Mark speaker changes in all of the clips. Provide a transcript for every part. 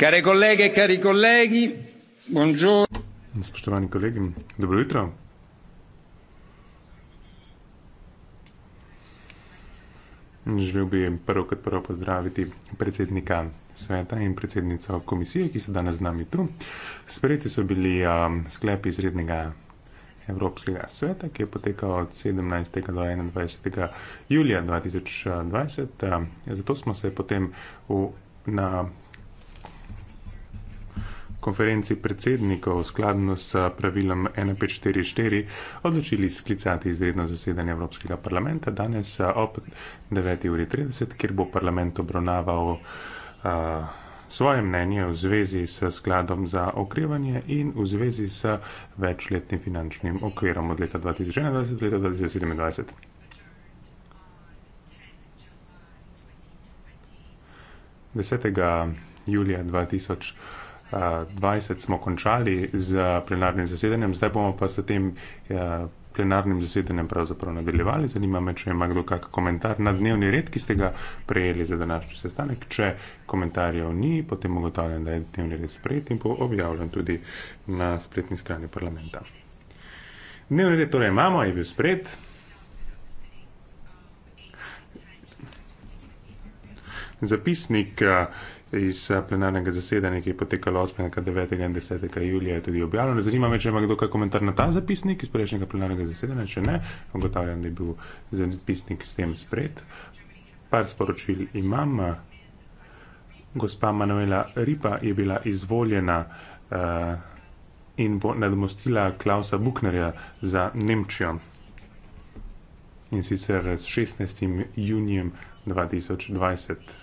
Speaker 1: Kare kolege, kari e kolegi, buongiorno.
Speaker 2: Spoštovani kolegi, dobro jutro. Želel bi prvo kot prvo pozdraviti predsednika sveta in predsednico komisije, ki so danes z nami tu. Sprejeti so bili um, sklepi izrednega Evropskega sveta, ki je potekal od 17. do 21. julija 2020. Zato smo se potem v, na konferenci predsednikov skladno s pravilom 1.5.4.4 odločili sklicati izredno zasedanje Evropskega parlamenta danes eh, ob 9.30, kjer bo parlament obravnaval uh, svoje mnenje v zvezi s skladom za okrevanje in v zvezi s večletnim finančnim okvirom od leta 2021 do leta 2027. Desetega julija 2000. 20 smo končali z plenarnim zasedanjem, zdaj bomo pa s tem eh, plenarnim zasedanjem pravzaprav nadaljevali. Zanima me, če ima kdo kak komentar na dnevni red, ki ste ga prejeli za današnji sestanek. Če komentarjev ni, potem ugotavljam, da je dnevni red sprejet in bo objavljen tudi na spletni strani parlamenta. Dnevni red torej imamo, je bil spred. Zapisnik eh, iz eh, plenarnega zasedanja, ki je potekalo 8., 9. in 10. julija, je tudi objavljeno. Zanima me, če ima kdo kaj komentar na ta zapisnik iz prejšnjega plenarnega zasedanja. Če ne, ugotavljam, da je bil zapisnik s tem spred. Par sporočil imam. Gospa Manuela Ripa je bila izvoljena uh, in bo nadomostila Klausa Buknerja za Nemčijo. In sicer s 16. junijem 2020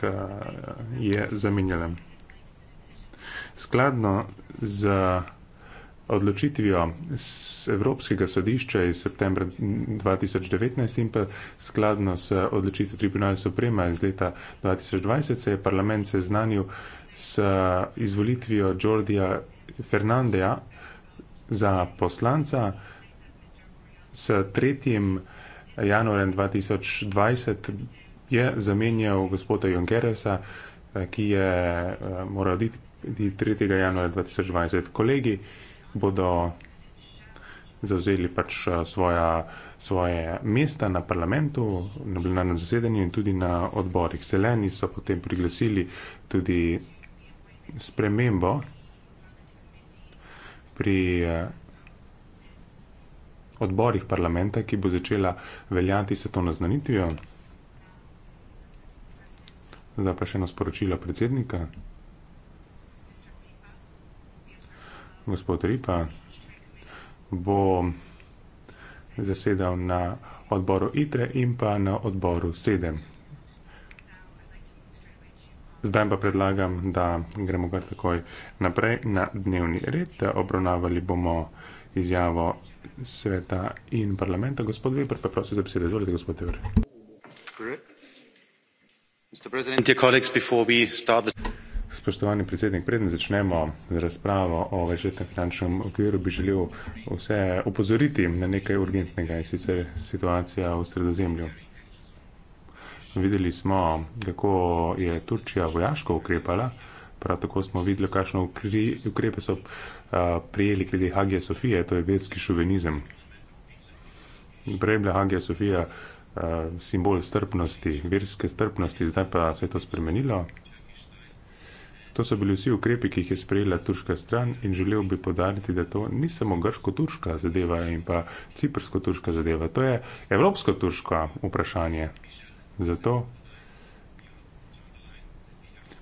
Speaker 2: ki eh, je zamenjala. Skladno z odločitvijo z Evropskega sodišča iz septembra 2019 in pa skladno s odločitvijo Tribunala Suprema iz leta 2020 se je parlament seznanil s eh, izvolitvijo Jordija Fernandeja za poslanca s 3. januarjem 2020 je zamenjal gospoda Junkeresa, eh, ki je eh, moral oditi 3. januarja 2020. Kolegi bodo zavzeli pač eh, svoja, svoje mesta na parlamentu, na plenarnem zasedanju in tudi na odborih. Zeleni so potem priglasili tudi spremembo pri odborih parlamenta, ki bo začela veljati svetovno znanitvijo. Zdaj pa še eno sporočilo predsednika. Gospod Ripa bo zasedal na odboru ITRE in pa na odboru 7. Zdaj pa predlagam, da gremo kar takoj naprej na dnevni red. Obravnavali bomo izjavo sveta in parlamenta. Gospod Viper, pa prosim za besedo. Izvolite, gospod Viper. Spoštovani predsednik, predem začnemo z razpravo o večletnem finančnem okviru, bi želel vse opozoriti na nekaj urgentnega in sicer situacija v sredozemlju. Videli smo, kako je Turčija vojaško ukrepala, prav tako smo videli, kakšne ukrepe so prijeli glede Hagije Sofije, to je verski šovinizem. Prej je bila Hagija Sofija. Eh, simbol strpnosti, verske strpnosti, zdaj pa se je to spremenilo. To so bili vsi ukrepi, ki jih je sprejela turška stran in želel bi podariti, da to ni samo grško-turška zadeva in pa ciprsko-turška zadeva. To je evropsko-turško vprašanje. Zato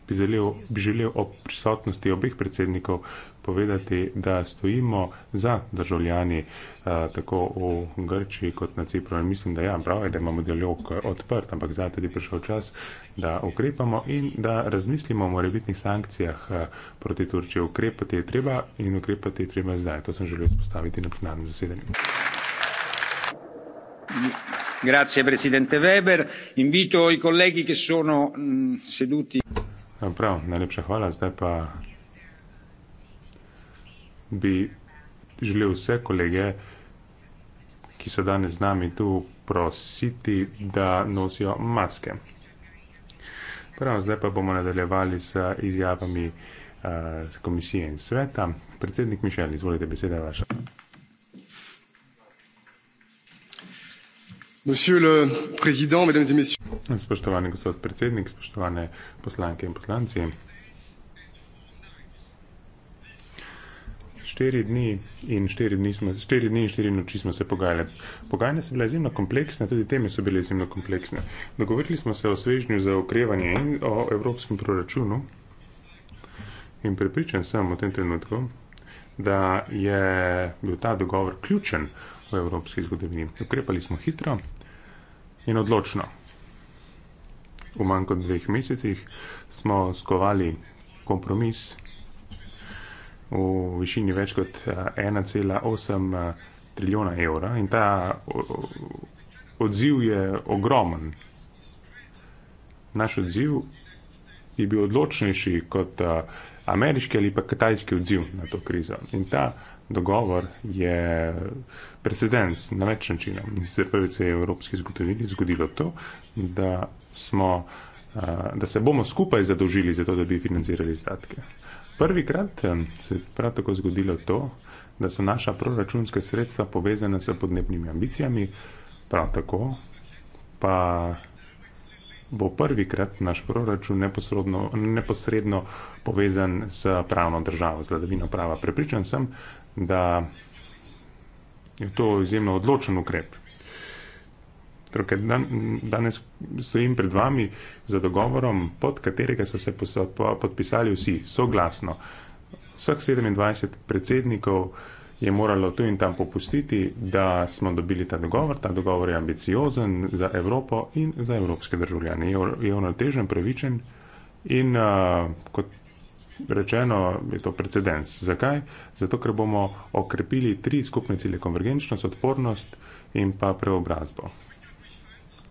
Speaker 2: bi želel, bi želel ob prisotnosti obeh predsednikov povedati, da stojimo za državljani eh, tako v Grčiji kot na Cipru. In mislim, da ja, prav je, da imamo dialog odprt, ampak zdaj tudi prišel čas, da ukrepamo in da razmislimo o morebitnih sankcijah eh, proti Turčiji. Ukrepati je treba in ukrepati je treba zdaj. To sem želel spostaviti na plenarnem zasedanju.
Speaker 1: Grazie, Presidente Weber. Invito i colleghi che sono mh, mm, seduti.
Speaker 2: No, prav, najlepša hvala. Zdaj pa bi želel vse kolege, ki so danes z nami tu, prositi, da nosijo maske. Prav, zdaj pa bomo nadaljevali z izjavami uh, komisije in sveta. Predsednik Mišel, izvolite besede vaše. Spoštovani gospod predsednik, spoštovane poslanke in poslanci. Štiri dni in štiri dni, smo, štiri dni in štiri noči smo se pogajali. Pogajanja so bile izjemno kompleksne, tudi teme so bile izjemno kompleksne. Dogovorili smo se o svežnju za okrevanje in o evropskem proračunu. In pripričan sem v tem trenutku, da je bil ta dogovor ključen v evropski zgodovini. Ukrepali smo hitro in odločno. V manj kot dveh mesecih smo skovali kompromis v višini več kot 1,8 eh, eh, trilijona evra in ta odziv je ogromen. Naš odziv je bil odločnejši kot eh, ameriški ali pa kitajski odziv na to krizo. In ta odziv dogovor je precedens na več načinov. In se prvi se je v evropski zgodovini zgodilo to, da, smo, eh, da se bomo skupaj zadolžili za to, da bi financirali izdatke. Prvi krat eh, se je prav tako zgodilo to, da so naša proračunska sredstva povezana s podnebnimi ambicijami, prav tako pa bo prvi krat naš proračun neposredno povezan s pravno državo, z vladavino prava. Prepričan sem, da je to izjemno odločen ukrep. Dan, danes stojim pred vami za dogovorom, pod katerega so se podpisali vsi, soglasno. Vseh 27 predsednikov je moralo tu in tam popustiti, da smo dobili ta dogovor. Ta dogovor je ambiciozen za Evropo in za evropske državljane. Je uravnotežen, pravičen in uh, kot Rečeno je to precedens. Zakaj? Zato, ker bomo okrepili tri skupne cilje: konvergenčnost, odpornost in pa preobrazbo.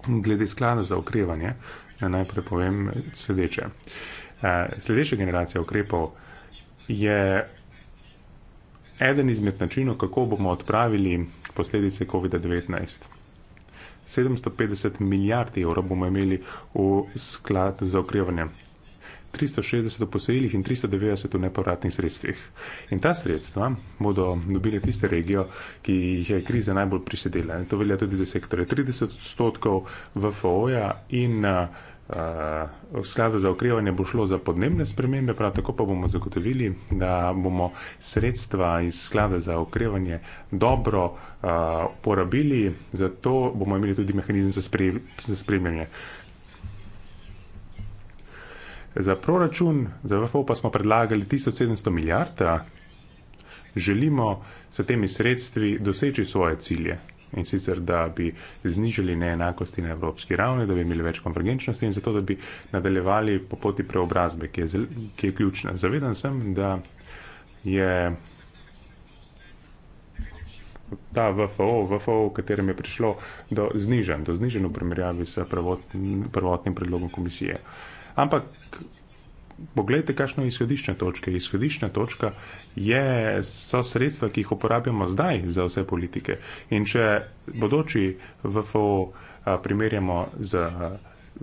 Speaker 2: Glede sklada za okrevanje, naj najprej povem sledeče. Eh, sledeča generacija ukrepov je eden izmed načinov, kako bomo odpravili posledice COVID-19. 750 milijard evrov bomo imeli v skladu za okrevanje. 360 posojilih in 390 v nepovratnih sredstvih. In ta sredstva bodo dobile tiste regijo, ki jih je krize najbolj prisedela. To velja tudi za sektore 30 odstotkov VFO-ja in uh, eh, sklada za okrevanje bo šlo za podnebne spremembe, prav tako pa bomo zagotovili, da bomo sredstva iz sklada za okrevanje dobro uporabili, eh, uh, zato bomo imeli tudi mehanizem za, sprej, za spremljanje. Za proračun, za VFO pa smo predlagali 1700 milijard, da želimo s temi sredstvi doseči svoje cilje. In sicer, da bi znižali neenakosti na evropski ravni, da bi imeli več konvergenčnosti in zato, da bi nadaljevali po poti preobrazbe, ki je, ki je ključna. Zavedam sem, da je ta VFO, VFO, v katerem je prišlo do znižen, do znižen v primerjavi s prvotnim predlogom komisije. Uh, Ampak pogledajte, kakšno je izhodišče točke. Izhodišče točka je so sredstva, ki jih uporabljamo zdaj za vse politike. In če bodoči VFO primerjamo z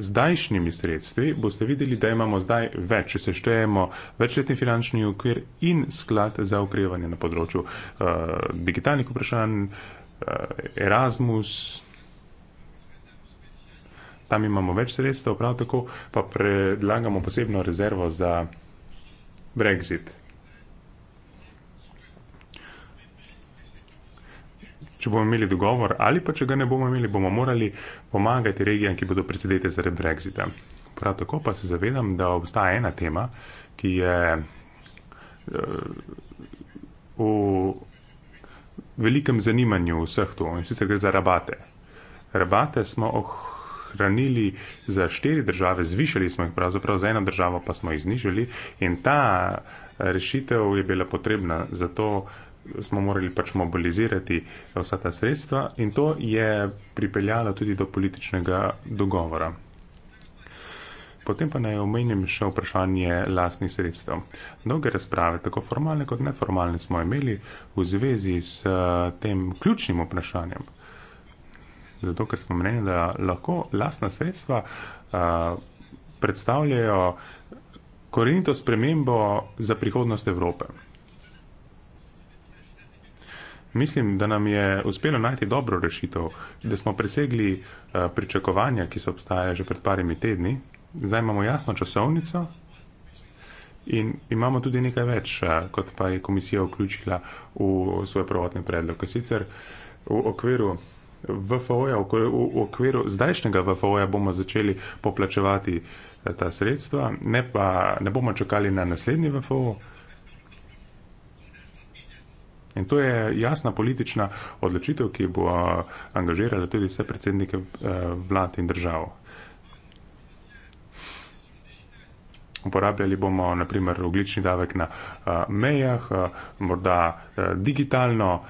Speaker 2: zdajšnjimi sredstvi, boste videli, da imamo zdaj več, če se štejemo večletni finančni ukvir in sklad za ukrevanje na področju uh, digitalnih vprašanj, uh, Erasmus, tam imamo več sredstev, prav tako pa predlagamo posebno rezervo za Brexit. Če bomo imeli dogovor ali pa če ga ne bomo imeli, bomo morali pomagati regijam, ki bodo predsedete zaradi Brexita. Prav tako pa se zavedam, da obstaja ena tema, ki je eh, v velikem zanimanju vseh tu in sicer gre za rabate. Rabate smo oh, hranili za štiri države, zvišali smo jih pravzaprav za eno državo, pa smo jih znižali in ta eh, rešitev je bila potrebna. Zato smo morali pač mobilizirati eh, vsa ta sredstva in to je pripeljalo tudi do političnega dogovora. Potem pa naj omenim še vprašanje lastnih sredstev. Mnoge razprave, tako formalne kot neformalne, smo imeli v zvezi s eh, tem ključnim vprašanjem, zato ker smo mnenje, da lahko lasna sredstva predstavljajo korenito spremembo za prihodnost Evrope. Mislim, da nam je uspelo najti dobro rešitev, da smo presegli pričakovanja, ki so obstajali že pred parimi tedni. Zdaj imamo jasno časovnico in imamo tudi nekaj več, kot pa je komisija vključila v svoj prvotni predlog. Sicer v okviru VFO-ja, v, v, v okviru zdajšnjega VFO-ja bomo začeli poplačevati eh, ta sredstva, ne pa ne bomo čakali na naslednji VFO. In to je jasna politična odločitev, ki bo eh, angažirala tudi vse predsednike eh, vlad in držav. Uporabljali bomo naprimer oglični davek na mejah, morda digitalno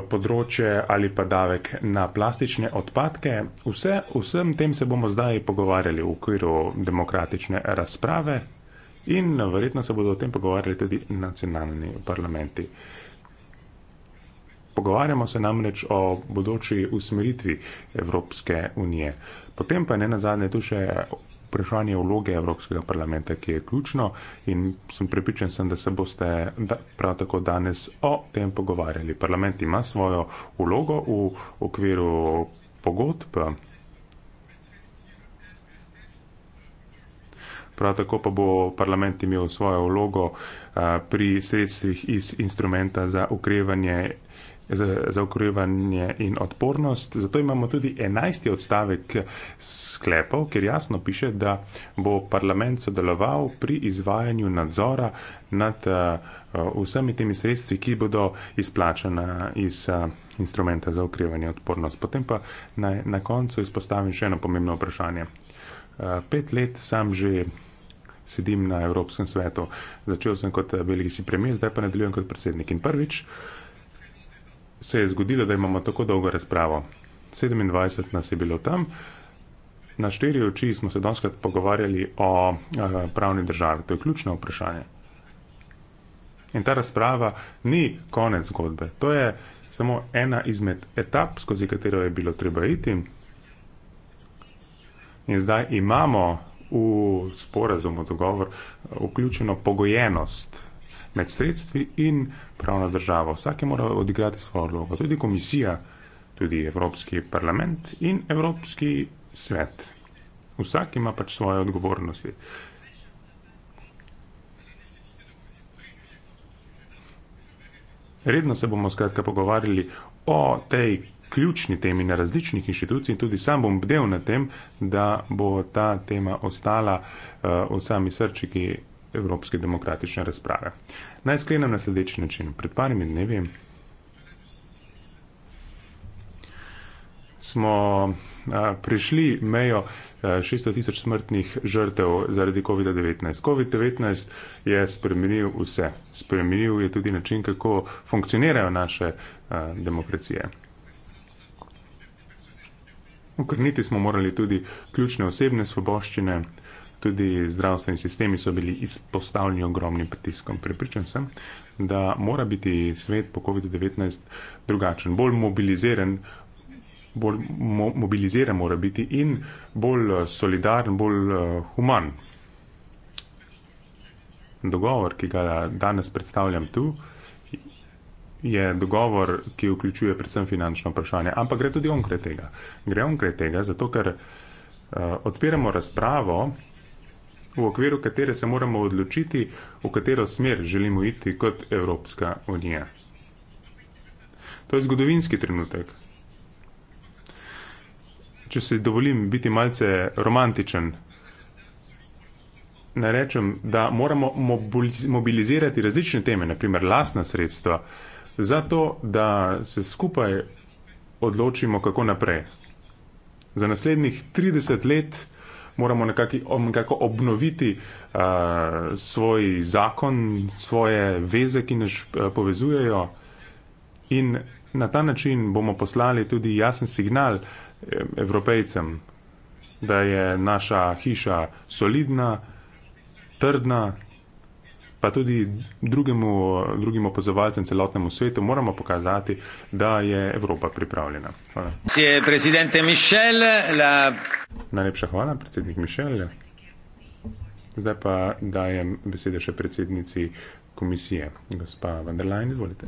Speaker 2: področje ali pa davek na plastične odpadke. Vse, vsem tem se bomo zdaj pogovarjali v okviru demokratične razprave in verjetno se bodo o tem pogovarjali tudi nacionalni parlamenti. Pogovarjamo se namreč o bodoči usmeritvi Evropske unije. Potem pa je ne nazadnje tu še vprašanje vloge Evropskega parlamenta, ki je ključno in sem prepričan sem, da se boste da, prav tako danes o tem pogovarjali. Parlament ima svojo vlogo v okviru pogodb. Prav tako pa bo parlament imel svojo vlogo eh, pri sredstvih iz instrumenta za ukrevanje za, za okrevanje in odpornost. Zato imamo tudi enajsti odstavek sklepov, ker jasno piše, da bo parlament sodeloval pri izvajanju nadzora nad uh, vsemi temi sredstvi, ki bodo izplačena iz uh, instrumenta za okrevanje in odpornost. Potem pa na, na koncu izpostavim še eno pomembno vprašanje. Uh, pet let sam že. Sedim na Evropskem svetu, začel sem kot belgijski premijer, zdaj pa nadaljujem kot predsednik. In prvič, uh, se je zgodilo, da imamo tako dolgo razpravo. 27 nas je bilo tam, na štiri oči smo se danes pogovarjali o eh, pravni državi. To je ključno vprašanje. In ta razprava ni konec zgodbe. To je samo ena izmed etap, skozi katero je bilo treba iti. In zdaj imamo v sporazumu dogovor vključeno pogojenost med sredstvi in pravna država. Vsak je moral odigrati svojo vlogo, tudi komisija, tudi Evropski parlament in Evropski svet. Vsak ima pač svoje odgovornosti. Redno se bomo skratka pogovarjali o tej ključni temi na različnih inštitucij in tudi sam bom bdel na tem, da bo ta tema ostala uh, v sami srčiki evropske demokratične razprave. Naj sklenem na sledeči način. Pred parimi dnevi smo prišli mejo 600 tisoč smrtnih žrtev zaradi COVID-19. COVID-19 je spremenil vse. Spremenil je tudi način, kako funkcionirajo naše demokracije. Ukrniti smo morali tudi ključne osebne svoboščine, tudi zdravstveni sistemi so bili izpostavljeni ogromnim pritiskom. Pripričan sem, da mora biti svet po COVID-19 drugačen, bolj mobiliziran, bolj mo mobiliziran mora biti in bolj eh, solidaren, bolj eh, human. Dogovor, ki ga danes predstavljam tu, je dogovor, ki vključuje predvsem finančno vprašanje, ampak gre tudi onkraj tega. Gre onkraj tega, zato ker uh, odpiramo razpravo v okviru katere se moramo odločiti, v katero smer želimo iti kot Evropska unija. To je zgodovinski trenutek. Če se dovolim biti malce romantičen, ne rečem, da moramo mobilizirati različne teme, naprimer lasna sredstva, zato, da se skupaj odločimo, kako naprej. Za naslednjih 30 let moramo nekako, nekako obnoviti uh, svoj zakon, svoje veze, ki nas uh, povezujejo. In na ta način bomo poslali tudi jasen signal eh, evropejcem, da je naša hiša solidna, trdna pa tudi drugemu, drugim opazovalcem, celotnemu svetu, moramo pokazati, da je Evropa pripravljena. Hvala. Najlepša hvala, predsednik Mišel. Zdaj pa dajem besede še predsednici komisije. Gospa van der Leyen, izvolite.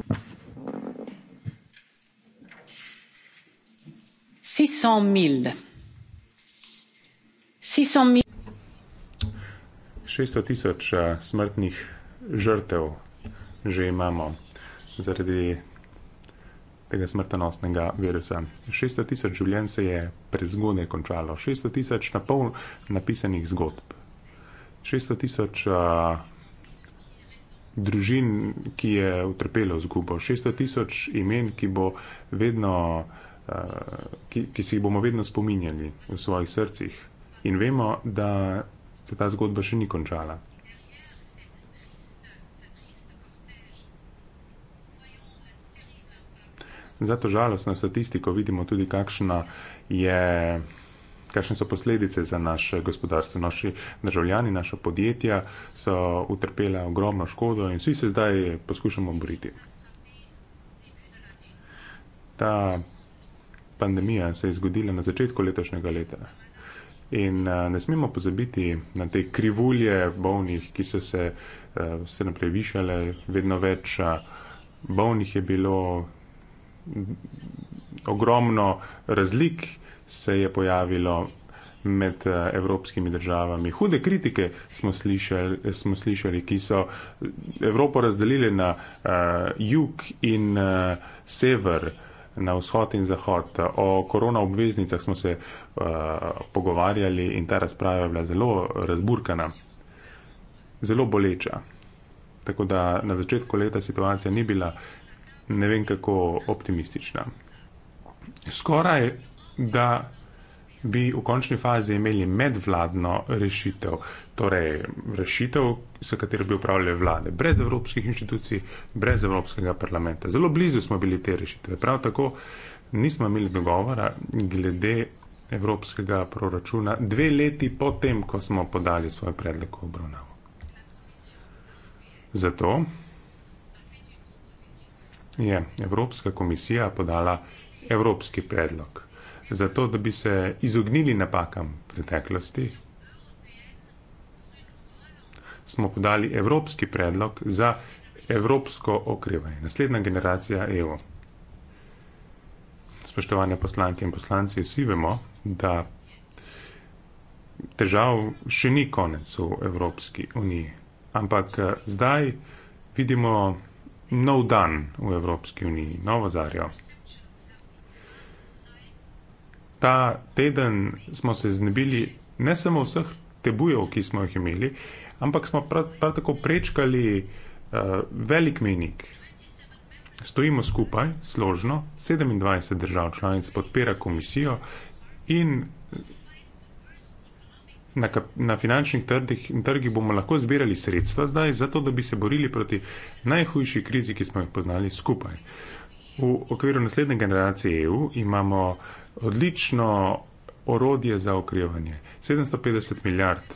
Speaker 2: Šeststo tisoč eh, smrtnih žrtev že imamo zaradi tega smrtonosnega virusa. 600 tisoč življenj se je prezgodaj končalo, 600 tisoč na pol napisanih zgodb, 600 tisoč družin, ki je utrpelo zgubo, 600 tisoč imen, ki, bo vedno, a, ki, ki si jih bomo vedno spominjali v svojih srcih. In vemo, da se ta zgodba še ni končala. Zato žalostno statistiko vidimo tudi, kakšna je. Kakšne so posledice za naše gospodarstvo? Naši državljani, naša podjetja so utrpela ogromno škodo in vsi se zdaj poskušamo boriti. Ta pandemija se je zgodila na začetku letošnjega leta in eh, ne smemo pozabiti na te krivulje bolnih, ki so se vse eh, naprej višale, vedno več eh, bolnih je bilo, ogromno razlik se je pojavilo med eh, evropskimi državami. Hude kritike smo slišali, smo slišali ki so eh, Evropo razdelili na uh, jug in uh, sever, na vzhod in zahod. O korona obveznicah smo se uh, pogovarjali in ta razprava je bila zelo razburkana, zelo boleča. Tako da na začetku leta situacija ni bila ne vem kako optimistična. Skoraj, da bi v končni fazi imeli medvladno rešitev, torej rešitev, s katero bi upravljali vlade, brez evropskih inštitucij, brez evropskega parlamenta. Zelo blizu smo bili te rešitve. Prav tako nismo imeli dogovora glede evropskega proračuna dve leti potem, ko smo podali svoj predlog v obravnavo. Zato je Evropska komisija podala evropski predlog. Zato, da bi se izognili napakam preteklosti, smo podali evropski predlog za evropsko okrevanje. Naslednja generacija EU. Spoštovane poslanke in poslanci, vsi vemo, da težav še ni konec v Evropski uniji. Ampak eh, zdaj vidimo nov dan v Evropski uniji, novo zarjo. Ta teden smo se znebili ne samo vseh tebujev, ki smo jih imeli, ampak smo prav, prav tako prečkali uh, velik menik. Stojimo skupaj, složno, 27 držav članic podpira komisijo in na, na finančnih trgih, trgih bomo lahko zbirali sredstva zdaj, zato da bi se borili proti najhujši krizi, ki smo jih poznali skupaj. V okviru naslednje generacije EU imamo odlično orodje za okrevanje. 750 milijard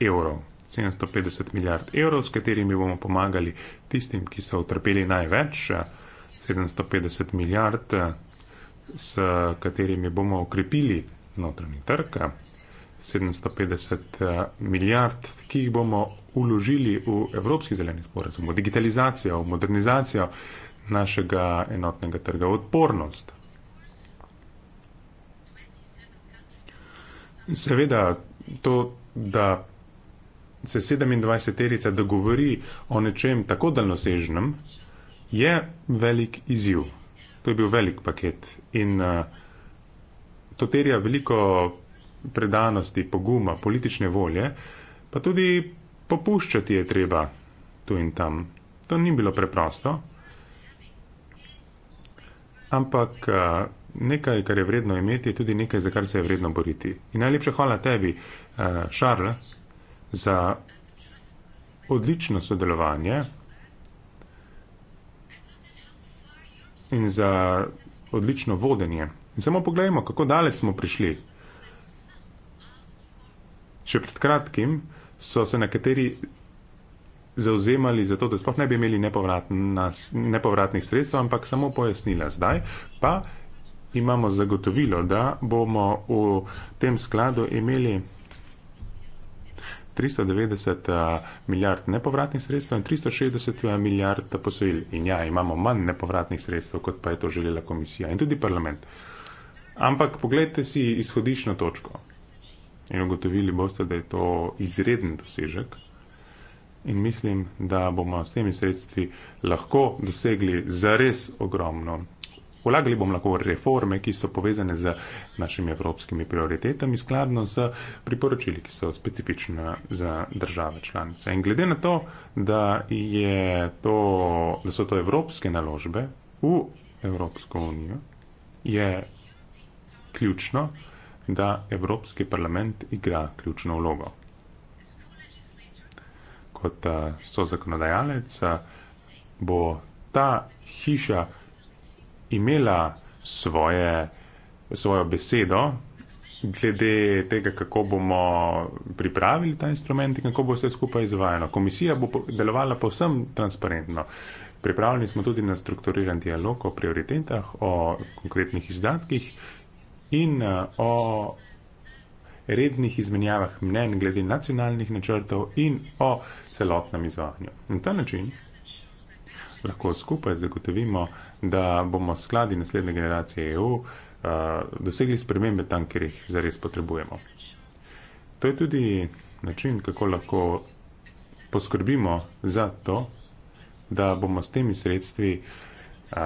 Speaker 2: evrov. 750 milijard evrov, s katerimi bomo pomagali tistim, ki so utrpeli največ. 750 milijard, s katerimi bomo okrepili notranji trg. 750 eh, milijard, ki jih bomo uložili v Evropski zeleni sporazum, v digitalizacijo, v modernizacijo našega enotnega trga, v odpornost. Seveda, to, da se 27-erica dogovori o nečem tako daljnosežnem, je velik izjiv. To je bil velik paket in uh, to terja veliko predanosti, poguma, politične volje, pa tudi popuščati je treba tu in tam. To ni bilo preprosto, ampak eh, nekaj, kar je vredno imeti, je tudi nekaj, za kar se je vredno boriti. In najlepša hvala tebi, eh, Šarl, za odlično sodelovanje in za odlično vodenje. In samo pogledajmo, kako daleč smo prišli. Še pred kratkim so se nekateri zauzemali za to, da sploh ne bi imeli nepovratnih sredstev, ampak samo pojasnila. Zdaj pa imamo zagotovilo, da bomo v tem skladu imeli 390 eh, milijard nepovratnih sredstev in 360 eh, milijard posojil. In ja, imamo manj nepovratnih sredstev, kot pa je to želela komisija in tudi parlament. Ampak pogledajte si izhodišno točko in ugotovili boste, da je to izreden dosežek. In mislim, da bomo s temi sredstvi lahko dosegli zares ogromno. Polagali bomo lahko reforme, ki so povezane z našimi evropskimi prioritetami, skladno s priporočili, ki so specifične za države članice. In glede na to, da, to, da so to evropske naložbe v Evropsko unijo, je ključno, da Evropski parlament igra ključno vlogo. Kot eh, so zakonodajalec, eh, bo ta hiša imela svoje, svojo besedo glede tega, kako bomo pripravili ta instrument in kako bo vse skupaj izvajano. Komisija bo delovala povsem transparentno. Pripravljeni smo tudi na strukturiran dialog o prioritetah, o konkretnih izdatkih, in eh, o rednih izmenjavah mnen glede nacionalnih načrtov in o celotnem izvajanju. Na ta način lahko skupaj zagotovimo, da bomo skladi naslednje generacije EU eh, dosegli spremembe tam, kjer jih zares potrebujemo. To je tudi način, kako lahko poskrbimo za to, da bomo s temi sredstvi uh,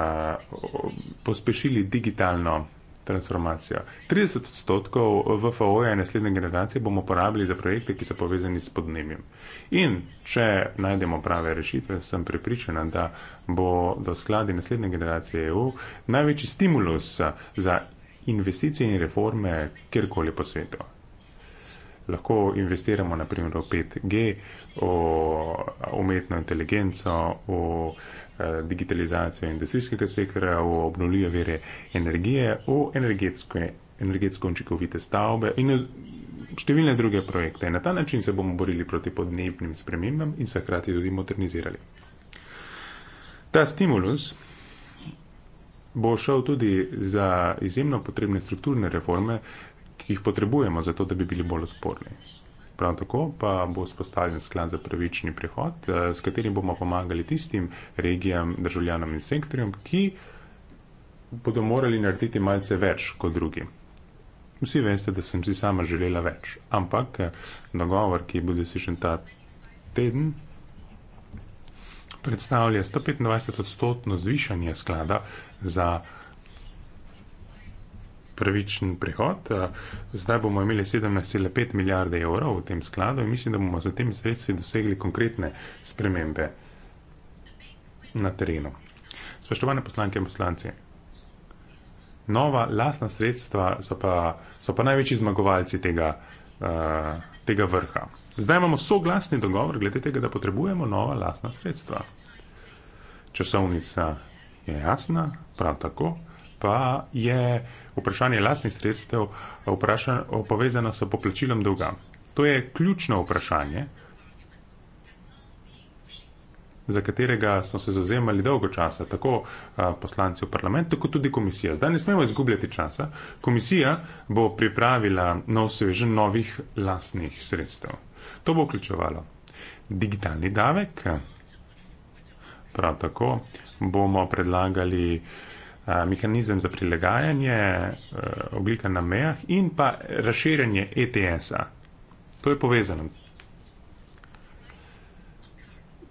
Speaker 2: pospešili digitalno transformacijo. 30 odstotkov VFO-ja naslednje generacije bomo porabili za projekte, ki so povezani s podnebjem. In če najdemo prave rešitve, sem prepričana, da bo do skladi naslednje generacije EU največji stimulus za investicije in reforme kjerkoli po svetu. Lahko investiramo naprimer v 5G, v umetno inteligenco, v Eh, digitalizacijo industrijskega sektora, v obnovljive vere energije, v energetsko, energetsko učinkovite stavbe in številne druge projekte. Na ta način se bomo borili proti podnebnim spremembam in se hkrati tudi modernizirali. Ta stimulus bo šel tudi za izjemno potrebne strukturne reforme, ki jih potrebujemo, zato da bi bili bolj odporni. Prav tako pa bo spostavljen sklad za pravični prihod, eh, s katerim bomo pomagali tistim regijam, državljanom in sektorjem, ki bodo morali narediti malce več kot drugi. Vsi veste, da sem si sama želela več, ampak eh, dogovor, ki bo dosežen ta teden, predstavlja 125 odstotno zvišanje sklada za pravični prihod pravičen prihod. Eh, zdaj bomo imeli 17,5 milijarde evrov v tem skladu in mislim, da bomo z tem sredstvi dosegli konkretne spremembe na terenu. Spoštovane poslanke in poslanci, nova lasna sredstva so pa, so pa največji zmagovalci tega, uh, tega vrha. Zdaj imamo soglasni dogovor glede tega, da potrebujemo nova lasna sredstva. Časovnica je jasna, prav tako pa je uh, vprašanje lastnih sredstev povezano s poplačilom dolga. To je ključno vprašanje, za katerega smo se zauzemali dolgo časa, tako poslanci v parlamentu, kot tudi komisija. Zdaj ne smemo izgubljati časa. Komisija bo pripravila nov svežen novih lastnih sredstev. To bo vključevalo digitalni davek, prav tako bomo predlagali mehanizem za prilagajanje e, oglika na mejah in pa razširjanje ETS-a. To je povezano.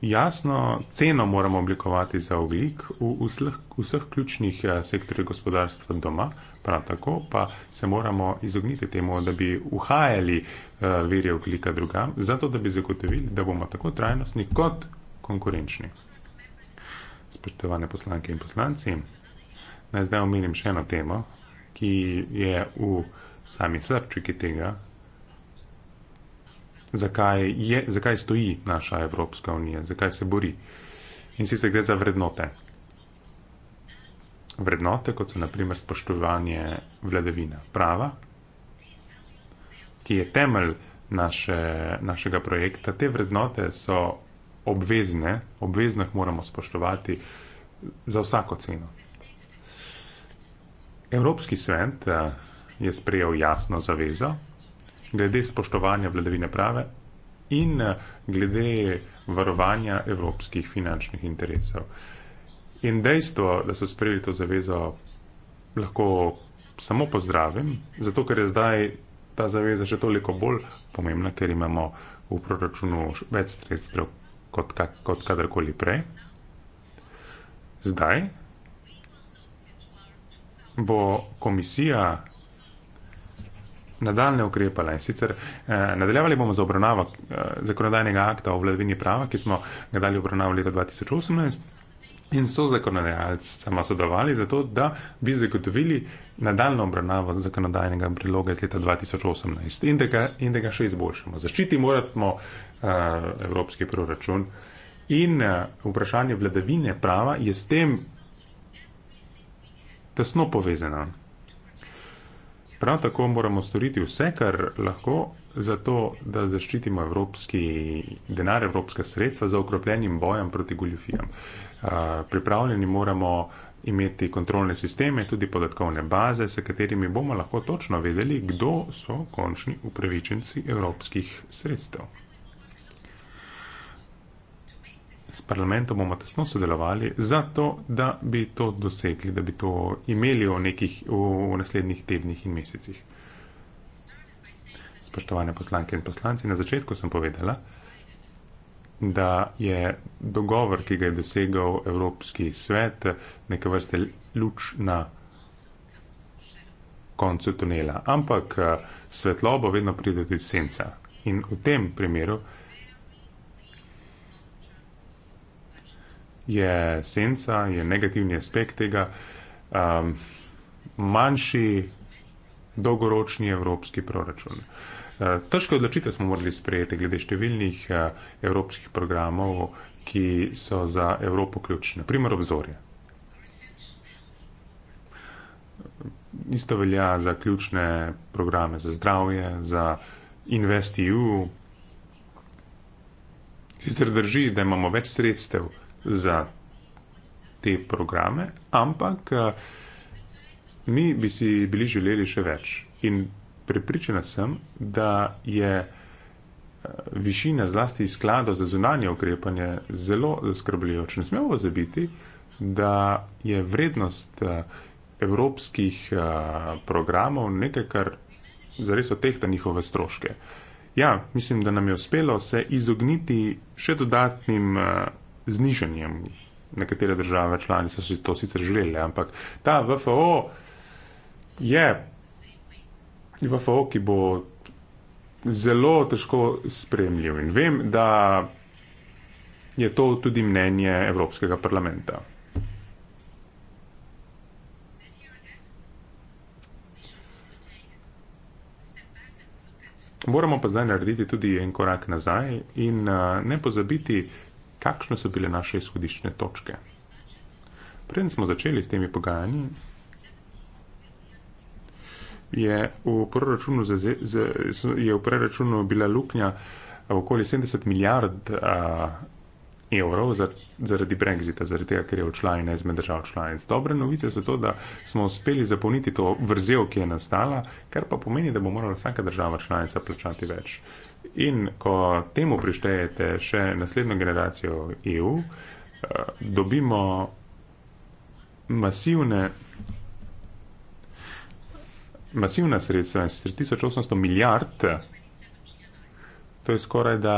Speaker 2: Jasno, ceno moramo oblikovati za oglik v vseh, vseh ključnih e, sektorjih gospodarstva doma, prav tako pa se moramo izogniti temu, da bi uhajali verje oglika drugam, zato da bi zagotovili, da bomo tako trajnostni kot konkurenčni. Spoštovane poslanke in poslanci naj zdaj omenim še eno temo, ki je v sami srčiki tega, zakaj, je, zakaj stoji naša Evropska unija, zakaj se bori. In sicer gre za vrednote. Vrednote, kot so naprimer spoštovanje vladavina prava, ki je temelj naše, našega projekta. Te vrednote so obvezne, obvezno jih moramo spoštovati za vsako ceno. Evropski svet eh, je sprejel jasno zavezo glede spoštovanja vladavine prave in eh, glede varovanja evropskih finančnih interesov. In dejstvo, da so sprejeli to zavezo, lahko samo pozdravim, zato ker je zdaj ta zaveza še toliko bolj pomembna, ker imamo v proračunu več sredstev kot, kot kadarkoli prej. Zdaj bo komisija nadaljne ukrepala in sicer eh, nadaljevali bomo za obravnavo eh, zakonodajnega akta o vladavini prava, ki smo ga dali obravnavo leta 2018 in so zakonodajalci sama sodelovali za to, da bi zagotovili nadaljno obravnavo zakonodajnega priloga iz leta 2018 in da ga, in da ga še izboljšamo. Zaščiti moramo eh, evropski proračun in eh, vprašanje vladavine prava je s tem tesno povezana. Prav tako moramo storiti vse, kar lahko, zato, da zaščitimo evropski denar, evropska sredstva za okropljenim bojem proti goljofijam. Pripravljeni moramo imeti kontrolne sisteme, tudi podatkovne baze, s katerimi bomo lahko točno vedeli, kdo so končni upravičenci evropskih sredstev. S parlamentom bomo tesno sodelovali, zato da bi to dosegli, da bi to imeli v, nekih, v naslednjih tednih in mesecih. Spoštovane poslanke in poslanci, na začetku sem povedala, da je dogovor, ki ga je dosegal Evropski svet, neke vrste luč na koncu tunela. Ampak eh, svetlobo vedno pride tudi senca. In v tem primeru je senca, je negativni aspekt tega. Um, manjši dolgoročni evropski proračun. Eh, Težko odločitev smo morali sprejeti glede številnih eh, evropskih programov, ki so za Evropo ključni, naprimer obzorje. Isto velja za ključne programe za zdravje, za InvestEU. Sicer drži, da imamo več sredstev, za te programe, ampak eh, mi bi si bili želeli še več. In prepričana sem, da je eh, višina zlasti skladov za zunanje ukrepanje zelo zaskrbljujoča. Ne smemo zabiti, da je vrednost eh, evropskih programov nekaj, kar zares otehta njihove stroške. Ja, mislim, da nam je uspelo se izogniti še dodatnim znižanjem. Nekatere države članice so si to sicer želeli, ampak ta VFO je VFO, ki bo zelo težko spremljiv. In vem, da je to tudi mnenje Evropskega parlamenta. Moramo pa zdaj narediti tudi en korak nazaj in uh, ne pozabiti, da kakšne so bile naše izhodiščne točke. Preden smo začeli s temi pogajanji, je v proračunu, za, za, je v proračunu bila luknja okoli 70 milijard a, evrov za, zaradi Brexita, zaradi tega, ker je odšla ena izmed držav članic. Dobre novice so to, da smo uspeli zapolniti to vrzel, ki je nastala, kar pa pomeni, da bo morala vsaka država članica plačati več. In ko temu prištejete še naslednjo generacijo EU, eh, dobimo masivne. Masivna sredstva, in sicer 1800 milijard, to je skoraj da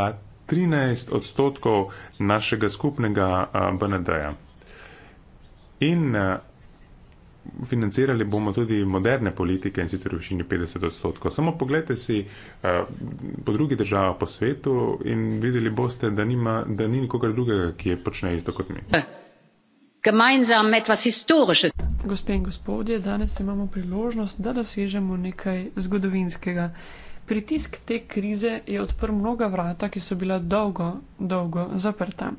Speaker 2: 13 odstotkov našega skupnega eh, BND-ja. In eh, financirali bomo tudi moderne politike in sicer v višini 50 odstotkov. Samo pogledajte si eh, po drugi država po svetu in videli boste, da, nima, da ni nikogar drugega, ki je počne isto kot mi.
Speaker 3: Gospe in gospodje, danes imamo priložnost, da dosežemo nekaj zgodovinskega. Pritisk te krize je odprl mnoga vrata, ki so bila dolgo, dolgo zaprta.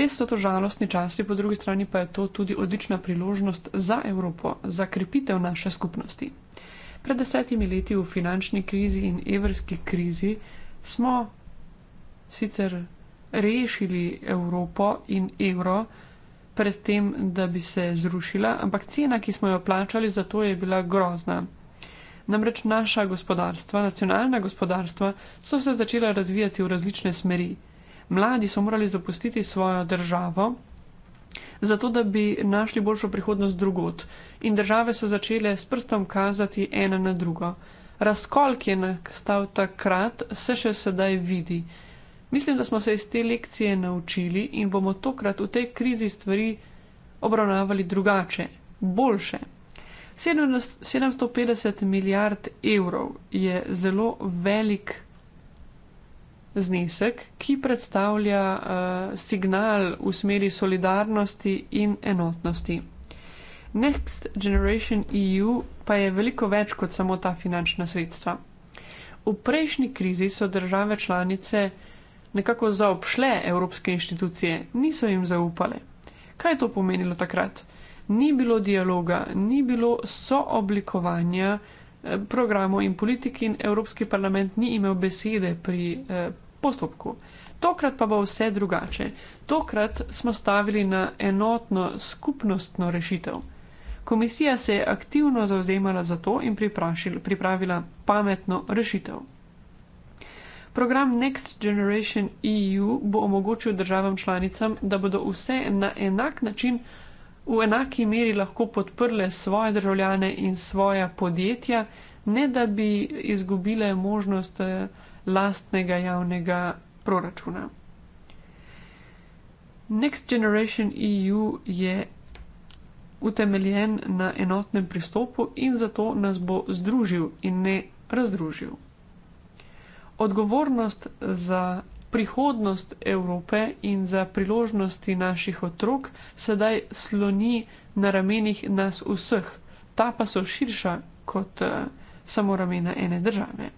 Speaker 3: Res so to žalostni časi, po drugi strani pa je to tudi odlična priložnost za Evropo, za krepitev naše skupnosti. Pred desetimi leti v finančni krizi in evrski krizi smo sicer rešili Evropo in evro pred tem, da bi se zrušila, ampak cena, ki smo jo plačali, za to je bila grozna. Namreč naša gospodarstva, nacionalna gospodarstva, so se začela razvijati v različne smeri. Mladi so morali zapustiti svojo državo, zato da bi našli boljšo prihodnost drugot. In države so začele s prstom kazati ena na drugo. Razkol, ki je nastal takrat, se še sedaj vidi. Mislim, da smo se iz te lekcije naučili in bomo tokrat v tej krizi stvari obravnavali drugače, boljše. 750 milijard evrov je zelo velik znesek, ki predstavlja uh, signal v smeri solidarnosti in enotnosti. Next Generation EU pa je veliko več kot samo ta finančna sredstva. V prejšnji krizi so države članice nekako zaobšle evropske inštitucije, niso jim zaupale. Kaj je to pomenilo takrat? Ni bilo dialoga, ni bilo sooblikovanja programu in politiki in Evropski parlament ni imel besede pri eh, postopku. Tokrat pa bo vse drugače. Tokrat smo stavili na enotno skupnostno rešitev. Komisija se je aktivno zauzemala za to in pripravila pametno rešitev. Program Next Generation EU bo omogočil državam članicam, da bodo vse na enak način v enaki meri lahko podprle svoje državljane in svoja podjetja, ne da bi izgubile možnost eh, lastnega javnega proračuna. Next Generation EU je utemeljen na enotnem pristopu in zato nas bo združil in ne razdružil. Odgovornost za prihodnost Evrope in za priložnosti naših otrok sedaj sloni na ramenih nas vseh, ta pa so širša kot uh, samo ramena ene države.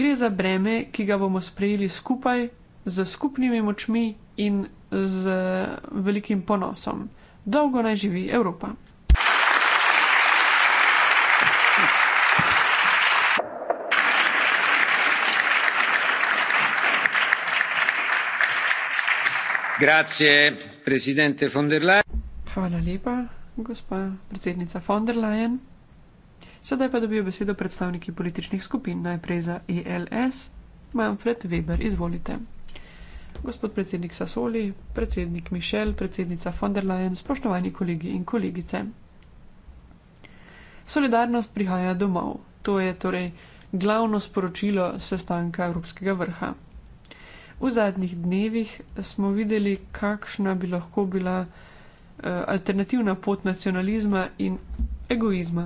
Speaker 3: Gre za breme, ki ga bomo sprejeli skupaj, z skupnimi močmi in z velikim ponosom. Dolgo naj živi Evropa. Hvala lepa, gospa predsednica von der Leyen. Sedaj pa dobijo besedo predstavniki političnih skupin, najprej za ELS, Manfred Weber, izvolite. Gospod predsednik Sasoli, predsednik Mišel, predsednica von der Leyen, spoštovani kolegi in kolegice. Solidarnost prihaja domov. To je torej glavno sporočilo sestanka Evropskega vrha v zadnjih dnevih smo videli, kakšna bi lahko bila eh, alternativna pot nacionalizma in egoizma.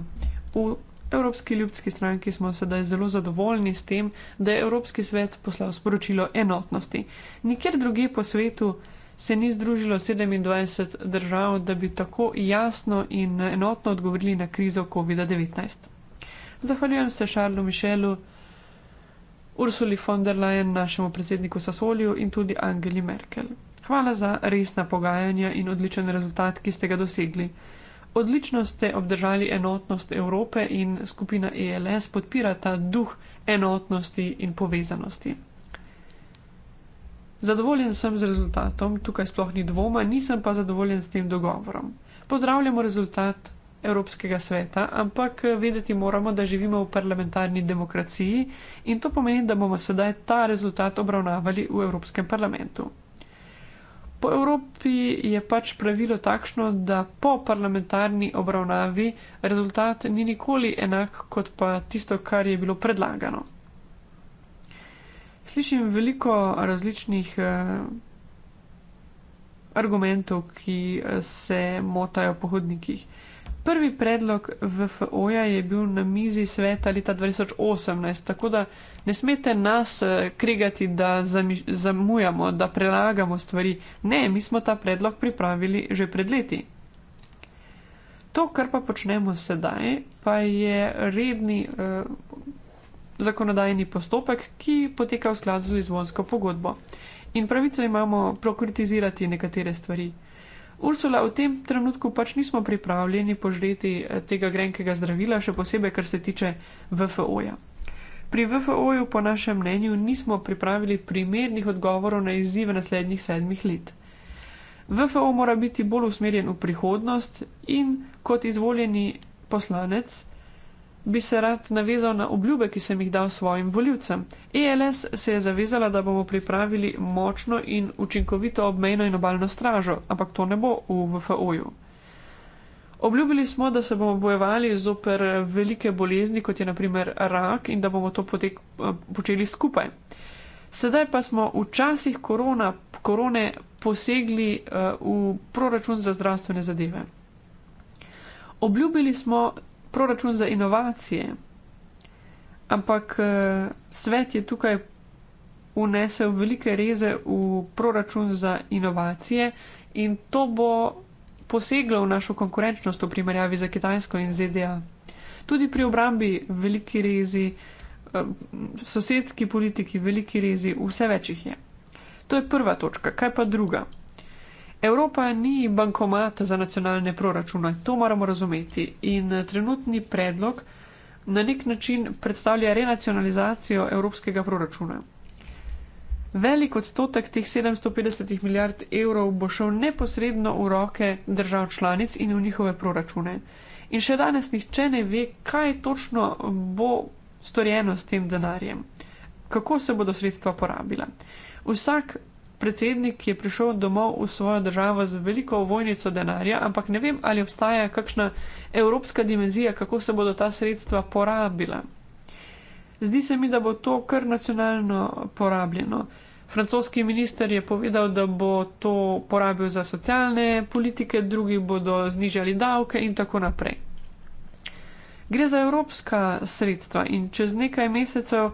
Speaker 3: V Evropski ljubski stranki smo sedaj zelo zadovoljni s tem, da je Evropski svet poslal sporočilo enotnosti. Nikjer druge po svetu se ni združilo 27 držav, da bi tako jasno in enotno odgovorili na krizo COVID-19. Zahvaljujem se Šarlu Mišelu. Ursuli von der Leyen, našemu predsedniku Sasoliju in tudi Angeli Merkel. Hvala za resna pogajanja in odličen rezultat, ki ste ga dosegli. Odlično ste obdržali enotnost Evrope in skupina ELS podpira ta duh enotnosti in povezanosti. Zadovoljen sem z rezultatom, tukaj sploh ni dvoma, nisem pa zadovoljen s tem dogovorom. Pozdravljamo rezultat Evropskega sveta, ampak eh, vedeti moramo, da živimo v parlamentarni demokraciji in to pomeni, da bomo sedaj ta rezultat obravnavali v Evropskem parlamentu. Po Evropi je pač pravilo takšno, da po parlamentarni obravnavi rezultat ni nikoli enak kot pa tisto, kar je bilo predlagano. Slišim veliko različnih eh, argumentov, ki eh, se motajo po hodnikih. Prvi predlog VFO-ja je bil na mizi sveta leta 2018, tako da ne smete nas eh, krigati, da zamujamo, da prelagamo stvari. Ne, mi smo ta predlog pripravili že pred leti. To, kar pa počnemo sedaj, pa je redni eh, zakonodajni postopek, ki poteka v skladu z Lizbonsko pogodbo. In pravico imamo prokritizirati nekatere stvari. Ursula, v tem trenutku pač nismo pripravljeni požreti eh, tega grenkega zdravila, še posebej, kar se tiče VFO-ja. Pri VFO-ju, po našem mnenju, nismo pripravili primernih odgovorov na izzive naslednjih sedmih let. VFO mora biti bolj usmerjen v prihodnost in kot izvoljeni poslanec bi se rad navezal na obljube, ki sem jih dal svojim voljivcem. ELS se je zavezala, da bomo pripravili močno in učinkovito obmejno in obaljno stražo, ampak to ne bo v VFO-ju. Obljubili smo, da se bomo bojevali zoper velike bolezni, kot je naprimer rak, in da bomo to potek, počeli skupaj. Sedaj pa smo v časih korona, korone posegli uh, v proračun za zdravstvene zadeve. Obljubili smo, proračun za inovacije. Ampak eh, svet je tukaj unesel velike reze v proračun za inovacije in to bo poseglo v našo konkurenčnost v primerjavi za Kitajsko in ZDA. Tudi pri obrambi veliki rezi, eh, sosedski politiki veliki rezi, vse večjih je. To je prva točka. Kaj pa druga? Evropa ni bankomat za nacionalne proračune, to moramo razumeti. In eh, trenutni predlog na nek način predstavlja renacionalizacijo evropskega proračuna. Velik odstotek teh 750 milijard evrov bo šel neposredno v roke držav članic in v njihove proračune. In še danes nihče ne ve, kaj točno bo storjeno s tem denarjem, kako se bodo sredstva porabila. Vsak predsednik je prišel domov v svojo državo z veliko vojnico denarja, ampak ne vem, ali obstaja kakšna evropska dimenzija, kako se bodo ta sredstva porabila. Zdi se mi, da bo to kar nacionalno porabljeno. Francoski minister je povedal, da bo to porabil za socialne politike, drugi bodo znižali davke in tako naprej. Gre za evropska sredstva in čez nekaj mesecev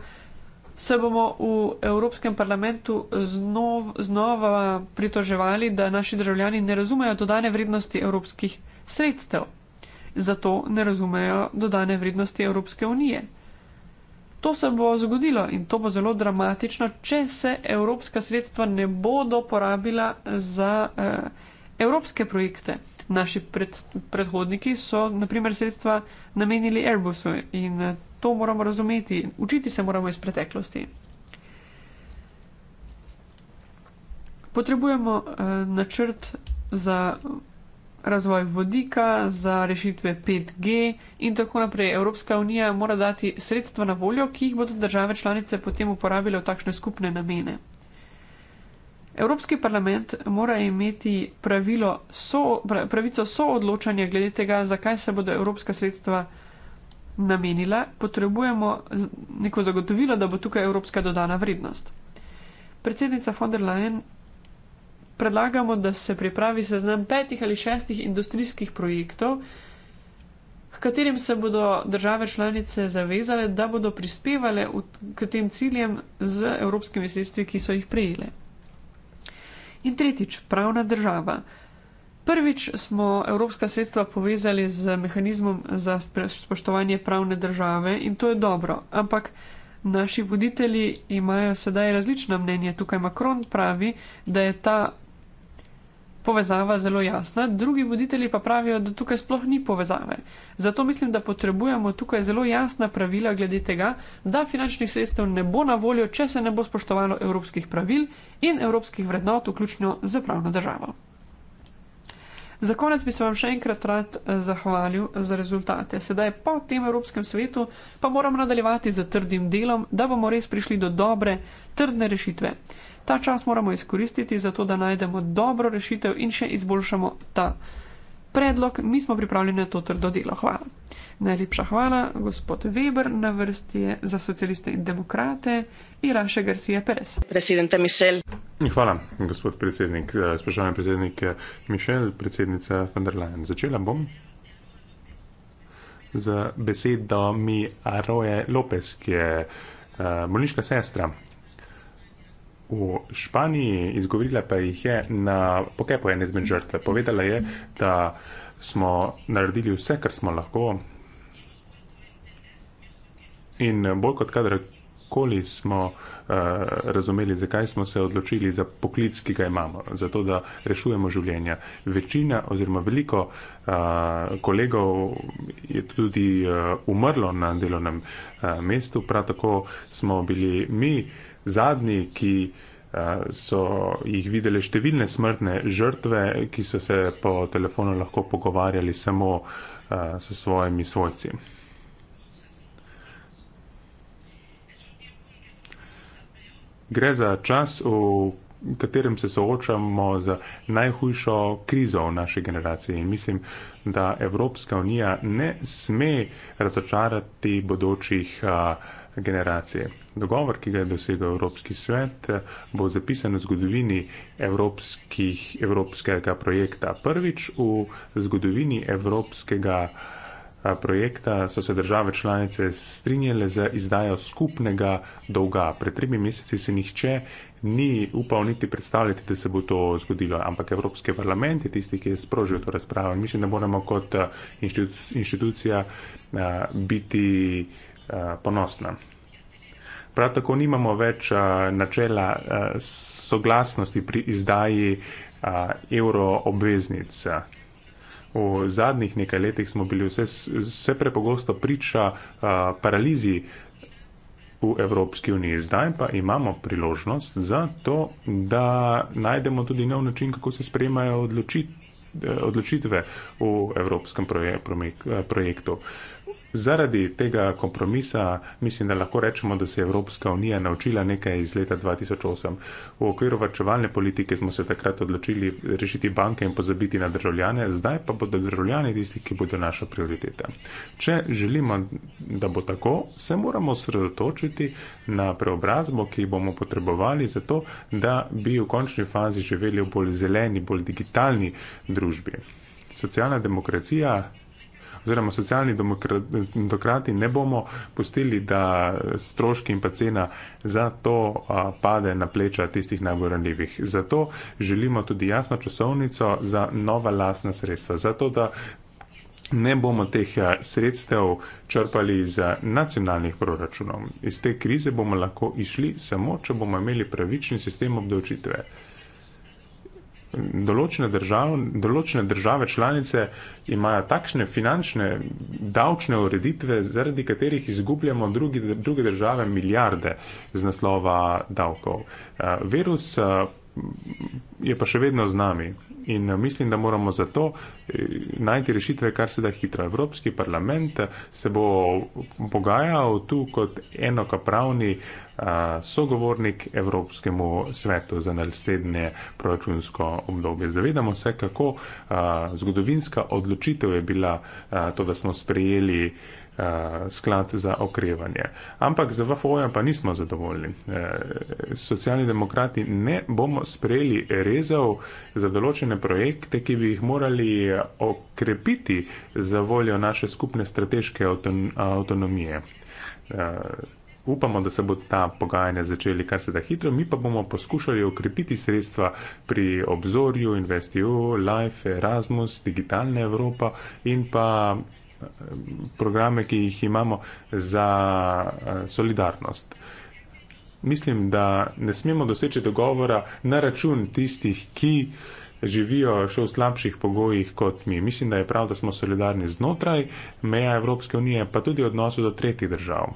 Speaker 3: se bomo v Evropskem parlamentu znov, znova pritoževali, da naši državljani ne razumejo dodane vrednosti evropskih sredstev. Zato ne razumejo dodane vrednosti Evropske unije. To se bo zgodilo in to bo zelo dramatično, če se evropska sredstva ne bodo porabila za eh, evropske projekte. Naši pred, predhodniki so naprimer sredstva namenili Airbusu in eh, to moramo razumeti, učiti se moramo iz preteklosti. Potrebujemo eh, načrt za razvoj vodika, za rešitve 5G in tako naprej. Evropska unija mora dati sredstva na voljo, ki jih bodo države članice potem uporabile v takšne skupne namene. Evropski parlament mora imeti pravilo, so, pravico soodločanja glede tega, zakaj se bodo evropska sredstva namenila, potrebujemo neko zagotovilo, da bo tukaj evropska dodana vrednost. Predsednica von der Leyen predlagamo, da se pripravi seznam petih ali šestih industrijskih projektov, h katerim se bodo države članice zavezale, da bodo prispevale k tem ciljem z evropskimi sredstvi, ki so jih prejele. In tretjič, pravna država. Prvič smo evropska sredstva povezali z mehanizmom za spoštovanje pravne države in to je dobro, ampak naši voditelji imajo sedaj različna mnenja. Tukaj Macron pravi, da je ta povezava zelo jasna, drugi voditelji pa pravijo, da tukaj sploh ni povezave. Zato mislim, da potrebujemo tukaj zelo jasna pravila glede tega, da finančnih sredstev ne bo na voljo, če se ne bo spoštovalo evropskih pravil in evropskih vrednot, vključno z pravno državo. Za konec bi se vam še enkrat rad eh, zahvalil za rezultate. Sedaj po tem Evropskem svetu pa moram nadaljevati z trdim delom, da bomo res prišli do dobre, trdne rešitve. Ta čas moramo izkoristiti za to, da najdemo dobro rešitev in še izboljšamo ta rešitev predlog, mi smo pripravljeni na to trdo delo. Hvala. Najlepša hvala, gospod Weber, na vrsti je za socialiste in demokrate Iraše Garcia Perez. Predsednica Mišel.
Speaker 2: Hvala, gospod predsednik. Eh, spoštovani predsednik eh, Mišel, predsednica von der Leyen. Začela bom z besedo mi Aroje Lopes, ki je uh, bolniška sestra v Španiji, izgovorila pa jih je na pokepu ene izmed žrtve. Povedala je, da smo naredili vse, kar smo lahko. In bolj kot kadarkoli smo uh, razumeli, zakaj smo se odločili za poklic, ki ga imamo, zato da rešujemo življenja. Večina oziroma veliko uh, kolegov je tudi uh, umrlo na delovnem uh, mestu, prav tako smo bili mi uh, zadnji, ki eh, so jih videli številne smrtne žrtve, ki so se po telefonu lahko pogovarjali samo eh, s svojimi svojci. Gre za čas, v katerem se soočamo z najhujšo krizo v naši generaciji in mislim, da Evropska unija ne sme razočarati bodočih uh, generacije. Dogovor, ki ga je dosegel Evropski svet, bo zapisan v zgodovini evropskega projekta. Prvič v zgodovini evropskega projekta so se države članice strinjale za izdajo skupnega dolga. Pred tremi meseci se nihče ni upal niti predstavljati, da se bo to zgodilo, ampak Evropski parlament je tisti, ki je sprožil to razpravo. Mislim, da moramo kot inštitucija biti. Eh, ponosna. Prav tako nimamo več a, eh, načela a, eh, soglasnosti pri izdaji a, evro obveznic. V zadnjih nekaj letih smo bili vse, vse prepogosto priča a, paralizi v Evropski uniji. Zdaj pa imamo priložnost za to, da najdemo tudi nov način, kako se sprejemajo odločit, odločitve v evropskem proje, projek, projektu zaradi tega kompromisa, mislim, da lahko rečemo, da se je Evropska unija naučila nekaj iz leta 2008. V okviru vrčevalne politike smo se takrat odločili rešiti banke in pozabiti na državljane, zdaj pa bodo državljani tisti, ki bodo naša prioriteta. Če želimo, da bo tako, se moramo sredotočiti na preobrazbo, ki bomo potrebovali za to, da bi v končni fazi živeli v bolj zeleni, bolj digitalni družbi. Socialna demokracija oziroma socialni demokrati ne bomo pustili, da stroški in pa cena za to a, pade na pleča tistih najbolj ranljivih. Zato želimo tudi jasno časovnico za nova lasna sredstva. Zato, Ne bomo teh sredstev črpali iz nacionalnih proračunov. Iz te krize bomo lahko išli samo, če bomo imeli pravični sistem obdavčitve. Določene države, določene države članice imajo takšne finančne davčne ureditve, zaradi katerih izgubljamo drugi, druge države milijarde z naslova davkov. Eh, virus eh, je pa še vedno z nami. In eh, mislim, da moramo zato eh, najti rešitve, kar se da hitro. Evropski parlament eh, se bo pogajal tu kot enokapravni sogovornik Evropskemu svetu za naslednje proračunsko obdobje. Zavedamo se, kako zgodovinska odločitev je bila to, da smo sprejeli Eh, sklad za okrevanje. Ampak z VFO-jem pa nismo zadovoljni. Eh, Socialni demokrati ne bomo sprejeli rezov za določene projekte, ki bi jih morali eh, okrepiti za voljo naše skupne strateške avtonomije. Upamo, da se bo ta pogajanja začeli kar se da hitro, mi pa bomo poskušali okrepiti sredstva pri obzorju, investiju, life, Erasmus, digitalna Evropa in pa programe, ki jih imamo za eh, solidarnost. Mislim, da ne smemo doseči dogovora na račun tistih, ki živijo še v slabših pogojih kot mi. Mislim, da je prav, da smo solidarni znotraj meja Evropske unije, pa tudi odnosu do tretjih držav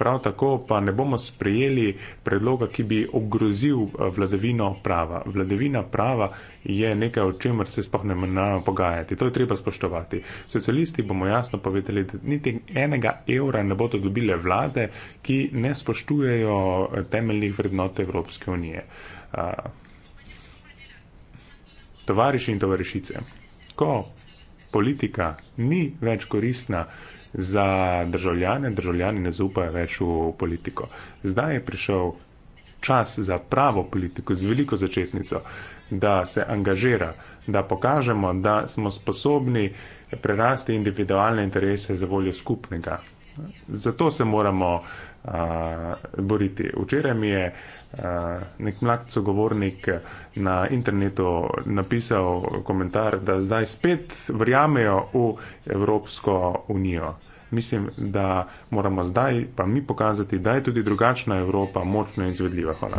Speaker 2: prav tako pa ne bomo sprejeli predloga, ki bi ogrozil eh, vladavino prava. Vladavina prava je nekaj, o čemer se sploh ne moramo pogajati. To je treba spoštovati. Socialisti bomo jasno povedali, da niti enega evra ne bodo dobile vlade, ki ne spoštujejo eh, temeljnih vrednot Evropske unije. Eh, tovariši in tovarišice, ko politika ni več koristna, za državljane, državljani ne zaupajo več v politiko. Zdaj je prišel čas za pravo politiko, z veliko začetnico, da se angažira, da pokažemo, da smo sposobni prerasti individualne interese za voljo skupnega. Zato se moramo a, boriti. Včeraj mi je. Eh, nek mlad sogovornik na internetu napisal komentar, da zdaj spet verjamejo v Evropsko unijo. Mislim, da moramo zdaj pa mi pokazati, da je tudi drugačna Evropa močno izvedljiva. Hvala.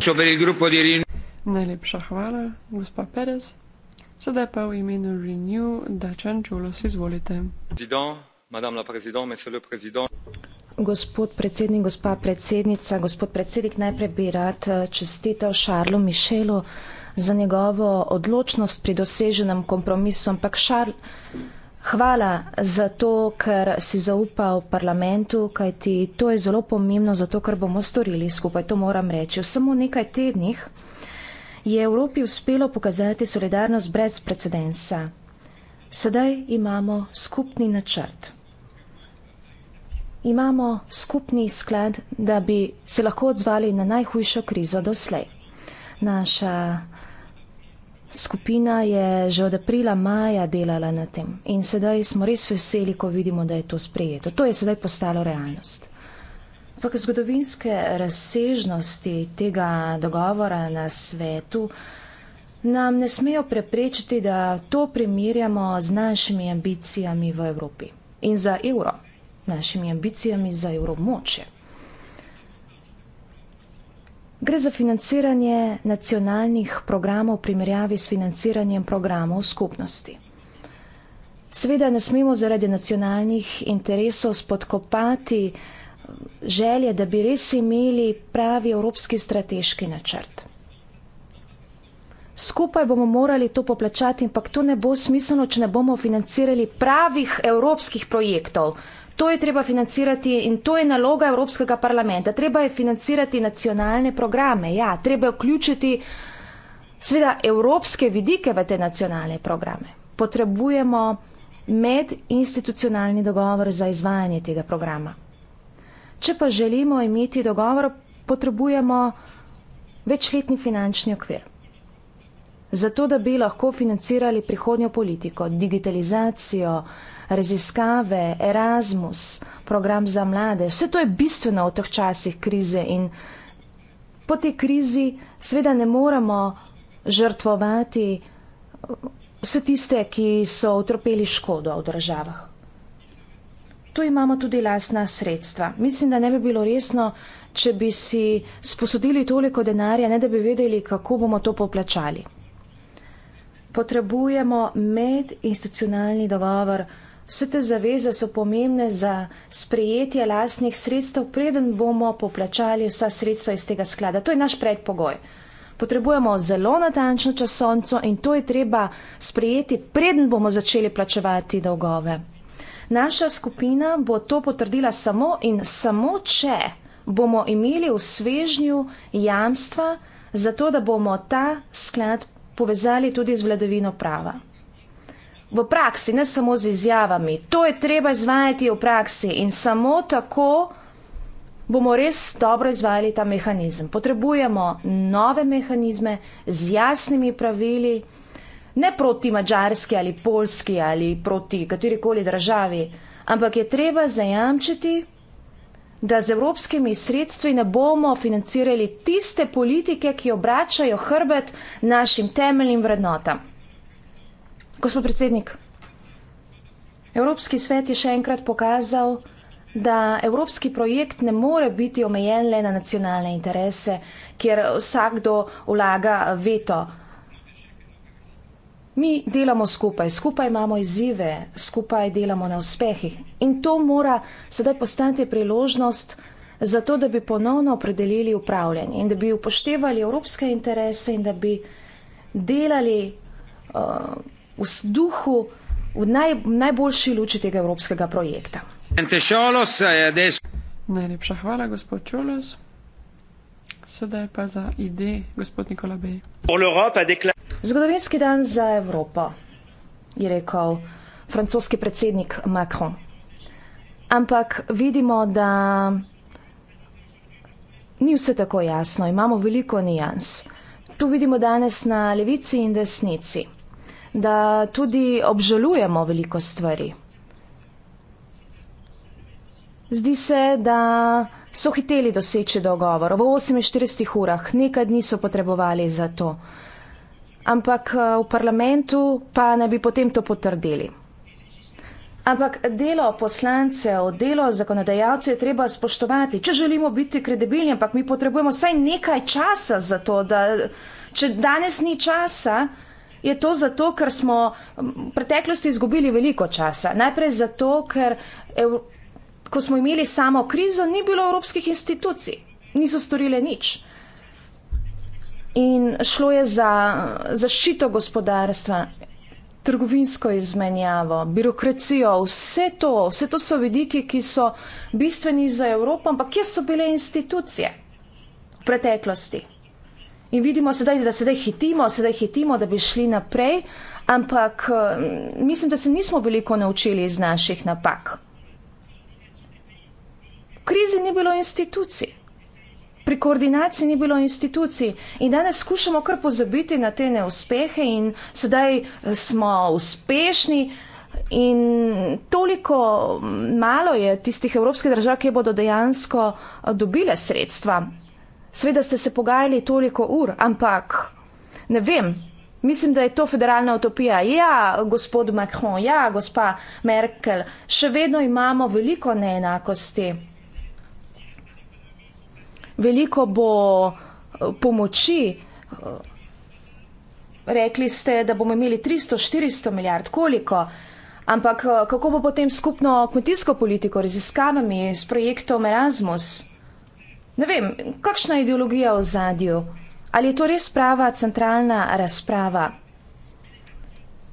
Speaker 3: Najlepša hvala, gospa Perez. Sedaj pa v imenu Renew, da čem
Speaker 4: čulo se izvolite.
Speaker 1: Zidon. Madame la Présidente, Monsieur le Président.
Speaker 4: Gospod predsednik, gospa predsednica, gospod predsednik, najprej bi rad eh, čestitev Šarlu Mišelu za njegovo odločnost pri doseženem kompromisu. Ampak Šarl, hvala za to, ker si zaupal parlamentu, kajti to je zelo pomembno za to, kar bomo storili skupaj, to moram reči. V samo nekaj tednih je Evropi uspelo pokazati solidarnost brez precedensa. Sedaj imamo skupni načrt imamo skupni sklad, da bi se lahko odzvali na najhujšo krizo doslej. Naša skupina je že od aprila, maja delala na tem in sedaj smo res veseli, ko vidimo, da je to sprejeto. To je sedaj postalo realnost. Ampak zgodovinske razsežnosti tega dogovora na svetu nam ne smejo preprečiti, da to primerjamo z našimi ambicijami v Evropi in za evro našimi ambicijami za evromoče. Gre za financiranje nacionalnih programov v primerjavi s financiranjem programov skupnosti. Seveda ne smemo zaradi nacionalnih interesov spodkopati eh, želje, da bi res imeli pravi evropski strateški načrt. Skupaj bomo morali to poplačati, ampak to ne bo smiselno, če ne bomo financirali pravih evropskih projektov. To je treba financirati in to je naloga Evropskega parlamenta. Treba je financirati nacionalne programe, ja, treba je vključiti sveda evropske vidike v te nacionalne programe. Potrebujemo medinstitucionalni dogovor za izvajanje tega programa. Če pa želimo imeti dogovor, potrebujemo večletni finančni okvir. Zato, da bi lahko financirali prihodnjo politiko, digitalizacijo, raziskave, Erasmus, program za mlade, vse to je bistveno v teh časih krize in po tej krizi seveda ne moramo žrtvovati eh, vse tiste, ki so utrpeli škodo v državah. Tu imamo tudi lasna sredstva. Mislim, da ne bi bilo resno, če bi si sposodili toliko denarja, ne da bi vedeli, kako bomo to poplačali. Potrebujemo medinstitucionalni dogovor, Vse te zaveze so pomembne za sprejetje lastnih sredstev, preden bomo poplačali vsa sredstva iz tega sklada. To je naš predpogoj. Potrebujemo zelo natančno časovnico in to je treba sprejeti, preden bomo začeli plačevati dolgove. Naša skupina bo to potrdila samo in samo, če bomo imeli v svežnju jamstva za to, da bomo ta sklad povezali tudi z vladovino prava v praksi, ne samo z izjavami. To je treba izvajati v praksi in samo tako bomo res dobro izvajali ta mehanizem. Potrebujemo nove mehanizme z jasnimi pravili, ne proti mačarski ali polski ali proti katerikoli državi, ampak je treba zajamčiti, da z evropskimi sredstvi ne bomo financirali tiste politike, ki obračajo hrbet našim temeljnim vrednotam. Gospod predsednik, Evropski svet je še enkrat pokazal, da evropski projekt ne more biti omejen le na nacionalne interese, kjer vsakdo vlaga veto. Mi delamo skupaj, skupaj imamo izzive, skupaj delamo na uspehih. In to mora sedaj postati priložnost za to, da bi ponovno opredelili upravljanje in da bi upoštevali evropske interese in da bi delali. Uh, v duhu, v naj, najboljši luči tega evropskega projekta. E Najlepša
Speaker 3: hvala, gospod Čolos.
Speaker 4: Sedaj pa za ide,
Speaker 3: gospod Nikola Bej.
Speaker 4: Zgodovinski dan za Evropo, je rekel francoski predsednik Macron. Ampak vidimo, da ni vse tako jasno, imamo veliko nijans. Tu vidimo danes na levici in desnici da tudi obžalujemo veliko stvari. Zdi se, da so hiteli doseči dogovor v 48 urah, nekaj dni so potrebovali za to, ampak eh, v parlamentu pa ne bi potem to potrdili. Ampak delo poslancev, delo zakonodajalcev je treba spoštovati, če želimo biti kredibilni, ampak mi potrebujemo vsaj nekaj časa za to, da če danes ni časa, je to zato, ker smo v preteklosti izgubili veliko časa. Najprej zato, ker ko smo imeli samo krizo, ni bilo evropskih institucij, niso storile nič. In šlo je za zaščito gospodarstva, trgovinsko izmenjavo, birokracijo, vse to, vse to so vidiki, ki so bistveni za Evropo, ampak kje so bile institucije v preteklosti? in vidimo sedaj, da sedaj hitimo, sedaj hitimo, da bi šli naprej, ampak eh, mislim, da se nismo veliko naučili iz naših napak. V krizi ni bilo institucij, pri koordinaciji ni bilo institucij in danes skušamo kar pozabiti na te neuspehe in sedaj eh, smo uspešni. In toliko mm, malo je tistih evropskih držav, ki bodo dejansko eh, dobile sredstva Sveda ste se pogajali toliko ur, ampak ne vem, mislim, da je to federalna utopija. Ja, gospod Macron, ja, gospa Merkel, še vedno imamo veliko neenakosti. Veliko bo eh, pomoči. Eh, rekli ste, da bomo imeli 300-400 milijard, koliko? Ampak eh, kako bo potem skupno kmetijsko politiko raziskavami s projektom Erasmus? Ne vem, kakšna je ideologija v zadju, ali je to res prava centralna razprava.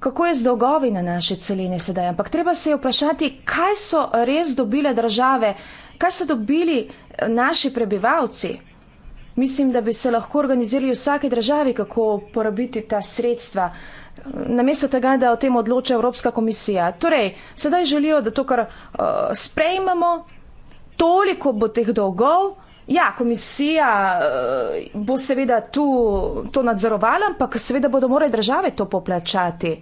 Speaker 4: Kako je z dolgovi na naše celine sedaj, ampak treba se je vprašati, kaj so res dobile države, kaj so dobili eh, naši prebivalci. Mislim, da bi se lahko organizirali v vsaki državi, kako porabiti ta sredstva, eh, namesto tega, da o tem odloča Evropska komisija. Torej, sedaj želijo, da to, kar uh, sprejmemo, toliko bo teh dolgov, Ja, komisija eh, bo seveda tu to nadzorovala, ampak seveda bodo morali države to poplačati.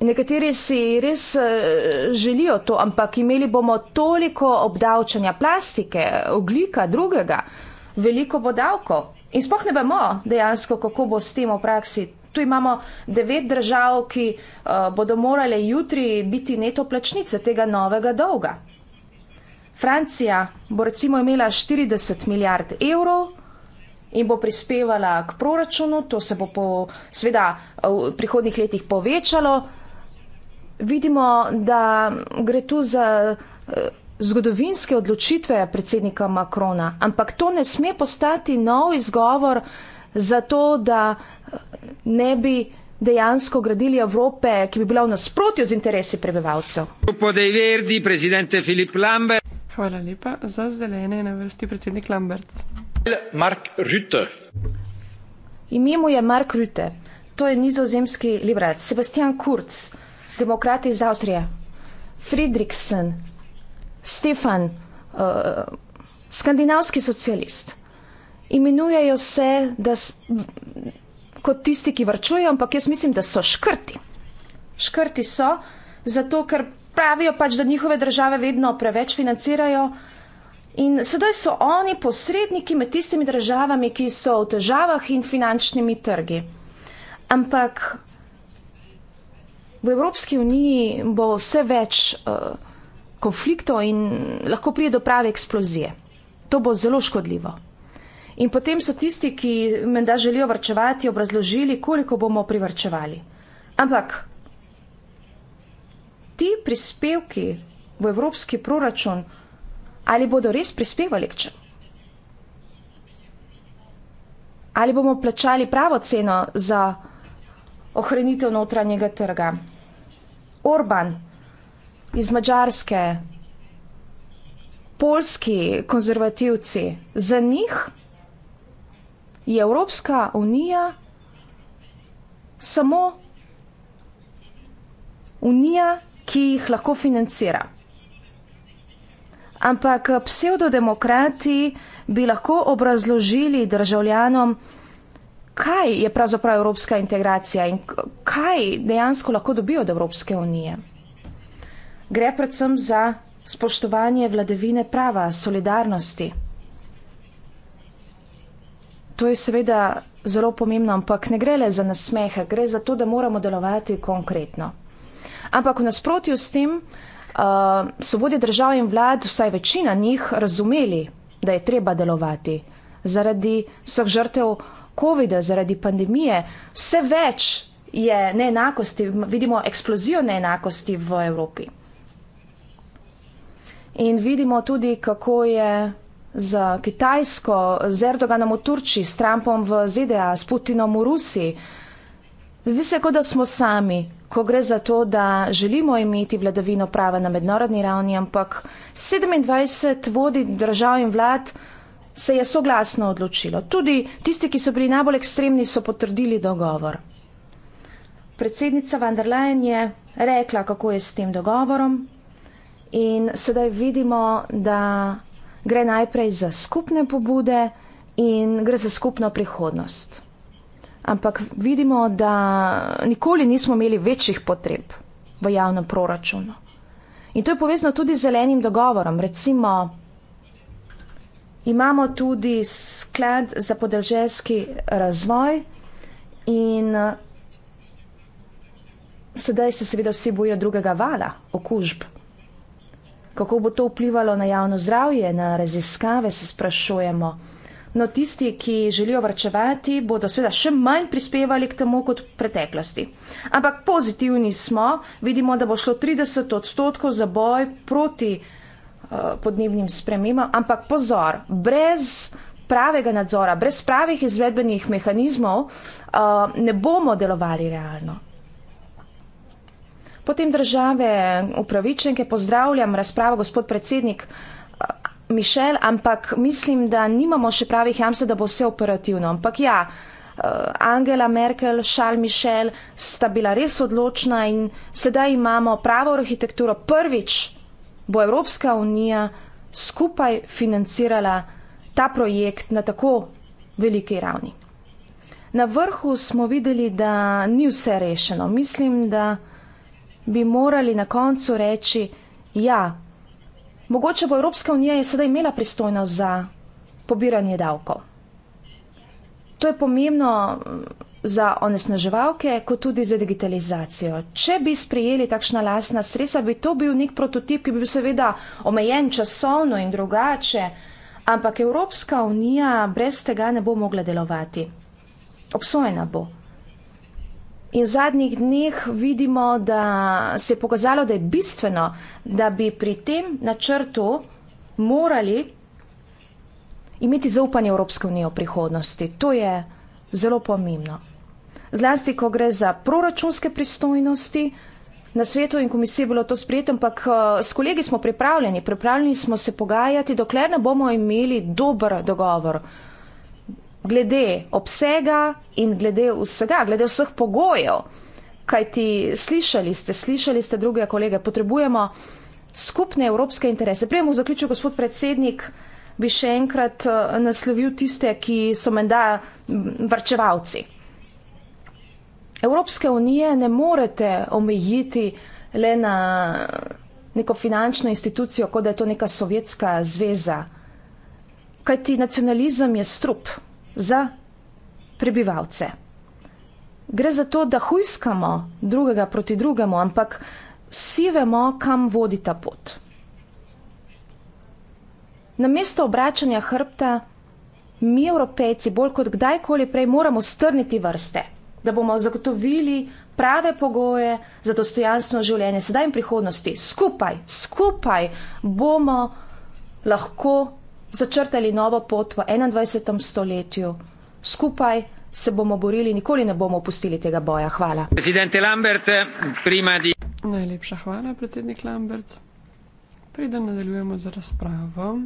Speaker 4: Nekateri si res eh, želijo to, ampak imeli bomo toliko obdavčanja plastike, oglika, drugega, veliko bo davko. In spoh ne vemo dejansko, kako bo s tem v praksi. Tu imamo devet držav, ki uh, bodo morale jutri biti neto plačnice tega novega dolga. Francija bo recimo imela 40 milijard evrov. In bo prispevala k proračunu, to se bo po, sveda v prihodnih letih povečalo. Vidimo, da gre tu za eh, zgodovinske odločitve predsednika Makrona, ampak to ne sme postati nov izgovor za to, da eh, ne bi dejansko gradili Evrope, ki bi bila v nasprotju z interesi prebivalcev. Hvala lepa. Za zelene je na vrsti predsednik Lambert.
Speaker 1: Mark Rutte.
Speaker 4: Ime mu je Mark Rutte. To je nizozemski liberal. Sebastian Kurz, demokrat iz Avstrije. Friedrichsen, Stefan, uh, skandinavski socialist. Imenujejo se s, kot tisti, ki vrčujejo, ampak jaz mislim, da so škrti. Škrti so, zato ker pravijo pač, da njihove države vedno preveč financirajo. In sedaj so oni posredniki med tistimi državami, ki so v težavah in finančnimi trgi. Ampak v Evropski uniji bo vse več uh, konfliktov in lahko prije do prave eksplozije. To bo zelo škodljivo. In potem so tisti, ki menda želijo vrčevati, obrazložili, koliko bomo privrčevali. Ampak ti prispevki v evropski proračun, ali bodo res prispevali k čem? Ali bomo plačali pravo ceno za ohranitev notranjega trga? Orban iz Mačarske, polski konzervativci, za njih je Evropska unija samo unija ki jih lahko financira. Ampak pseudodemokrati bi lahko obrazložili državljanom, kaj je pravzaprav evropska integracija in kaj dejansko lahko dobijo od Evropske unije. Gre predvsem za spoštovanje vladavine prava, solidarnosti. To je seveda zelo pomembno, ampak ne gre le za nasmeh, gre za to, da moramo delovati konkretno. Ampak v nasprotju s tem uh, so vodje držav in vlad, vsaj večina njih, razumeli, da je treba delovati. Zaradi vseh žrtev COVID-a, zaradi pandemije, vse več je neenakosti, vidimo eksplozijo neenakosti v Evropi. In vidimo tudi, kako je z Kitajsko, z Erdoganom v Turčiji, s Trumpom v ZDA, s Putinom v Rusiji. Zdi se, kot da smo sami, ko gre za to, da želimo imeti vladavino prava na mednarodni ravni, ampak 27 vodi držav in vlad se je soglasno odločilo. Tudi tisti, ki so bili najbolj ekstremni, so potrdili dogovor. Predsednica van der Leyen je rekla, kako je s tem dogovorom in sedaj vidimo, da gre najprej za skupne pobude in gre za skupno prihodnost ampak vidimo, da nikoli nismo imeli večjih potreb v javnem proračunu. In to je povezano tudi z zelenim dogovorom. Recimo, imamo tudi sklad za podeljeski razvoj in sedaj se seveda vsi bojijo drugega vala okužb. Kako bo to vplivalo na javno zdravje, na raziskave, se sprašujemo. No, tisti, ki želijo vrčevati, bodo seveda še manj prispevali k temu kot v preteklosti. Ampak pozitivni smo, vidimo, da bo šlo 30 odstotkov za boj proti uh, podnebnim spremembam, ampak pozor, brez pravega nadzora, brez pravih izvedbenih mehanizmov uh, ne bomo delovali realno. Potem države upravičenke, pozdravljam razpravo, gospod predsednik. Uh, Mišel, ampak mislim, da nimamo še pravih jamstv, da bo vse operativno. Ampak ja, eh, Angela Merkel, Charles Mišel sta bila res odločna in sedaj imamo pravo arhitekturo. Prvič bo Evropska unija skupaj financirala ta projekt na tako veliki ravni. Na vrhu smo videli, da ni vse rešeno. Mislim, da bi morali na koncu reči, ja, mogoče bo Evropska unija sedaj imela pristojnost za pobiranje davkov. To je pomembno mm, za onesnaževalke, kot tudi za digitalizacijo. Če bi sprejeli takšna lasna sredstva, bi to bil nek prototip, ki bi bil seveda omejen časovno in drugače, ampak Evropska unija brez tega ne bo mogla delovati. Obsojena bo. In v zadnjih dneh vidimo, da se je pokazalo, da je bistveno, da bi pri tem načrtu morali imeti zaupanje Evropske unije v prihodnosti. To je zelo pomembno. Zlasti, ko gre za proračunske pristojnosti. Na svetu in komisiji je bilo to sprejeto, ampak eh, s kolegi smo pripravljeni, pripravljeni smo se pogajati, dokler ne bomo imeli dober dogovor glede obsega in glede vsega, glede vseh pogojev. Kaj ti slišali ste, slišali ste druge kolege, potrebujemo skupne evropske interese. Prej bom zaključil, gospod predsednik, bi še enkrat eh, naslovil tiste, ki so menda vrčevalci. Evropske unije ne morete omejiti le na neko finančno institucijo, kot da je to neka sovjetska zveza. Kaj ti nacionalizem je strup za prebivalce. Gre za to, da hujskamo drugega proti drugemu, ampak vsi vemo, kam vodi ta pot. Na mesto obračanja hrbta mi, evropejci, bolj kot kdajkoli prej moramo strniti vrste, da bomo zagotovili prave pogoje za dostojanstveno življenje sedaj in prihodnosti. Skupaj, skupaj bomo lahko začrtali novo pot v 21. stoletju. Skupaj se bomo borili, nikoli ne bomo opustili tega boja. Hvala.
Speaker 1: Lambert, di...
Speaker 3: Najlepša hvala, predsednik Lambert. Preden nadaljujemo z razpravo,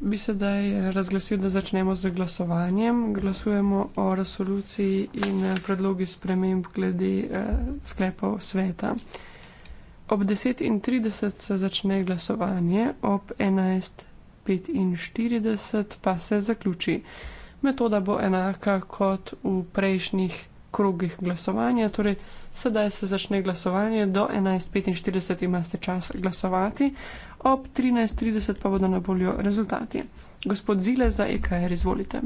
Speaker 3: bi se daj razglasil, da začnemo z glasovanjem. Glasujemo o resoluciji in predlogi sprememb glede eh, sklepov sveta. Eh, Ob deset in trideset se začne glasovanje, ob enajst petinštirideset pa se zaključi. Metoda bo enaka kot v prejšnjih krogih glasovanja, torej sedaj se začne glasovanje, do 11.45 imate čas glasovati, ob 13.30 pa bodo na voljo rezultati. Gospod Zile za EKR, izvolite.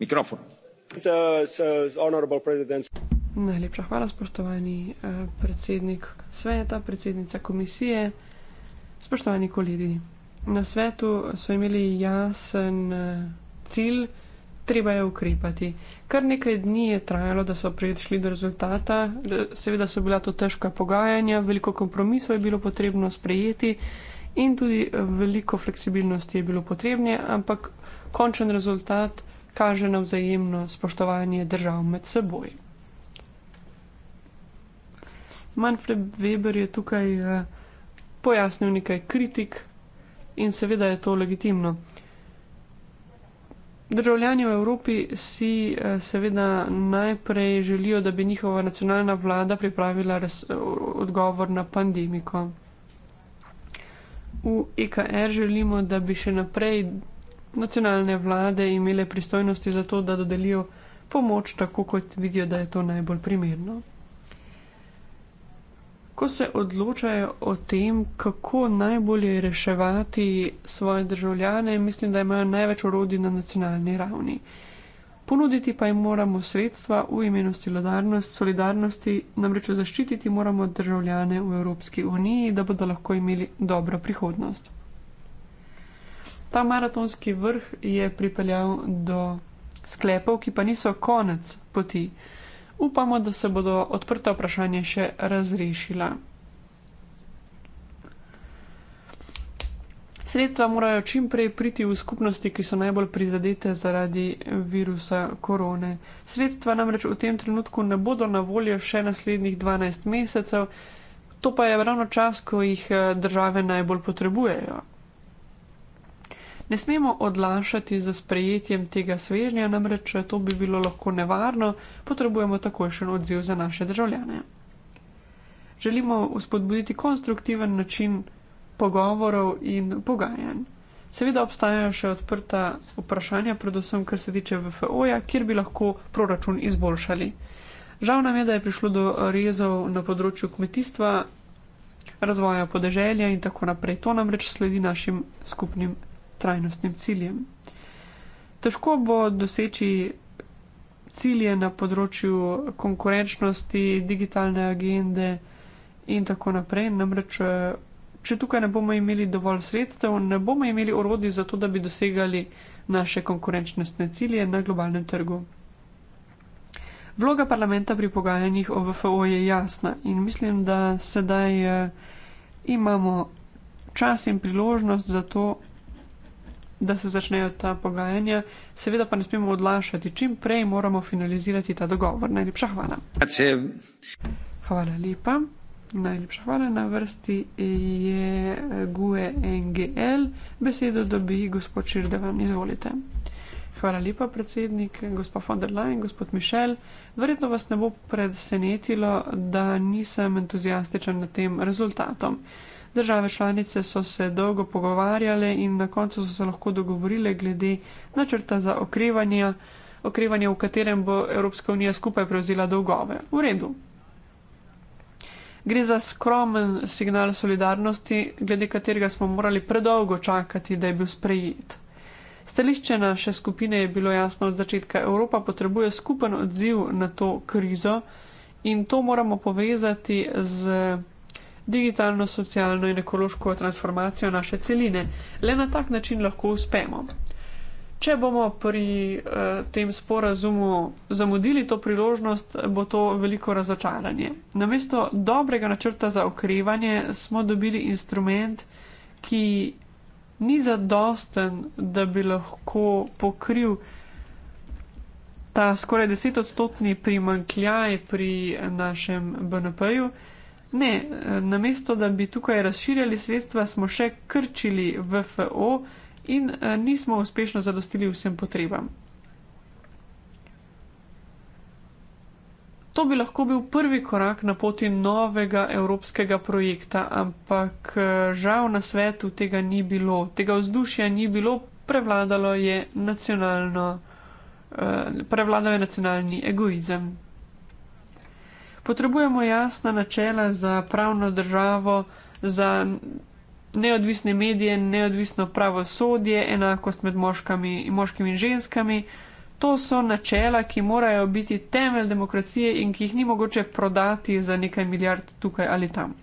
Speaker 1: Mikrofon. Uh,
Speaker 5: uh,
Speaker 3: Najlepša hvala, spoštovani eh, predsednik sveta, predsednica komisije, spoštovani kolegi. Na svetu so imeli jasen eh, cilj, treba je ukrepati. Kar nekaj dni je trajalo, da so prišli do rezultata, seveda so bila to težka pogajanja, veliko kompromisov je bilo potrebno sprejeti in tudi eh, veliko fleksibilnosti je bilo potrebne, ampak končen rezultat kaže na vzajemno spoštovanje držav med seboj. Manfred Weber je tukaj eh, pojasnil nekaj kritik in seveda je to legitimno. Državljani v Evropi si eh, seveda najprej želijo, da bi njihova nacionalna vlada pripravila eh, odgovor na pandemiko. V EKR želimo, da bi še naprej nacionalne vlade imele pristojnosti za to, da dodelijo pomoč tako, kot vidijo, da je to najbolj primerno ko se odločajo o tem, kako najbolje reševati svoje državljane, mislim, da imajo največ orodij na nacionalni ravni. Ponuditi pa jim moramo sredstva v imenu solidarnosti, namreč zaščititi moramo državljane v Evropski uniji, da bodo lahko imeli dobro prihodnost. Ta maratonski vrh je pripeljal do sklepov, ki pa niso konec poti. Upamo, da se bodo odprta vprašanja še razrešila. Sredstva morajo čim prej priti v skupnosti, ki so najbolj prizadete zaradi virusa korone. Sredstva namreč v tem trenutku ne bodo na voljo še naslednjih 12 mesecev, to pa je ravno čas, ko jih eh, države najbolj potrebujejo. Ne smemo odlašati z sprejetjem tega svežnja, namreč to bi bilo lahko nevarno, potrebujemo takojšen odziv za naše državljane. Želimo vzpodbuditi konstruktiven način pogovorov in pogajanj. Seveda obstajajo še odprta vprašanja, predvsem kar se tiče VFO-ja, kjer bi lahko proračun izboljšali. Žal nam je, da je prišlo do rezov na področju kmetijstva, razvoja podeželja in tako naprej. To namreč sledi našim skupnim trajnostnim ciljem. Težko bo doseči cilje na področju konkurenčnosti, digitalne agende in tako naprej. Namreč, eh, če tukaj ne bomo imeli dovolj sredstev, ne bomo imeli orodi za to, da bi dosegali naše konkurenčnostne cilje na globalnem trgu. Vloga parlamenta pri pogajanjih o VFO je jasna in mislim, da sedaj eh, imamo čas in priložnost za to, da se začnejo ta pogajanja. Seveda pa ne smemo odlašati, čim prej moramo finalizirati ta dogovor. Najlepša hvala. Hvala lepa. Najlepša hvala. Na vrsti je eh, GUE NGL. Besedo dobi gospod Širdevan. Izvolite. Hvala lepa, predsednik, gospod von der Leyen, gospod Mišel. Verjetno vas ne bo presenetilo, da nisem entuzijastičen nad tem rezultatom. Države članice so se dolgo pogovarjale in na koncu so se lahko dogovorile glede načrta za okrevanje, okrevanje v katerem bo Evropska unija skupaj prevzela dolgove. V redu. Gre za skromen signal solidarnosti, glede katerega smo morali predolgo čakati, da je bil sprejet. Stališče naše skupine je bilo jasno od začetka. Evropa potrebuje skupen odziv na to krizo in to moramo povezati z digitalno, socialno in ekološko transformacijo naše celine. Le na tak način lahko uspemo. Če bomo pri eh, tem sporazumu zamudili to priložnost, bo to veliko razočaranje. Namesto dobrega načrta za okrevanje smo dobili instrument, ki ni zadosten, da bi lahko pokril ta skoraj desetodstotni primankljaj pri našem BNP-ju. Ne, eh, namesto da bi tukaj razširjali sredstva, smo še krčili VFO in eh, nismo uspešno zadostili vsem potrebam. To bi lahko bil prvi korak na poti novega evropskega projekta, ampak eh, žal na svetu tega ni bilo, tega vzdušja ni bilo, prevladalo je, eh, prevladalo je nacionalni egoizem. Potrebujemo jasna načela za pravno državo, za neodvisne medije, neodvisno pravosodje, enakost med moškami, moškimi in ženskami. To so načela, ki morajo biti temelj demokracije in ki jih ni mogoče prodati za nekaj milijard tukaj ali tam.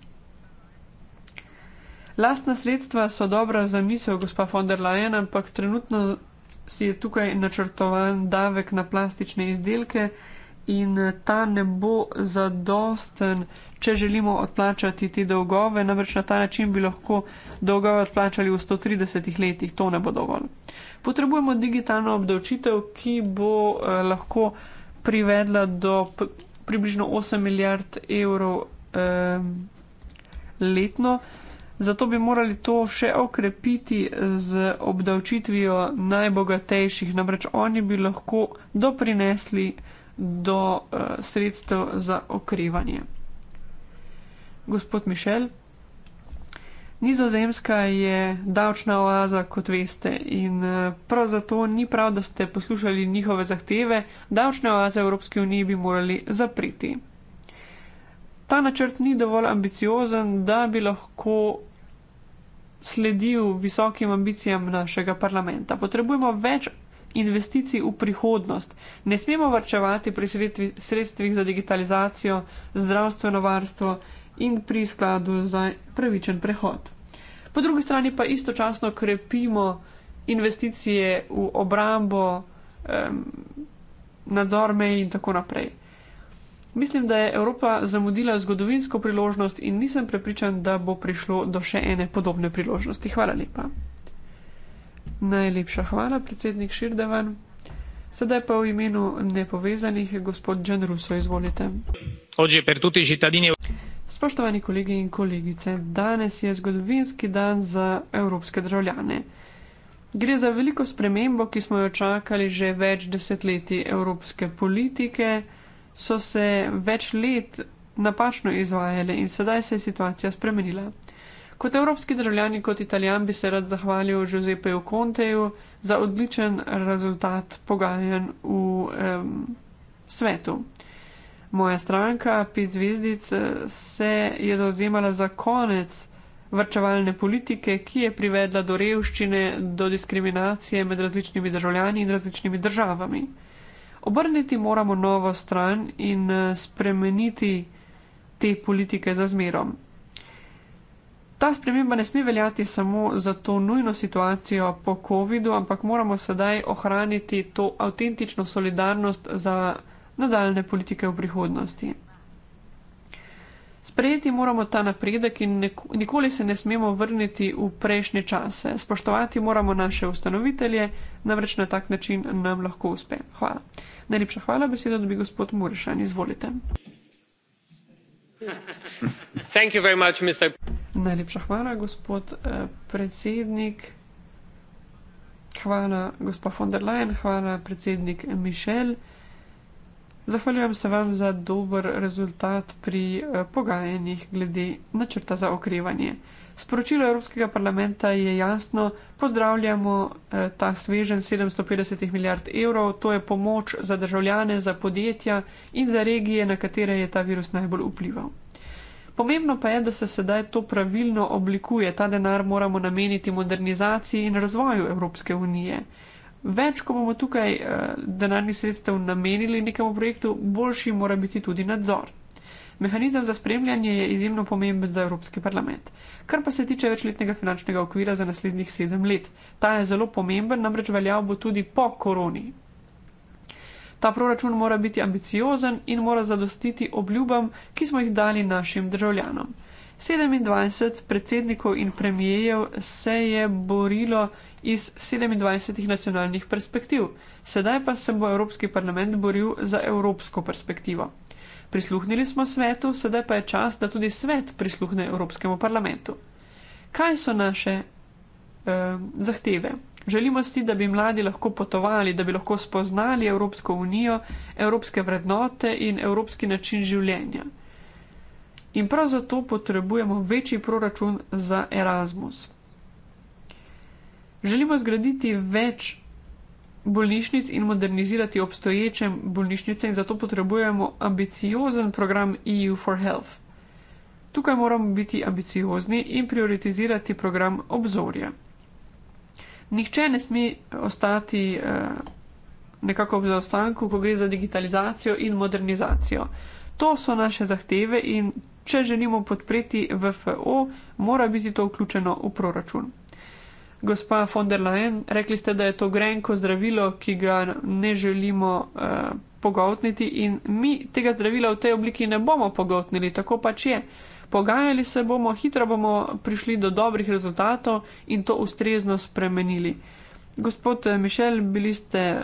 Speaker 3: Lastna sredstva so dobra za misel, gospa von der Leyen, ampak trenutno si je tukaj načrtovan davek na plastične izdelke, in eh, ta ne bo zadosten, če želimo odplačati te dolgove. Namreč na ta način bi lahko dolgove odplačali v 130 letih, to ne bo dovolj. Potrebujemo digitalno obdavčitev, ki bo eh, lahko privedla do približno 8 milijard evrov eh, letno. Zato bi morali to še okrepiti z obdavčitvijo najbogatejših, namreč oni bi lahko doprinesli do uh, sredstev za okrevanje. Gospod Mišel, nizozemska je davčna oaza, kot veste, in eh, prav zato ni prav, da ste poslušali njihove zahteve, davčne oaze Evropske unije bi morali zapreti. Ta načrt ni dovolj ambiciozen, da bi lahko sledil visokim ambicijam našega parlamenta. Potrebujemo več investicij v prihodnost. Ne smemo vrčevati pri sredstvih za digitalizacijo, zdravstveno varstvo in pri skladu za pravičen prehod. Po drugi strani pa istočasno krepimo investicije v obrambo, nadzor meji in tako naprej. Mislim, da je Evropa zamudila zgodovinsko priložnost in nisem prepričan, da bo prišlo do še ene podobne priložnosti. Hvala lepa. Najlepša hvala, predsednik Širdevan. Sedaj pa v imenu nepovezanih, gospod Džan Ruso, izvolite.
Speaker 1: Oče, per tuti žitadini.
Speaker 3: Spoštovani kolegi in kolegice, danes je zgodovinski dan za evropske državljane. Gre za veliko spremembo, ki smo jo čakali že več desetletij evropske politike, so se več let napačno izvajale in sedaj se je situacija spremenila. Kot evropski državljan in kot italijan bi se rad zahvalil Giuseppeju Conteju za odličen rezultat pogajanj v um, svetu. Moja stranka, Pit Zvezdic, se je zauzemala za konec vrčevalne politike, ki je privedla do revščine, do diskriminacije med različnimi državljani in različnimi državami. Obrniti moramo novo stran in eh, spremeniti te politike za zmerom ta sprememba ne sme veljati samo za to nujno situacijo po COVID-u, ampak moramo sedaj ohraniti to avtentično solidarnost za nadaljne politike v prihodnosti. Sprejeti moramo ta napredek in nikoli se ne smemo vrniti v prejšnje čase. Spoštovati moramo naše ustanovitelje, namreč na tak način nam lahko uspe. Hvala. Najlepša hvala, besedo dobi gospod Murišan. Izvolite. Najlepša hvala, gospod eh, predsednik. Hvala, gospa von der Leyen, hvala, predsednik Mišel. Zahvaljujem se vam za dober rezultat pri eh, pogajanjih glede načrta za okrevanje. Sporočilo Evropskega parlamenta je jasno, pozdravljamo eh, ta svežen 750 milijard evrov, to je pomoč za državljane, za podjetja in za regije, na katere je ta virus najbolj vplival. Pomembno pa je, da se sedaj to pravilno oblikuje. Ta denar moramo nameniti modernizaciji in razvoju Evropske unije. Več, ko bomo tukaj eh, denarnih sredstev namenili nekemu projektu, boljši mora biti tudi nadzor. Mehanizem za spremljanje je izjemno pomemben za Evropski parlament. Kar pa se tiče večletnega finančnega okvira za naslednjih sedem let, ta je zelo pomemben, namreč veljal bo tudi po koroni. Ta proračun mora biti ambiciozen in mora zadostiti obljubam, ki smo jih dali našim državljanom. 27 predsednikov in premijejev se je borilo iz 27 nacionalnih perspektiv, sedaj pa se bo Evropski parlament boril za evropsko perspektivo. Prisluhnili smo svetu, sedaj pa je čas, da tudi svet prisluhne Evropskemu parlamentu. Kaj so naše eh, zahteve? Želimo si, da bi mladi lahko potovali, da bi lahko spoznali Evropsko unijo, evropske vrednote in evropski način življenja. In prav zato potrebujemo večji proračun za Erasmus. Želimo zgraditi več bolnišnic in modernizirati obstoječe bolnišnice in zato potrebujemo ambiciozen program EU for Health. Tukaj moramo biti ambiciozni in prioritizirati program obzorja. Nihče ne sme ostati eh, nekako v zaostanku, ko gre za digitalizacijo in modernizacijo. To so naše zahteve in če želimo podpreti VFO, mora biti to vključeno v proračun gospa von der Leyen, rekli ste, da je to grenko zdravilo, ki ga ne želimo uh, eh, pogotniti in mi tega zdravila v tej obliki ne bomo pogotnili, tako pač je. Pogajali se bomo, hitro bomo prišli do dobrih rezultatov in to ustrezno spremenili. Gospod eh, Mišel, bili ste eh,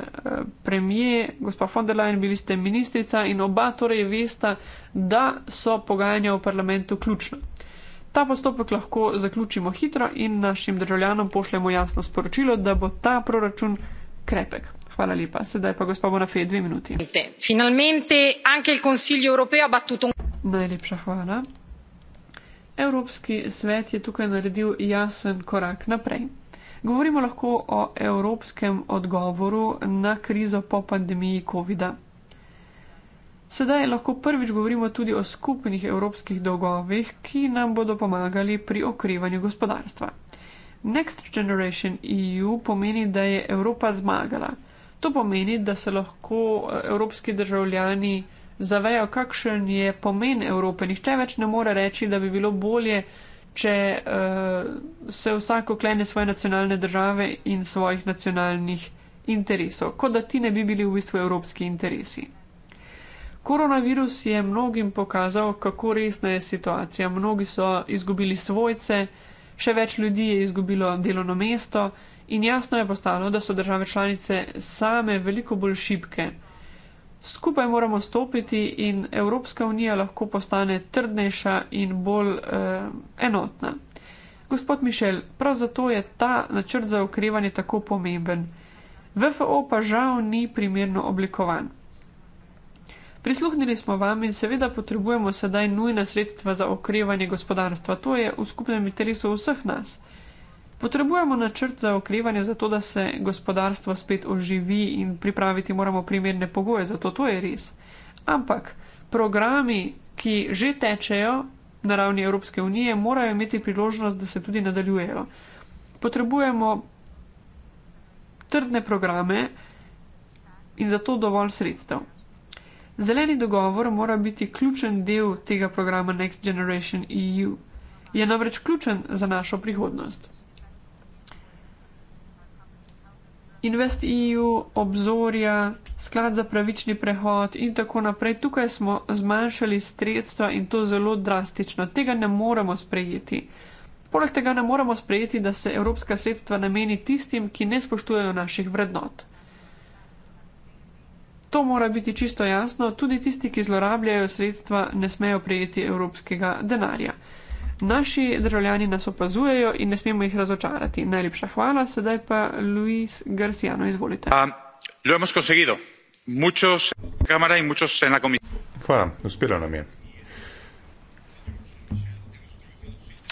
Speaker 3: premije, gospa von der Leyen, bili ste ministrica in oba torej veste, da so pogajanja v parlamentu ključna. Ta postopek lahko zaključimo hitro in našim državljanom pošljemo jasno sporočilo, da bo ta proračun krepek. Hvala lepa. Sedaj pa gospod Bonafé, dve minuti. Najlepša hvala. Evropski svet je tukaj naredil jasen korak naprej. Govorimo lahko o evropskem odgovoru na krizo po pandemiji COVID-a. Sedaj lahko prvič govorimo tudi o skupnih evropskih dolgovih, ki nam bodo pomagali pri okrevanju gospodarstva. Next Generation EU pomeni, da je Evropa zmagala. To pomeni, da se lahko eh, evropski državljani zavejo, kakšen je pomen Evrope. Nihče več ne more reči, da bi bilo bolje, če uh, se vsako klene svoje nacionalne države in svojih nacionalnih interesov, kot da ti ne bi bili v bistvu evropski interesi. Koronavirus je mnogim pokazal, kako resna je situacija. Mnogi so izgubili svojce, še več ljudi je izgubilo delovno mesto in jasno je postalo, da so države članice same veliko bolj šibke. Skupaj moramo stopiti in Evropska unija lahko postane trdnejša in bolj eh, enotna. Gospod Mišel, prav zato je ta načrt za okrevanje tako pomemben. VFO pa žal ni primerno oblikovan. Prisluhnili smo vam in seveda potrebujemo sedaj nujna sredstva za okrevanje gospodarstva. To je v skupnem interesu vseh nas. Potrebujemo načrt za okrevanje, zato da se gospodarstvo spet oživi in pripraviti moramo primerne pogoje, zato to je res. Ampak programi, ki že tečejo na ravni Evropske unije, morajo imeti priložnost, da se tudi nadaljujejo. Potrebujemo trdne programe in zato dovolj sredstev. Zeleni dogovor mora biti ključen del tega programa Next Generation EU. Je namreč ključen za našo prihodnost. Invest EU, obzorja, sklad za pravični prehod in tako naprej. Tukaj smo zmanjšali sredstva in to zelo drastično. Tega ne moremo sprejeti. Poleg tega ne moremo sprejeti, da se evropska sredstva nameni tistim, ki ne spoštujejo naših vrednot. To mora biti čisto jasno, tudi tisti, ki zlorabljajo sredstva, ne smejo prejeti evropskega denarja. Naši državljani nas opazujejo in ne smemo jih razočarati. Najlepša hvala, sedaj pa Luis Garciano, izvolite.
Speaker 1: Um,
Speaker 2: hvala, uspelo nam je.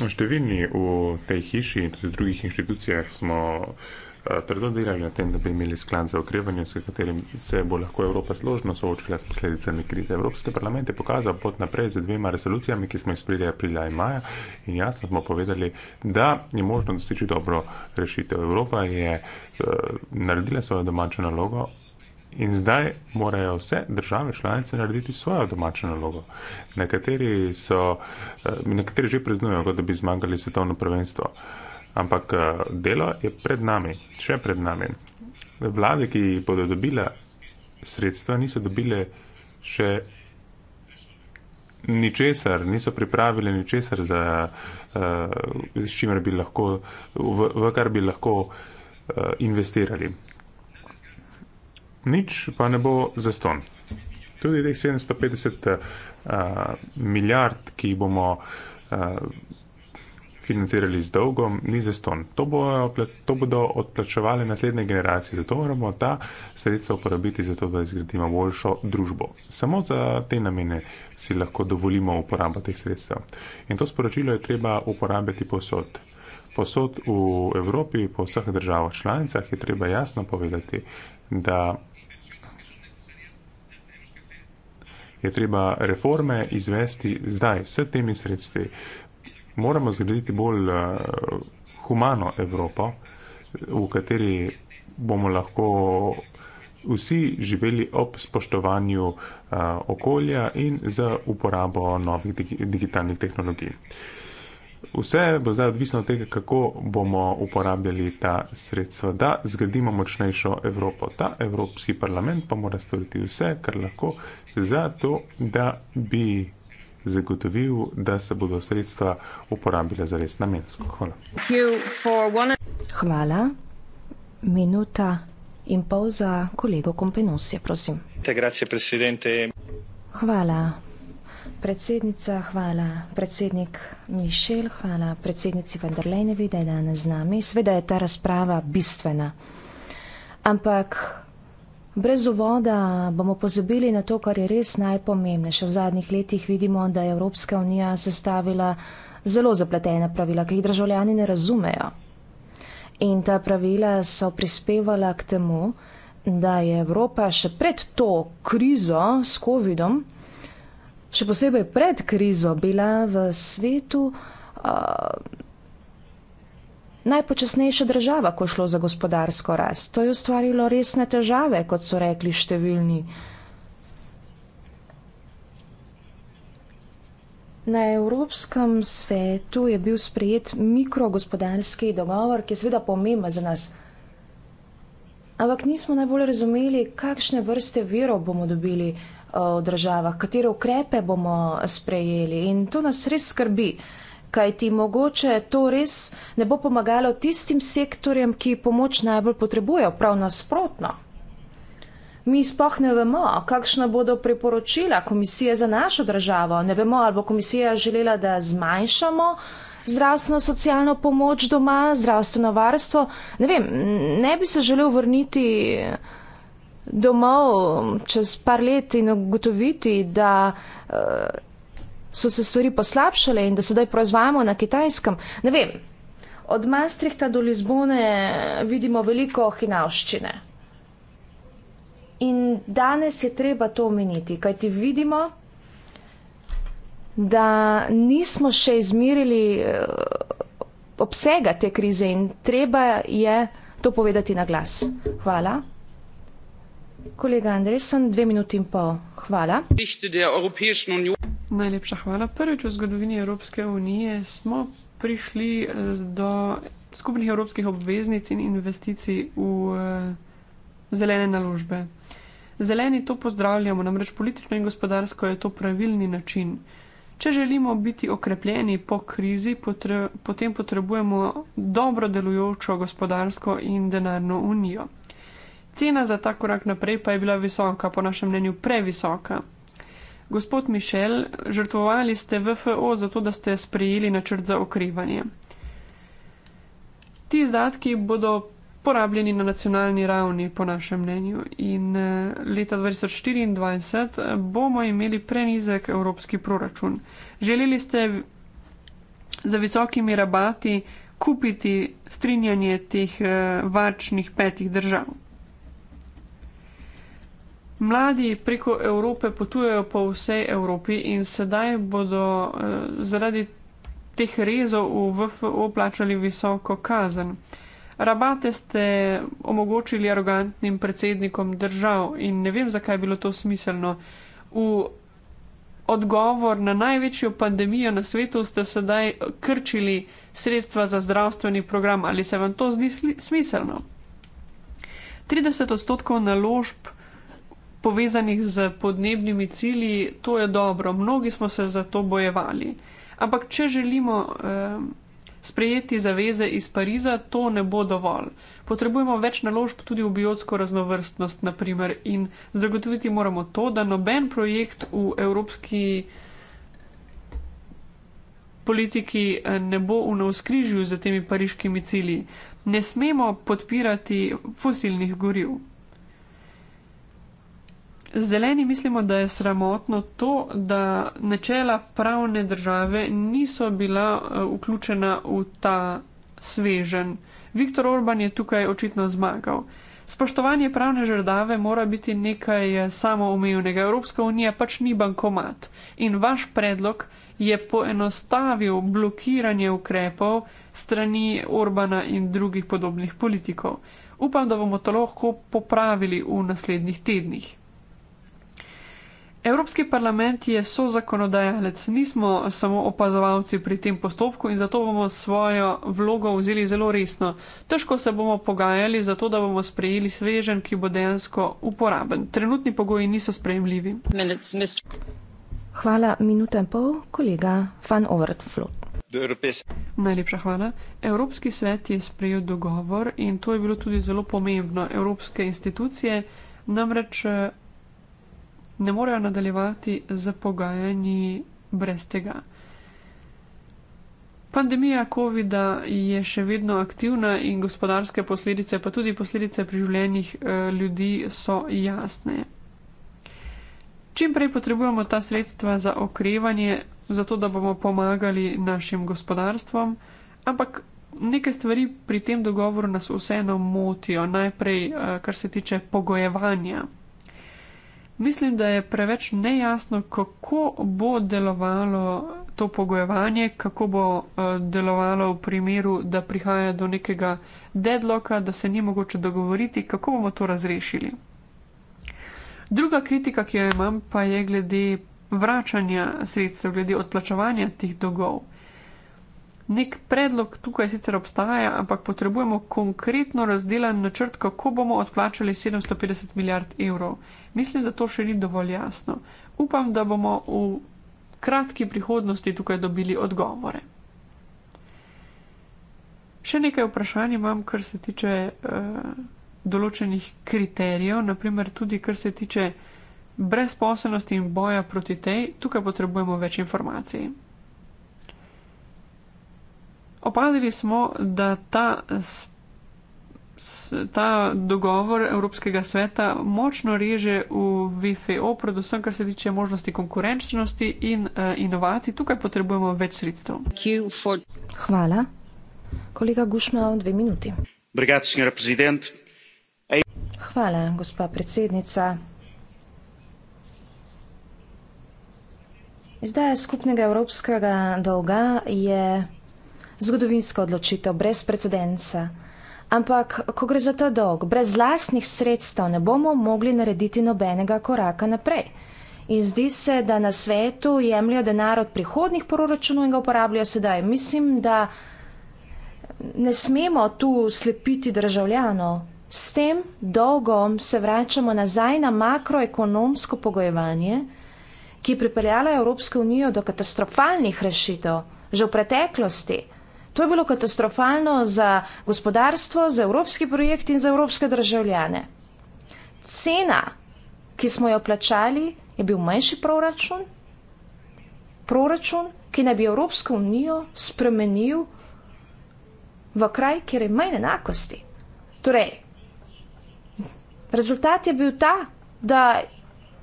Speaker 2: Številni v tej hiši in tudi drugih inštitucijah smo. Eh, trdo delali na tem, da bi imeli sklad za okrevanje, s katerim se bo lahko Evropa složno soočila s posledicami krize. Evropski parlament je pokazal pot naprej z dvema resolucijami, ki smo jih sprejeli aprila in maja in jasno smo povedali, da je možno doseči dobro rešitev. Evropa je uh, naredila svojo domačo nalogo. In zdaj morajo vse države članice narediti svojo domačo nalogo. Nekateri, so, eh, nekateri že preznujejo, da bi zmagali svetovno prvenstvo. Uh, Ampak eh, delo je pred nami, še pred nami. Vlade, ki bodo dobile sredstva, niso dobile še ničesar, niso pripravile ničesar, za, uh, s čimer bi lahko, v, v kar bi lahko uh, investirali. Nič pa ne bo za ston. Tudi teh 750 uh, milijard, ki jih bomo. Uh, financirali z dolgom, ni zaston. To, bo, to bodo odplačevali naslednje generacije, zato moramo ta sredstva uporabiti za to, da izgradimo boljšo družbo. Samo za te namene si lahko dovolimo uporabo teh sredstev. In to sporočilo je treba uporabiti posod. Posod v Evropi, po vseh državah članicah je treba jasno povedati, da je treba reforme izvesti zdaj, s temi sredstvi moramo zgraditi bolj eh, humano Evropo, v kateri bomo lahko vsi živeli ob spoštovanju eh, okolja in z uporabo novih digitalnih tehnologij. Vse bo zdaj odvisno od tega, kako bomo uporabljali ta sredstva, da zgradimo močnejšo Evropo. Ta Evropski parlament pa mora storiti vse, kar lahko, zato da bi zagotovil, da se bodo sredstva uporabila za res namensko.
Speaker 4: Hvala. Hvala. Minuta in pol za kolego Kompenosje, prosim. Hvala. Predsednica, hvala. Predsednik Mišel, hvala. Predsednici Vanderlejnevi, da je danes z nami. Sveda je ta razprava bistvena. Ampak Brez uvoda bomo pozabili na to, kar je res najpomembnejše. V zadnjih letih vidimo, da je Evropska unija sestavila zelo zapletene pravila, ki jih državljani ne razumejo. In ta pravila so prispevala k temu, da je Evropa še pred to krizo s COVID-om, še posebej pred krizo, bila v svetu. Uh, najpočasnejša država, ko šlo za gospodarsko rast. To je ustvarilo resne težave, kot so rekli številni. Na Evropskem svetu je bil sprejet mikrogospodarski dogovor, ki je seveda pomemben za nas. Ampak nismo najbolj razumeli, kakšne vrste virov bomo dobili eh, v državah, katere ukrepe bomo sprejeli. In to nas res skrbi kaj ti mogoče to res ne bo pomagalo tistim sektorjem, ki pomoč najbolj potrebujejo, prav nasprotno. Mi spoh ne vemo, kakšna bodo priporočila komisije za našo državo. Ne vemo, ali bo komisija želela, da zmanjšamo zdravstveno socialno pomoč doma, zdravstveno varstvo. Ne vem, ne bi se želel vrniti domov čez par let in ugotoviti, da. Uh, so se stvari poslabšale in da sedaj proizvajamo na kitajskem. Ne vem, od Maastrichta do Lizbone vidimo veliko hinavščine. In danes je treba to omeniti, kajti vidimo, da nismo še izmirili eh, obsega te krize in treba je to povedati na glas. Hvala. Kolega Andresen, dve minuti in pol. Hvala. Najlepša hvala. Prvič v zgodovini Evropske unije smo
Speaker 3: prišli eh, do skupnih evropskih obveznic in investicij v eh, zelene naložbe. Zeleni to pozdravljamo, namreč politično in gospodarsko je to pravilni način. Če želimo biti okrepljeni po krizi, potre, potem potrebujemo dobro delujočo gospodarsko in denarno unijo. Cena za ta korak naprej pa je bila visoka, po našem mnenju previsoka. Gospod Mišel, žrtvovali ste VFO zato, da ste sprejeli načrt za okrevanje. Ti izdatki bodo porabljeni na nacionalni ravni, po našem mnenju, in eh, leta 2024 eh, bomo imeli prenizek evropski proračun. Želeli ste za visokimi rabati kupiti strinjanje teh eh, varčnih petih držav. Mladi preko Evrope potujejo po vsej Evropi in sedaj bodo uh, zaradi teh rezov v VFO plačali visoko kazen. Rabate ste omogočili arogantnim predsednikom držav in ne vem, zakaj je bilo to smiselno. V odgovor na največjo pandemijo na svetu ste sedaj krčili sredstva za zdravstveni program. Ali se vam to zdi smiselno? 30 odstotkov naložb povezanih z podnebnimi cilji, to je dobro. Mnogi smo se za to bojevali. Ampak, če želimo eh, sprejeti zaveze iz Pariza, to ne bo dovolj. Potrebujemo več naložb tudi v biotsko raznovrstnost, naprimer, in zagotoviti moramo to, da noben projekt v evropski politiki eh, ne bo v navskrižju z temi pariškimi cilji. Ne smemo podpirati fosilnih goriv. Z zeleni mislimo, da je sramotno to, da načela pravne države niso bila eh, vključena v ta svežen. Viktor Orban je tukaj očitno zmagal. Spoštovanje pravne žrdave mora biti nekaj eh, samoumevnega. Evropska unija pač ni bankomat in vaš predlog je poenostavil blokiranje ukrepov strani Orbana in drugih podobnih politikov. Upam, da bomo to lahko popravili v naslednjih tednih. Evropski parlament je sozakonodajalec, nismo samo opazovalci pri tem postopku in zato bomo svojo vlogo vzeli zelo resno. Težko se bomo pogajali za to, da bomo sprejeli svežen, ki bo dejansko uporaben. Trenutni pogoji niso sprejemljivi.
Speaker 4: Hvala, minuta in pol, kolega Van Overtflot.
Speaker 3: Najlepša hvala. Evropski svet je sprejel dogovor in to je bilo tudi zelo pomembno. Evropske institucije namreč ne morejo nadaljevati z pogajanji brez tega. Pandemija COVID-19 je še vedno aktivna in gospodarske posledice, pa tudi posledice pri življenjih eh, ljudi, so jasne. Čim prej potrebujemo ta sredstva za okrevanje, zato da bomo pomagali našim gospodarstvom, ampak nekaj stvari pri tem dogovoru nas vseeno motijo, najprej eh, kar se tiče pogojevanja. Mislim, da je preveč nejasno, kako bo delovalo to pogojevanje, kako bo uh, delovalo v primeru, da prihaja do nekega deadloka, da se ni mogoče dogovoriti, kako bomo to razrešili. Druga kritika, ki jo imam, pa je glede vračanja sredstev, glede odplačevanja teh dolgov. Nek predlog tukaj sicer obstaja, ampak potrebujemo konkretno razdelan načrt, kako bomo odplačali 750 milijard evrov. Mislim, da to še ni dovolj jasno. Upam, da bomo v kratki prihodnosti tukaj dobili odgovore. Še nekaj vprašanj imam, kar se tiče uh, določenih kriterijev, naprimer tudi kar se tiče brezposobnosti in boja proti tej, tukaj potrebujemo več informacij. Opazili smo, da ta spremljanje ta dogovor Evropskega sveta močno reže v VFO, predvsem kar se tiče možnosti konkurenčnosti in uh, inovacij. Tukaj potrebujemo več sredstev.
Speaker 4: Hvala. Kolega Gušma, dve minuti. Hvala, gospa predsednica. Izdaja skupnega evropskega dolga je zgodovinska odločitev brez precedensa. Ampak, ko gre za to dolg, brez lastnih sredstev ne bomo mogli narediti nobenega koraka naprej. In zdi se, da na svetu jemljajo denar od prihodnih proračunov in ga uporabljajo sedaj. Mislim, da ne smemo tu slepiti državljanov. S tem dolgom se vračamo nazaj na makroekonomsko pogojevanje, ki je pripeljalo Evropsko unijo do katastrofalnih rešitev že v preteklosti. To je bilo katastrofalno za gospodarstvo, za evropski projekt in za evropske državljane. Cena, ki smo jo plačali, je bil manjši proračun, proračun, ki naj bi Evropsko unijo spremenil v kraj, kjer je manj enakosti. Torej, rezultat je bil ta, da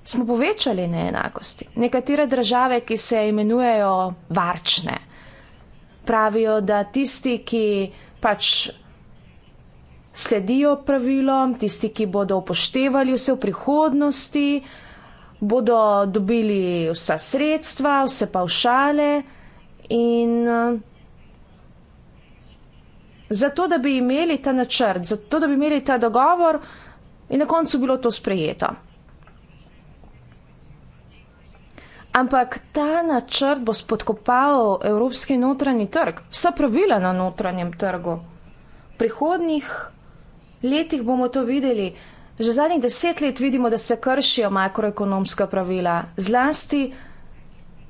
Speaker 4: smo povečali neenakosti. Nekatere države, ki se imenujejo varčne, pravijo, da tisti, ki pač sledijo pravilom, tisti, ki bodo upoštevali vse v prihodnosti, bodo dobili vsa sredstva, vse paušale in eh, zato, da bi imeli ta načrt, zato, da bi imeli ta dogovor, je na koncu bilo to sprejeto. Ampak ta načrt bo spodkopal evropski notranji trg, vsa pravila na notranjem trgu. V prihodnih letih bomo to videli. Že zadnjih deset let vidimo, da se kršijo makroekonomska pravila, zlasti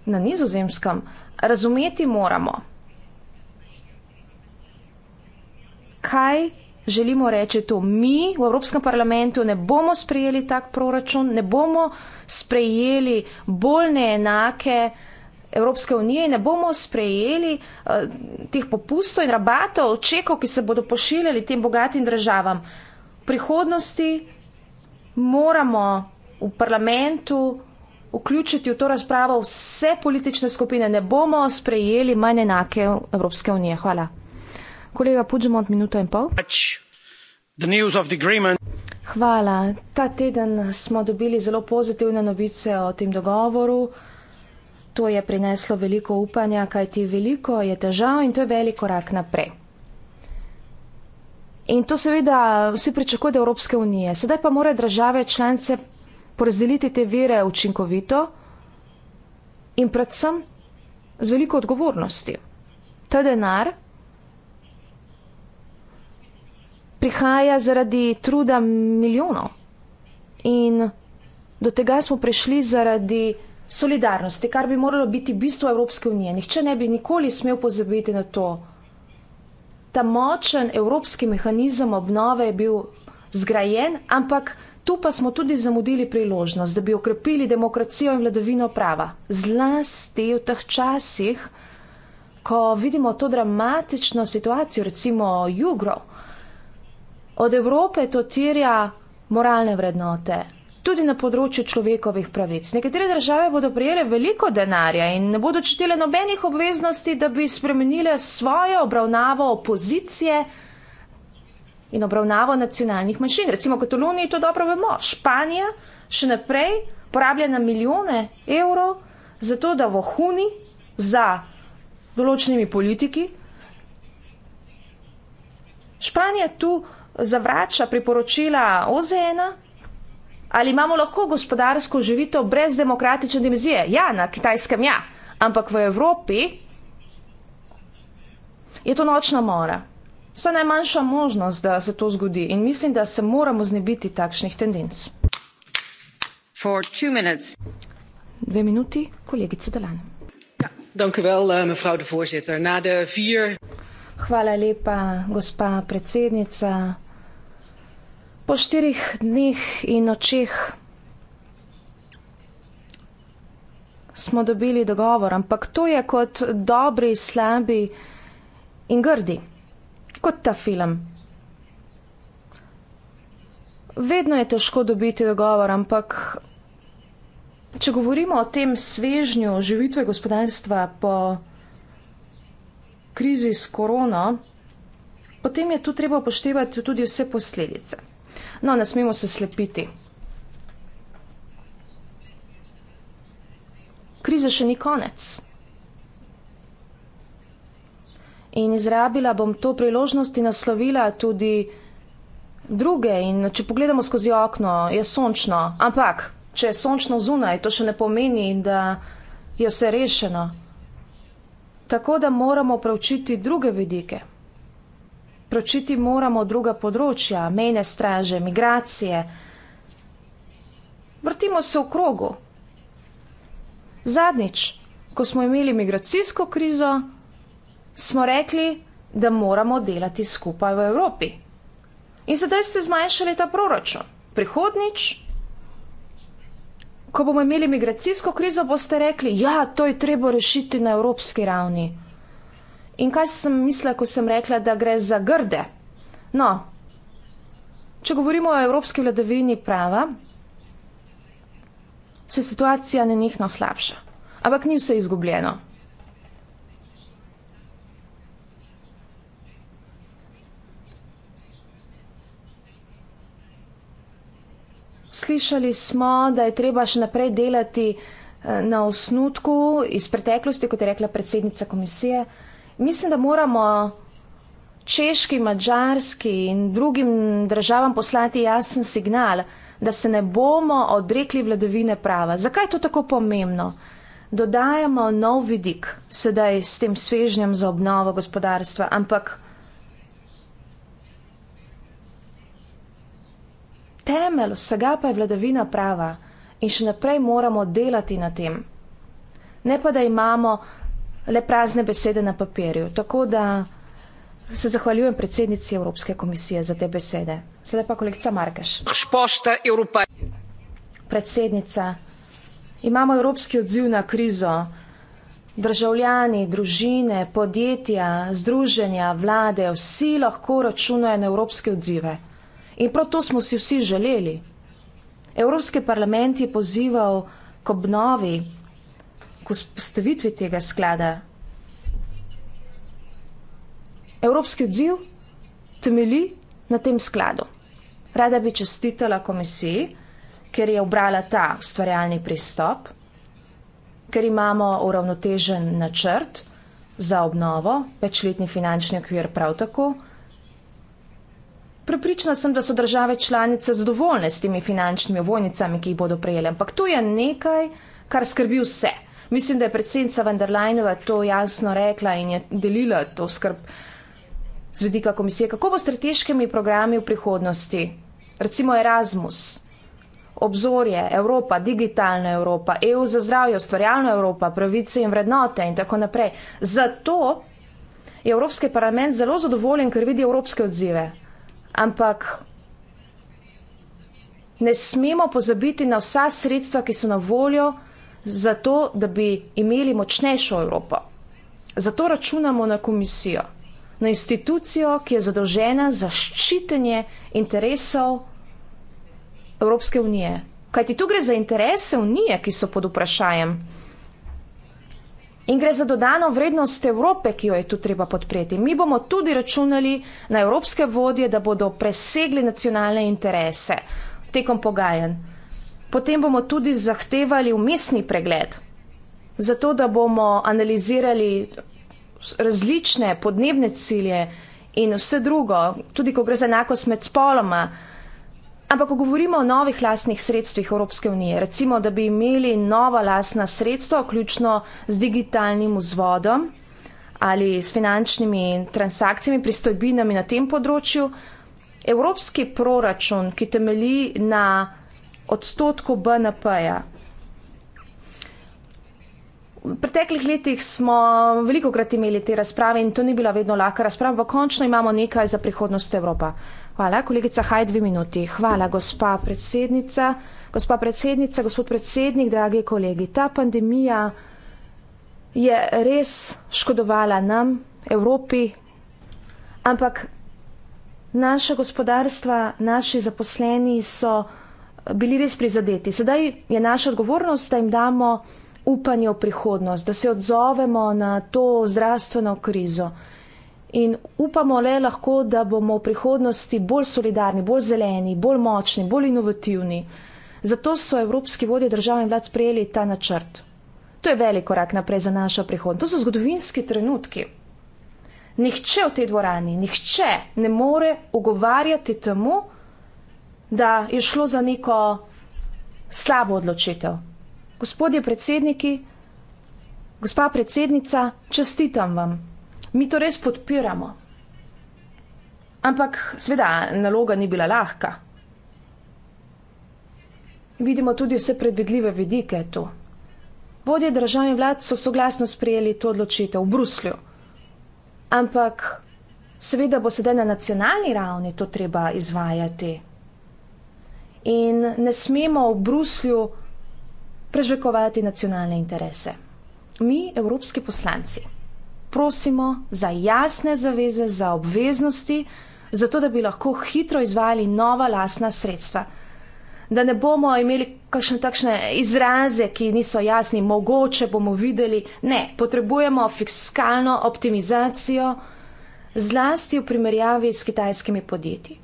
Speaker 4: na nizozemskem. Razumeti moramo, kaj želimo reči to. Mi v Evropskem parlamentu ne bomo sprejeli tak proračun, ne bomo sprejeli bolj neenake Evropske unije, ne bomo sprejeli uh, teh popustov in rabatov, očekov, ki se bodo pošiljali tem bogatim državam. V prihodnosti moramo v parlamentu vključiti v to razpravo vse politične skupine, ne bomo sprejeli manj enake Evropske unije. Hvala. Kolega Pudžmont, minuto in pol. Hvala. Ta teden smo dobili zelo pozitivne novice o tem dogovoru. To je prineslo veliko upanja, kajti veliko je težav in to je velik korak naprej. In to seveda vsi pričakujejo Evropske unije. Sedaj pa morajo države članice porazdeliti te vire učinkovito in predvsem z veliko odgovornosti. Ta denar prihaja zaradi truda milijonov. In do tega smo prišli zaradi solidarnosti, kar bi moralo biti bistvo Evropske unije. Nihče ne bi nikoli smel pozabiti na to. Ta močen evropski mehanizem obnove je bil zgrajen, ampak tu pa smo tudi zamudili priložnost, da bi okrepili demokracijo in vladavino prava. Zlasti v teh časih, ko vidimo to dramatično situacijo, recimo jugrov, od Evrope to terja moralne vrednote. Tudi na področju človekovih pravic. Nekatere države bodo prejele veliko denarja in ne bodo čutile nobenih obveznosti, da bi spremenile svojo obravnavo opozicije in obravnavo nacionalnih manjšin. Recimo, Kataloniji to dobro vemo. Španija še naprej porablja na milijone evrov za to, da vohuni za določenimi politiki. Španija tu zavrača priporočila OZN? Ali imamo lahko gospodarsko živito brez demokratične dimenzije? Ja, na kitajskem ja, ampak v Evropi je to nočna mora. Vsa najmanjša možnost, da se to zgodi in mislim, da se moramo znebiti takšnih tendenc. Dve minuti, kolegica Delan. Ja, dankjewel, uh, eh, de Hvala lepa, gospa predsednica po štirih dneh in nočeh smo dobili dogovor, ampak to je kot dobri, slabi in grdi, kot ta film. Vedno je težko dobiti dogovor, ampak če govorimo o tem svežnju živitve gospodarstva po krizi s korono, potem je tu treba upoštevati tudi vse posledice. No, ne smemo se slepiti. Krize še ni konec. In izrabila bom to priložnost in naslovila tudi druge. In če pogledamo skozi okno, je sončno. Ampak, če je sončno zunaj, to še ne pomeni, da je vse rešeno. Tako da moramo pravčiti druge vidike proučiti moramo druga področja, mejne straže, migracije. Vrtimo se v krogu. Zadnjič, ko smo imeli migracijsko krizo, smo rekli, da moramo delati skupaj v Evropi. In sedaj ste zmanjšali ta proračun. Prihodnič, ko bomo imeli migracijsko krizo, boste rekli, ja, to je treba rešiti na evropski ravni. In kaj sem mislila, ko sem rekla, da gre za grde? No, če govorimo o evropski vladavini prava, se situacija nenehno slabša. Ampak ni vse izgubljeno. Slišali smo, da je treba še naprej delati eh, na osnutku iz preteklosti, kot je rekla predsednica komisije mislim, da moramo češki, mačarski in drugim državam poslati jasen signal, da se ne bomo odrekli vladavine prava. Zakaj je to tako pomembno? Dodajamo nov vidik sedaj s tem svežnjem za obnovo gospodarstva, ampak temelj vsega pa je vladavina prava in še naprej moramo delati na tem. Ne pa, da imamo le prazne besede na papirju. Tako da se zahvaljujem predsednici Evropske komisije za te besede. Sedaj pa kolegica Markeš. Predsednica, imamo evropski odziv na krizo. Državljani, družine, podjetja, združenja, vlade, vsi lahko računajo na evropske odzive. In prav to smo si vsi želeli. Evropski parlament je pozival k obnovi k vzpostavitvi tega sklada. Evropski odziv temeli na tem skladu. Rada bi čestitala komisiji, ker je obrala ta ustvarjalni pristop, ker imamo uravnotežen načrt za obnovo, večletni finančni okvir prav tako. Prepričana sem, da so države članice zadovoljne s temi finančnimi vojnicami, ki jih bodo prejeli, ampak to je nekaj, kar skrbi vse. Mislim, da je predsednica Vanderlajnova to jasno rekla in je delila to skrb z vidika komisije. Kako bo s strateškimi programi v prihodnosti? Recimo Erasmus, obzorje, Evropa, digitalna Evropa, EU za zdravje, ustvarjalna Evropa, pravice in vrednote in tako naprej. Zato je Evropski parlament zelo zadovoljen, ker vidi evropske odzive. Ampak ne smemo pozabiti na vsa sredstva, ki so na voljo zato, da bi imeli močnejšo Evropo. Zato računamo na komisijo, na institucijo, ki je zadolžena za ščitenje interesov Evropske unije. Kaj ti tu gre za interese unije, ki so pod vprašanjem? In gre za dodano vrednost Evrope, ki jo je tu treba podpreti. Mi bomo tudi računali na evropske vodje, da bodo presegli nacionalne interese tekom pogajanj potem bomo tudi zahtevali umestni pregled, zato da bomo analizirali različne podnebne cilje in vse drugo, tudi ko gre za enakost med spoloma. Ampak, ko govorimo o novih lastnih sredstvih Evropske unije, recimo, da bi imeli nova lastna sredstva, vključno z digitalnim vzvodom ali s finančnimi transakcijami, pristojbinami na tem področju, evropski proračun, ki temelji na odstotku BNP-ja. V preteklih letih smo veliko krat imeli te razprave in to ni bila vedno laka razprava, pa končno imamo nekaj za prihodnost Evropa. Hvala, kolegica Haj, dve minuti. Hvala, gospa predsednica. Gospa predsednica, gospod predsednik, dragi kolegi, ta pandemija je res škodovala nam, Evropi, ampak naše gospodarstva, naši zaposleni so bili res prizadeti. Sedaj je naša odgovornost, da jim damo upanje v prihodnost, da se odzovemo na to zdravstveno krizo. In upamo le lahko, da bomo v prihodnosti bolj solidarni, bolj zeleni, bolj močni, bolj inovativni. Zato so evropski vodje držav in vlad sprejeli ta načrt. To je velik korak naprej za našo prihodnost. To so zgodovinski trenutki. Nihče v tej dvorani, nihče ne more ugovarjati temu, da je šlo za neko slabo odločitev. Gospodje predsedniki, gospa predsednica, čestitam vam. Mi to res podpiramo. Ampak, sveda, naloga ni bila lahka. Vidimo tudi vse predvidljive vidike tu. Vodje držav in vlad so soglasno sprejeli to odločitev v Bruslju. Ampak, sveda bo sedaj na nacionalni ravni to treba izvajati in ne smemo v Bruslju prežvekovati nacionalne interese. Mi, evropski poslanci, prosimo za jasne zaveze, za obveznosti, zato da bi lahko hitro izvajali nova lasna sredstva. Da ne bomo imeli kakšne takšne izraze, ki niso jasni, mogoče bomo videli. Ne, potrebujemo fiskalno optimizacijo, zlasti v primerjavi s kitajskimi podjetji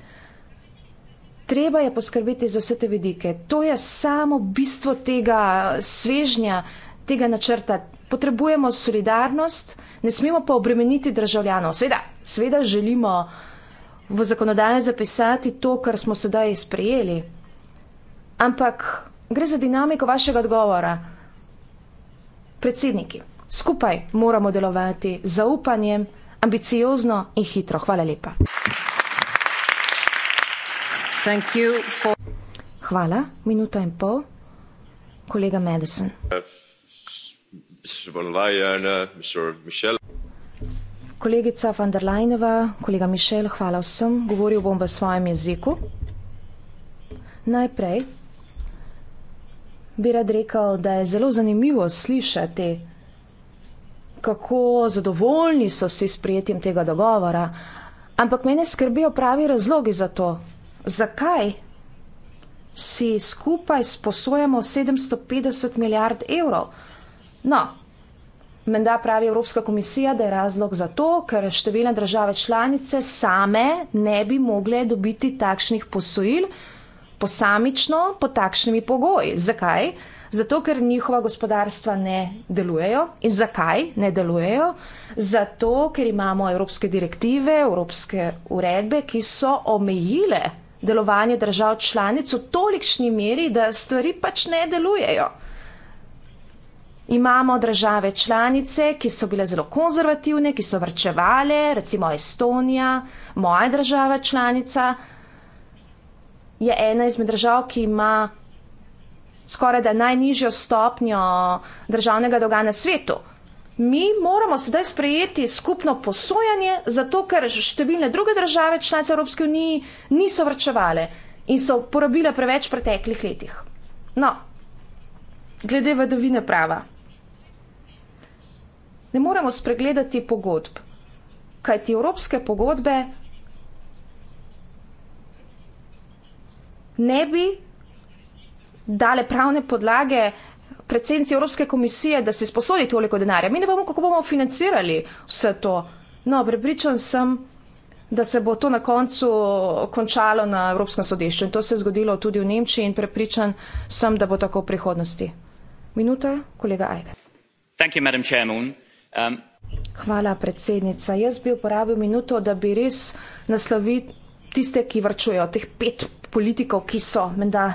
Speaker 4: treba je poskrbeti za vse te vidike. To je samo bistvo tega svežnja, tega načrta. Potrebujemo solidarnost, ne smemo pa obremeniti državljanov. Sveda, sveda želimo v zakonodaje zapisati to, kar smo sedaj sprejeli. Ampak gre za dinamiko vašega odgovora. Predsedniki, skupaj moramo delovati zaupanjem, ambiciozno in hitro. Hvala lepa. Hvala. Minuta in pol. Kolega Madison. Uh, Kolegica van der Leineva, kolega Mišel, hvala vsem. Govoril bom v svojem jeziku. Najprej bi rad rekel, da je zelo zanimivo slišati, kako zadovoljni so vsi s prijetjem tega dogovora, ampak mene skrbijo pravi razlogi za to zakaj si skupaj sposojamo 750 milijard evrov? No, menda pravi Evropska komisija, da je razlog za to, ker številne države članice same ne bi mogle dobiti takšnih posojil posamično po takšnimi pogoji. Zakaj? Zato, ker njihova gospodarstva ne delujejo. In zakaj ne delujejo? Zato, ker imamo evropske direktive, evropske uredbe, ki so omejile delovanje držav članic v tolikšni meri, da stvari pač ne delujejo. Imamo države članice, ki so bile zelo konzervativne, ki so vrčevale, recimo Estonija, moja država članica, je ena izmed držav, ki ima skoraj da najnižjo stopnjo državnega dolga na svetu mi moramo sedaj sprejeti skupno posojanje, zato ker številne druge države članice Evropske unije niso vrčevale in so porabile preveč v preteklih letih. No, glede vladavine prava. Ne moremo spregledati pogodb, kajti evropske pogodbe ne bi dale pravne podlage predsednici Evropske komisije, da se sposodi toliko denarja. Mi ne vemo, kako bomo financirali vse to. No, prepričan sem, da se bo to na koncu končalo na Evropskem sodišču. In to se je zgodilo tudi v Nemčiji in prepričan sem, da bo tako v prihodnosti. Minuta, kolega Ajde. Um, Hvala, predsednica. Jaz bi uporabil minuto, da bi res naslovil tiste, ki vrčujejo, teh pet politikov, ki so menda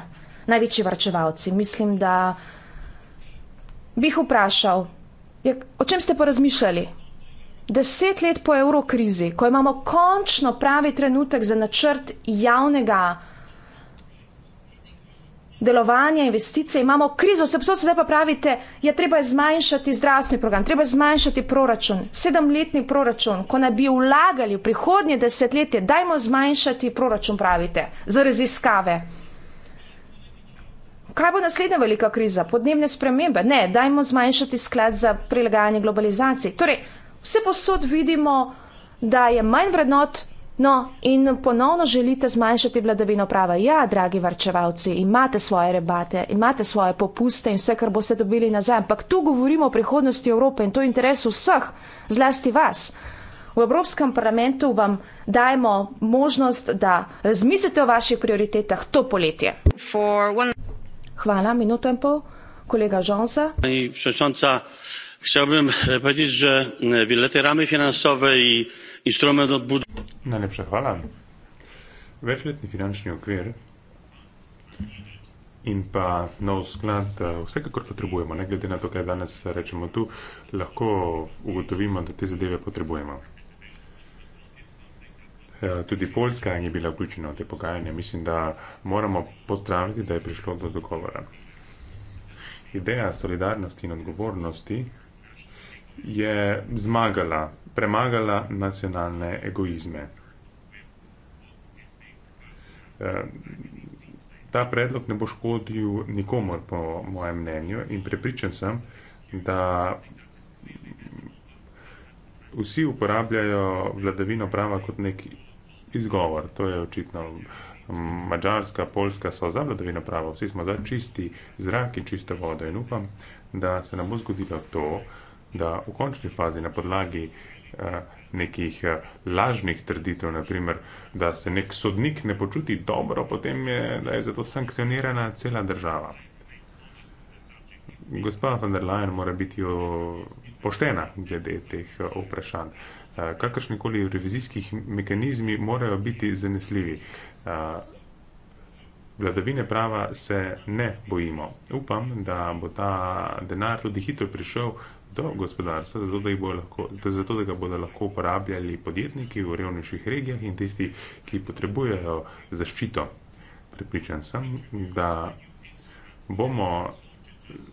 Speaker 4: največji vrčevalci. Mislim, da bi jih vprašal, o čem ste pa razmišljali? Deset let po evrokrizi, ko imamo končno pravi trenutek za načrt javnega delovanja investicij, imamo krizo, vse posod sedaj pa pravite, ja, je treba zmanjšati zdravstveni program, treba zmanjšati proračun, sedemletni proračun, ko naj bi vlagali v prihodnje desetletje, dajmo zmanjšati proračun, pravite, za raziskave. Kaj bo naslednja velika kriza? Podnebne spremembe? Ne, dajmo zmanjšati sklad za prilagajanje globalizaciji. Torej, vse posod vidimo, da je manj vrednot, no in ponovno želite zmanjšati vladavino prava. Ja, dragi varčevalci, imate svoje rebate, imate svoje popuste in vse, kar boste dobili nazaj, ampak tu govorimo o prihodnosti Evrope in to je interes vseh, zlasti vas. V Evropskem parlamentu vam dajemo možnost, da razmislite o vaših prioritetah to poletje pani
Speaker 3: przewodnicząca!
Speaker 5: chciałbym e, powiedzieć że e, wieloletnie ramy finansowe i instrument odbudowy.
Speaker 2: In pa nov sklad, e, vse, kar potrebujemo, ne glede na to, kaj danes rečemo tu, lahko ugotovimo, da te zadeve potrebujemo. Eh, tudi Poljska je bila vključena v te pogajanja. Mislim, da moramo pozdraviti, da je prišlo do dogovora. Ideja solidarnosti in odgovornosti je zmagala, premagala nacionalne egoizme. Eh, ta predlog ne bo škodil nikomor, po mojem mnenju, in prepričan sem, da vsi uporabljajo vladavino prava kot neki izgovor. To je očitno mačarska, polska so za vladavino prava, vsi smo za čisti zrak in čisto vodo in upam, da se nam bo zgodilo to, da v končni fazi na podlagi eh, nekih eh, lažnih trditev, naprimer, da se nek sodnik ne počuti dobro, potem je, da je zato sankcionirana cela država. Gospa von der Leyen mora biti poštena glede teh eh, vprašanj. Eh, kakršnikoli revizijskih mehanizmi morajo biti zanesljivi. Eh, vladavine prava se ne bojimo. Upam, da bo ta denar tudi hitro prišel do gospodarstva, zato da, lahko, da zato da ga bodo lahko uporabljali podjetniki v revnejših regijah in tisti, ki potrebujejo zaščito. Pripričan sem, da bomo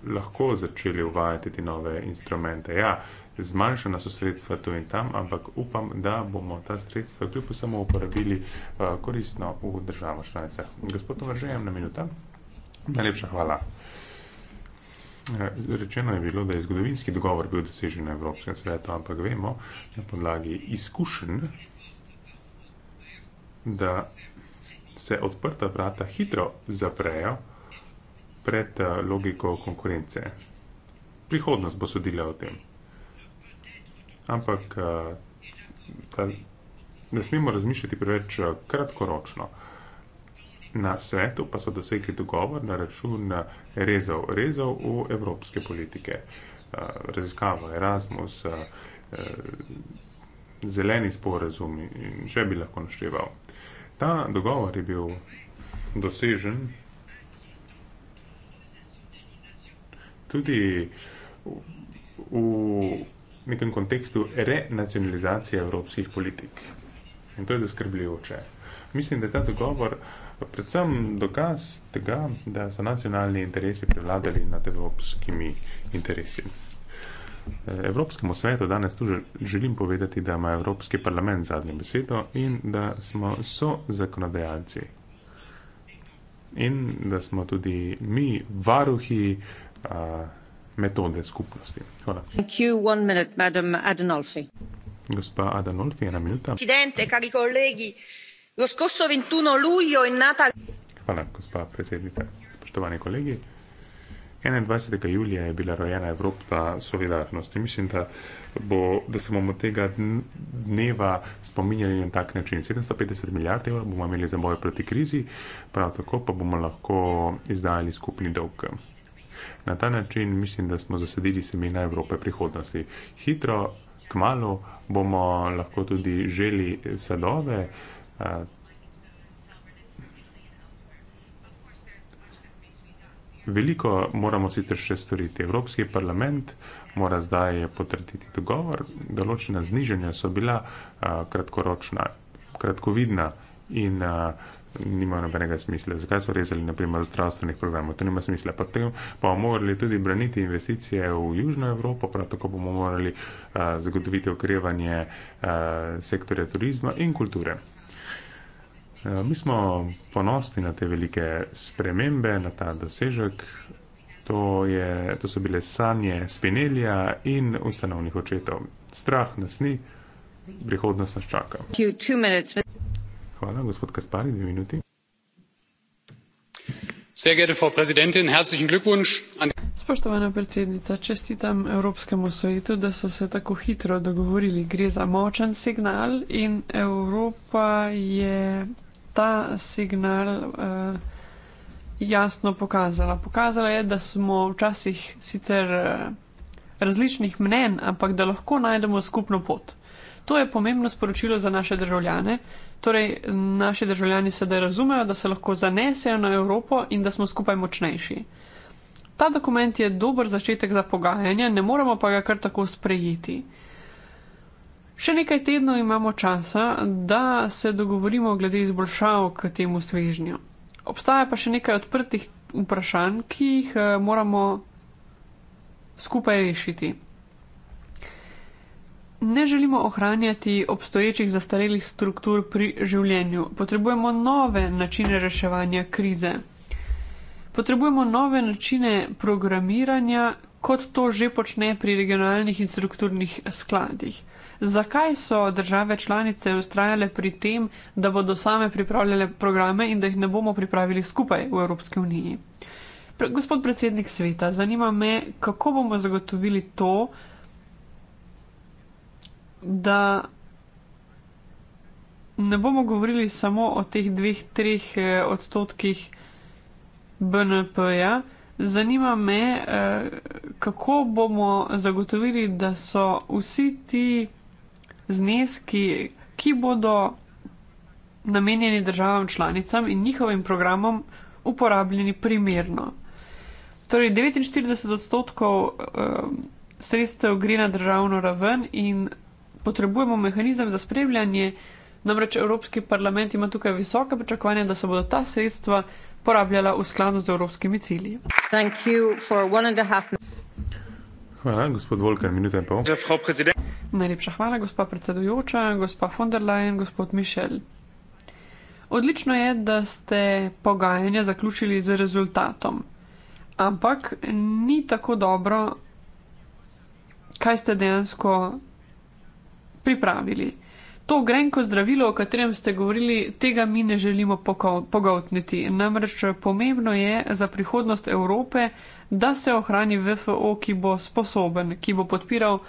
Speaker 2: lahko začeli uvajati te nove instrumente. Ja, uh, zmanjšana so sredstva tu in tam, ampak upam, da bomo ta sredstva kljub vsemu uporabili uh, koristno v državah članicah. Gospod Tomržejem, na minuta. Najlepša hvala. Eh, rečeno je bilo, da je zgodovinski dogovor bil dosežen na Evropskem svetu, ampak vemo na podlagi izkušenj, da se odprta vrata hitro zaprejo pred eh, logiko konkurence. Prihodnost bo sodila o tem ampak eh, da ne smemo razmišljati preveč eh, kratkoročno. Na svetu pa so dosegli dogovor na račun eh, rezov, rezov v evropske politike. Raziskava Erasmus, zeleni sporazum in še bi lahko našteval. Ta dogovor je bil dosežen tudi v nekem kontekstu renacionalizacije evropskih politik. In to je zaskrbljujoče. Mislim, da je ta dogovor predvsem dokaz tega, da so nacionalni interesi prevladali nad evropskimi interesi. Evropskemu svetu danes tu želim povedati, da ima Evropski parlament zadnjo besedo in da smo so zakonodajalci. In da smo tudi mi varuhi. Uh, metode skupnosti. Hvala.
Speaker 4: Thank you. One minute, Madam Adenolfi.
Speaker 2: Gospa Adenolfi, ena minuta.
Speaker 4: Presidente, cari colleghi, lo scorso 21 luglio è nata...
Speaker 2: Hvala, gospa predsednica. Spoštovani kolegi, 21. julija je bila rojena Evropna solidarnost in mislim, da, bo, da se bomo tega dneva spominjali na tak način. 750 milijard evrov bomo imeli za boj proti krizi, prav tako pa bomo lahko izdajali skupni dolg. Na ta način mislim, da smo zasedili semena Evrope prihodnosti. Hitro, kmalo bomo lahko tudi želi sadove. Veliko moramo sicer še storiti. Evropski parlament mora zdaj potrditi dogovor. Določena zniženja so bila a, kratkoročna, kratkovidna in a, nima nobenega smisla. Zakaj so rezali, naprimer, zdravstvenih programov? To nima smisla. Potem pa bomo morali tudi braniti investicije v Južno Evropo, prav tako bomo morali uh, zagotoviti okrevanje uh, sektorja turizma in kulture. Eh, mi smo ponosni na te velike spremembe, na ta dosežek. To, je, to so bile sanje Spinelija in ustanovnih očetov. Strah nas ni, prihodnost nas čaka.
Speaker 3: Thank you,
Speaker 2: Hvala, gospod Kaspari, dve minuti.
Speaker 3: Spoštovana predsednica, čestitam Evropskemu svetu, da so se tako hitro dogovorili. Gre za močen signal in Evropa je ta signal uh, jasno pokazala. Pokazala je, da smo včasih sicer eh, različnih mnen, ampak da lahko najdemo skupno pot. To je pomembno sporočilo za naše državljane, Torej, naši državljani sedaj razumejo, da se lahko zanesejo na Evropo in da smo skupaj močnejši. Ta dokument je dober začetek za pogajanja, ne moremo pa ga kar tako sprejeti. Še nekaj tednov imamo časa, da se dogovorimo glede izboljšav k temu svežnju. Obstaja pa še nekaj odprtih vprašanj, ki jih eh, moramo skupaj rešiti ne želimo ohranjati obstoječih zastarelih struktur pri življenju. Potrebujemo nove načine reševanja krize. Potrebujemo nove načine programiranja, kot to že počne pri regionalnih in strukturnih skladih. Zakaj so države članice ustrajale pri tem, da bodo same pripravljale programe in da jih ne bomo pripravili skupaj v Evropski uniji? Gospod predsednik sveta, zanima me, kako bomo zagotovili to, da ne bomo govorili samo o teh dveh, treh eh, odstotkih BNP-ja. Zanima me, eh, kako bomo zagotovili, da so vsi ti zneski, ki bodo namenjeni državam članicam in njihovim programom, uporabljeni primerno. Torej, 49 odstotkov eh, sredstev gre na državno raven in potrebujemo mehanizem za spremljanje. Namreč Evropski parlament ima tukaj visoka pričakovanja, da se bodo ta sredstva porabljala v skladu z evropskimi cilji.
Speaker 2: Hvala, gospod Volker, minuto in pol.
Speaker 3: Najlepša hvala, gospa predsedujoča, gospa von der Leyen, gospod Mišel. Odlično je, da ste pogajanja zaključili z rezultatom, ampak ni tako dobro, kaj ste dejansko pripravili. To grenko zdravilo, o katerem ste govorili, tega mi ne želimo pogoltniti. Namreč pomembno je za prihodnost Evrope, da se ohrani VFO, ki bo sposoben, ki bo podpiral um,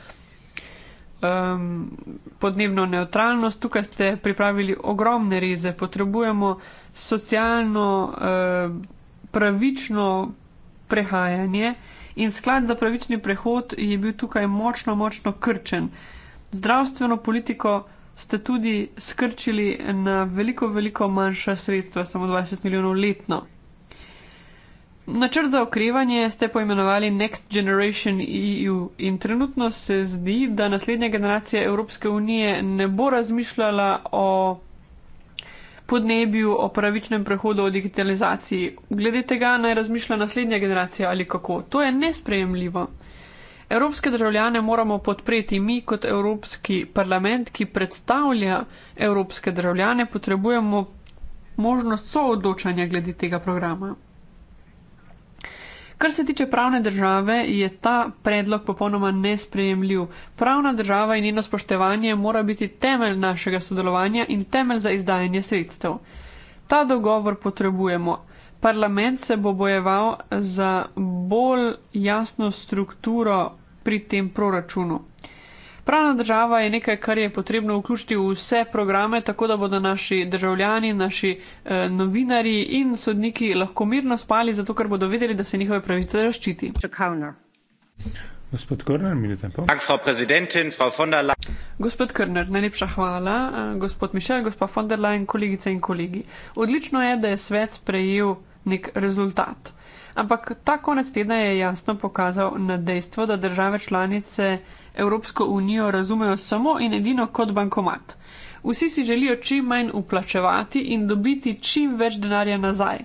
Speaker 3: podnebno neutralnost. Tukaj ste pripravili ogromne reze. Potrebujemo socialno uh, pravično prehajanje in sklad za pravični prehod je bil tukaj močno, močno krčen. Uh, zdravstveno politiko ste tudi skrčili na veliko, veliko manjša sredstva, samo 20 milijonov letno. Načrt za okrevanje ste poimenovali Next Generation EU in trenutno se zdi, da naslednja generacija Evropske unije ne bo razmišljala o podnebju, o pravičnem prehodu, o digitalizaciji. Glede tega naj razmišlja naslednja generacija ali kako. To je nesprejemljivo. Evropske državljane moramo podpreti mi kot Evropski parlament, ki predstavlja evropske državljane, potrebujemo možnost soodločanja glede tega programa. Kar se tiče pravne države, je ta predlog popolnoma nesprejemljiv. Pravna država in njeno spoštevanje mora biti temelj našega sodelovanja in temelj za izdajanje sredstev. Ta dogovor potrebujemo. Parlament se bo bojeval za bolj jasno strukturo pri tem proračunu. Pravna država je nekaj, kar je potrebno vključiti v vse programe, tako da bodo naši državljani, naši eh, novinari in sodniki lahko mirno spali, zato ker bodo vedeli, da se njihove pravice zaščiti. Gospod Krner, minute in pol. Tak, frau
Speaker 1: prezidentin, frau von der Leyen.
Speaker 3: Gospod Krner, najlepša hvala. Eh, gospod Mišel, gospa von der Leyen, kolegice in kolegi. Odlično je, da je svet sprejel nek rezultat ampak ta konec tedna je jasno pokazal na dejstvo, da države članice Evropsko unijo razumejo samo in edino kot bankomat. Vsi si želijo čim manj uplačevati in dobiti čim več denarja nazaj.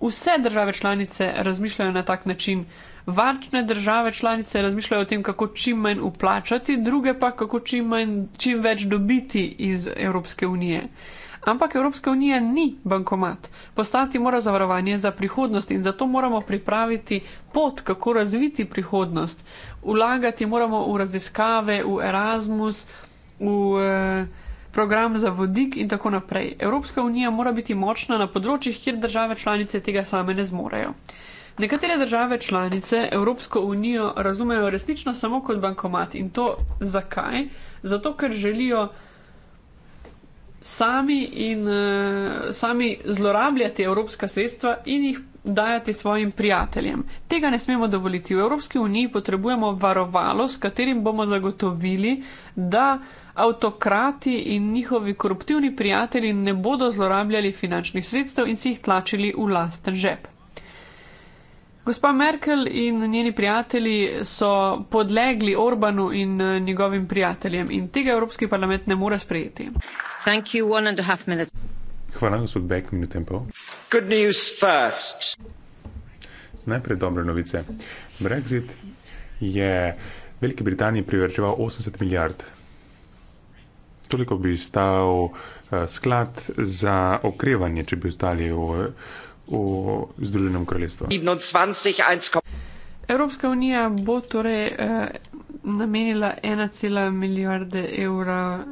Speaker 3: Vse države članice razmišljajo na tak način. Varčne države članice razmišljajo o tem, kako čim manj uplačati, druge pa kako čim, manj, čim več dobiti iz Evropske unije. Ampak Evropska unija ni bankomat. Postati mora zavarovanje za prihodnost in zato moramo pripraviti pot, kako razviti prihodnost. Ulagati moramo v raziskave, v Erasmus, v eh, program za vodik in tako naprej. Evropska unija mora biti močna na področjih, kjer države članice tega same ne zmorejo. Nekatere države članice Evropsko unijo razumejo resnično samo kot bankomat in to zakaj? Zato, ker želijo sami, in, uh, sami zlorabljati evropska sredstva in jih dajati svojim prijateljem. Tega ne smemo dovoliti. V Evropski uniji potrebujemo varovalo, s katerim bomo zagotovili, da avtokrati in njihovi koruptivni prijatelji ne bodo zlorabljali finančnih sredstev in si jih tlačili v lasten žep. Gospa Merkel in njeni prijatelji so podlegli Orbanu in eh, njegovim prijateljem in tega Evropski parlament ne more sprejeti.
Speaker 2: Hvala, gospod Beck, minuto in pol. Najprej dobre novice. Brexit je Veliki Britaniji privrčeval 80 milijard. Toliko bi stal eh, sklad za okrevanje, če bi ostali v v Združenem kraljestvu.
Speaker 3: Evropska unija bo torej eh, namenila 1,1 milijarde evra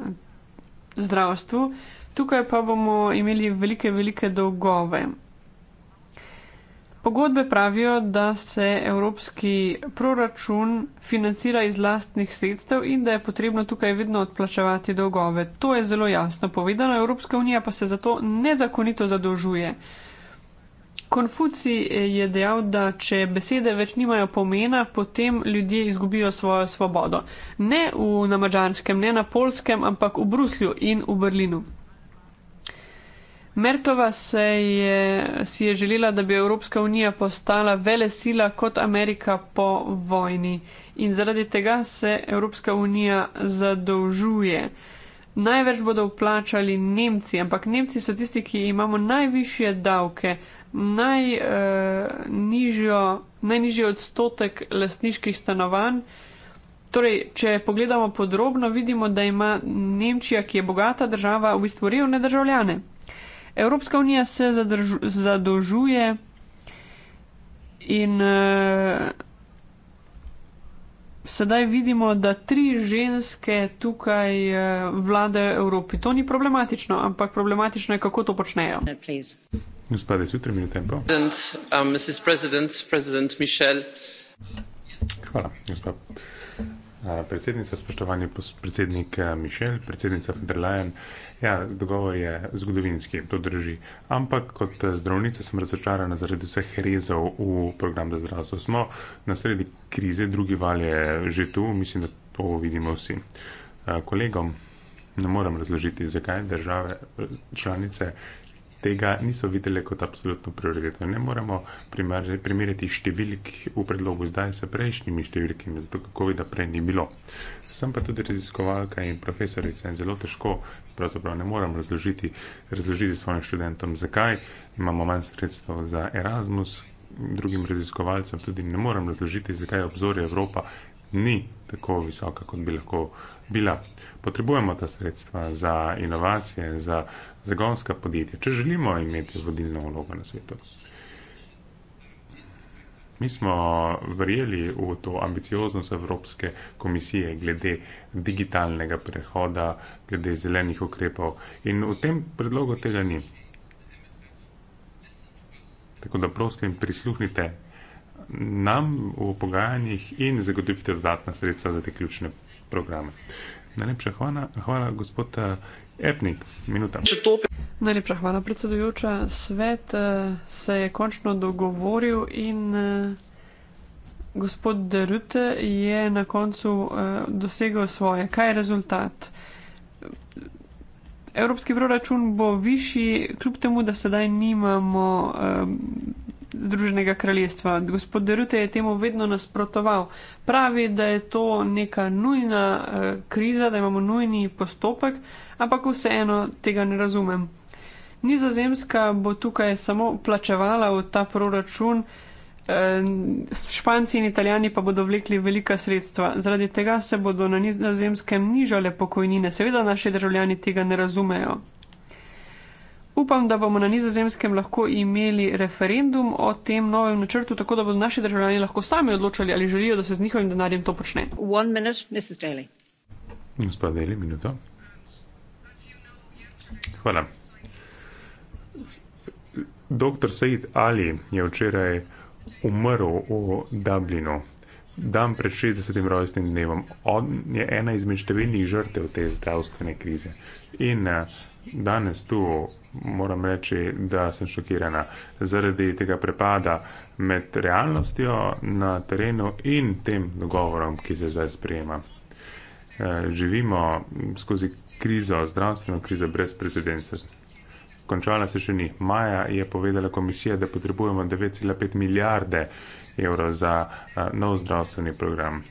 Speaker 3: zdravstvu, tukaj pa bomo imeli velike, velike dolgove. Pogodbe pravijo, da se evropski proračun financira iz lastnih sredstev in da je potrebno tukaj vedno odplačevati dolgove. To je zelo jasno povedano, Evropska unija pa se zato nezakonito zadolžuje. Konfuci eh, je dejal, da če besede več nimajo pomena, potem ljudje izgubijo svojo svobodo. Ne v, na mačarskem, ne na polskem, ampak v Bruslju in v Berlinu. Merklova se je, si je želela, da bi Evropska unija postala vele sila kot Amerika po vojni in zaradi tega se Evropska unija zadolžuje. Največ bodo vplačali Nemci, ampak Nemci so tisti, ki imamo najvišje davke, najnižjo, eh, najnižji odstotek lastniških stanovanj. Torej, če pogledamo podrobno, vidimo, da ima Nemčija, ki je bogata država, v bistvu revne državljane. Evropska unija se zadrž, zadožuje in uh, sedaj vidimo, da tri ženske tukaj uh, eh, vladajo Evropi. To ni problematično, ampak problematično je, kako to počnejo. Please.
Speaker 2: Um, Hvala, gospa predsednica, spoštovani predsednik Mišel, predsednica Federlajen. Ja, dogovor je zgodovinski, to drži. Ampak kot zdravnica sem razočarana zaradi vseh rezov v program za zdravstvo. Smo na sredi krize, drugi val je že tu, mislim, da to vidimo vsi. Kolegom ne morem razložiti, zakaj države članice tega niso videli kot absolutno prioriteto. Ne moremo primerjati številk v predlogu zdaj s prejšnjimi številkami, zato kako vidi, da prej ni bilo. Sem pa tudi raziskovalka in profesorica in zelo težko, pravzaprav ne morem razložiti, razložiti svojim študentom, zakaj imamo manj sredstva za Erasmus, drugim raziskovalcem tudi ne morem razložiti, zakaj obzorje Evropa ni tako visoka, kot bi lahko bila. Potrebujemo ta sredstva za inovacije, za zagonska podjetja, če želimo imeti vodilno vlogo na svetu. Mi smo verjeli v to ambicioznost Evropske komisije glede digitalnega prehoda, glede zelenih ukrepov in v tem predlogu tega ni. Tako da prosim, prisluhnite nam v pogajanjih in zagotovite dodatna sredstva za te ključne programe. Najlepša hvala, hvala gospod Epnik, minuta.
Speaker 3: Najlepša hvala, predsedujoča. Svet uh, se je končno dogovoril in uh, gospod Derute je na koncu uh, dosegel svoje. Kaj je rezultat? Evropski proračun bo višji, kljub temu, da sedaj nimamo. Uh, Združenega kraljestva. Gospod Derute je temu vedno nasprotoval. Pravi, da je to neka nujna eh, kriza, da imamo nujni postopek, ampak vseeno tega ne razumem. Nizozemska bo tukaj samo plačevala v ta proračun, eh, španci in italijani pa bodo vlekli velika sredstva. Zaradi tega se bodo na nizozemskem nižale pokojnine. Seveda naši državljani tega ne razumejo. Upam, da bomo na nizozemskem lahko imeli referendum o tem novem načrtu, tako da bodo naši državljani lahko sami odločali, ali želijo, da se z njihovim denarjem to počne.
Speaker 2: Hvala. Doktor Said Ali je včeraj umrl v Dublinu, dan pred 60. rojstnim dnevom. On je ena izmed številnih žrtev te zdravstvene krize. In eh, danes tu moram reči, da sem šokirana. Zaradi tega prepada med realnostjo na terenu in tem dogovorom, ki se zdaj sprejema. Eh, živimo skozi krizo, zdravstveno krizo brez precedensa. Končala se še ni. Maja je povedala komisija, da potrebujemo 9,5 milijarde evrov za eh, nov zdravstveni program.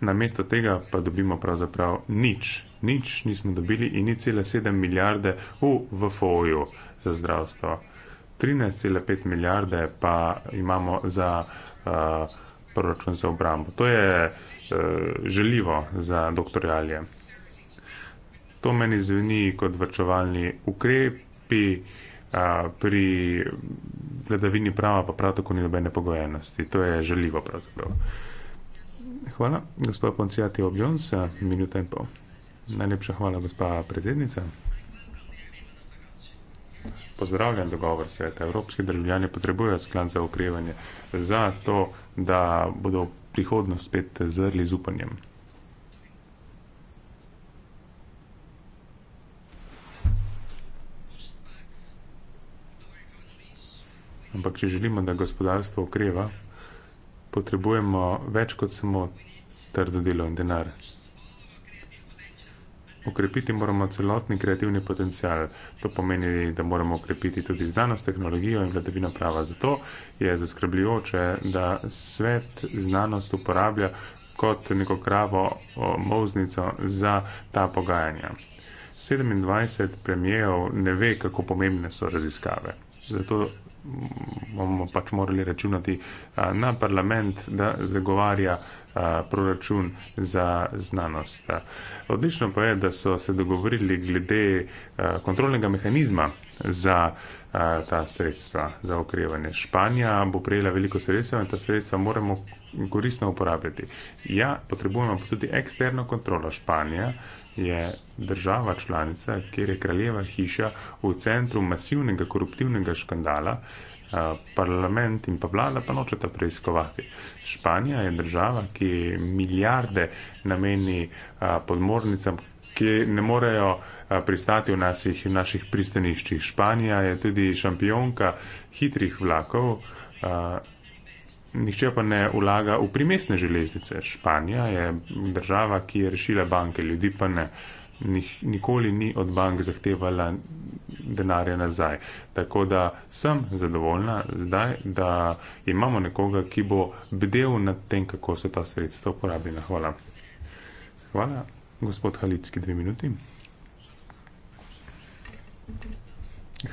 Speaker 2: Namesto tega pa dobimo pravzaprav nič nič nismo dobili in ni cele sedem milijarde v VFO-ju za zdravstvo. 13,5 milijarde pa imamo za uh, proračun za obrambo. To je uh, eh, želivo za dr. Alje. To meni zveni kot vrčevalni ukrepi uh, pri vladavini prava, pa prav tako ni nobene pogojenosti. To je želivo pravzaprav. Hvala, gospod Poncijati Objons, minuta in pol. Najlepša hvala, gospa predsednica. Pozdravljam dogovor sveta. Evropski državljani potrebujejo sklad za okrevanje, za to, da bodo prihodnost spet zrli z upanjem. Ampak, če želimo, da gospodarstvo okreva, potrebujemo več kot samo trdo delo in denar. Okrepiti moramo celotni kreativni potencial. To pomeni, da moramo okrepiti tudi znanost, tehnologijo in vladavino prava. Zato je zaskrbljujoče, da svet znanost uporablja kot neko kravo moznico za ta pogajanja. 27 premijev ne ve, kako pomembne so raziskave. Zato mm, bomo pač morali računati na parlament, da zagovarja a, proračun za znanost. A. Odlično pa je, da so se dogovorili glede a, kontrolnega mehanizma za a, ta sredstva za okrevanje. Španija bo prejela veliko sredstva in ta sredstva moramo koristno uporabljati. Ja, potrebujemo pa tudi eksterno kontrolo. Španija je država članica, kjer je kraljeva hiša v centru masivnega koruptivnega škandala parlament in pa vlada pa nočeta preiskovati. Španija je država, ki milijarde nameni podmornicam, ki ne morejo pristati v naših, v naših pristaniščih. Španija je tudi šampionka hitrih vlakov. Nihče pa ne vlaga v primestne železnice. Španija je država, ki je rešila banke, ljudi pa ne. Uh, nikoli ni od bank zahtevala denarja nazaj. Tako da sem zadovoljna zdaj, da imamo nekoga, ki bo bdel nad tem, kako so ta sredstva uporabljena. Hvala. Hvala, gospod Halicki, dve minuti.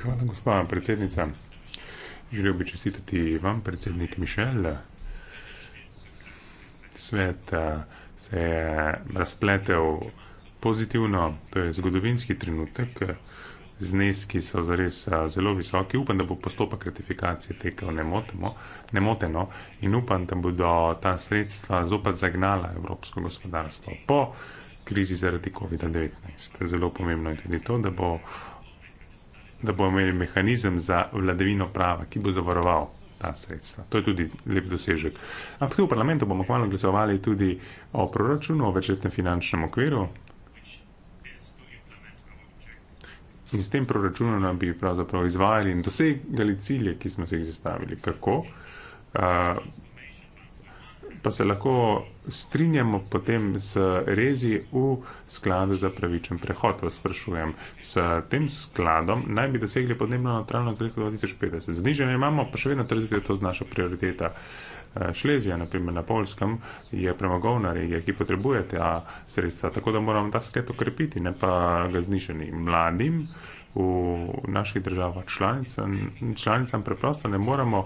Speaker 2: Hvala, gospa predsednica. Želel bi čestitati vam, predsednik Mišel. Svet eh, se je razpletel pozitivno, to je zgodovinski trenutek, zneski so zares eh, zelo visoki. Upam, da bo postopek ratifikacije tekel nemoteno in upam, da bodo ta sredstva zopet zagnala evropsko gospodarstvo po krizi zaradi COVID-19. Zelo pomembno je tudi to, da bo, da bo imeli mehanizem za vladavino prava, ki bo zavaroval. Ta sredstva. To je tudi lep dosežek. Ampak tu v parlamentu bomo hvala glasovali tudi o proračunu, o večletnem finančnem okviru, in s tem proračunom bi pravzaprav izvajali in dosegali cilje, ki smo si jih zastavili. Kako? Pa se lahko strinjamo potem s rezi v skladu za pravičen prehod, vas sprašujem. S tem skladom naj bi dosegli podnebno neutralnost do leta 2050. Znižanje imamo, pa še vedno trdite, da je to naša prioriteta. Uh, Šlezija, naprimer na Polskem, je premagovna regija, ki potrebuje ta sredstva, tako da moramo ta sklep okrepiti, ne pa ga znišati. Mladim v naših državah članicam, članicam preprosto ne moramo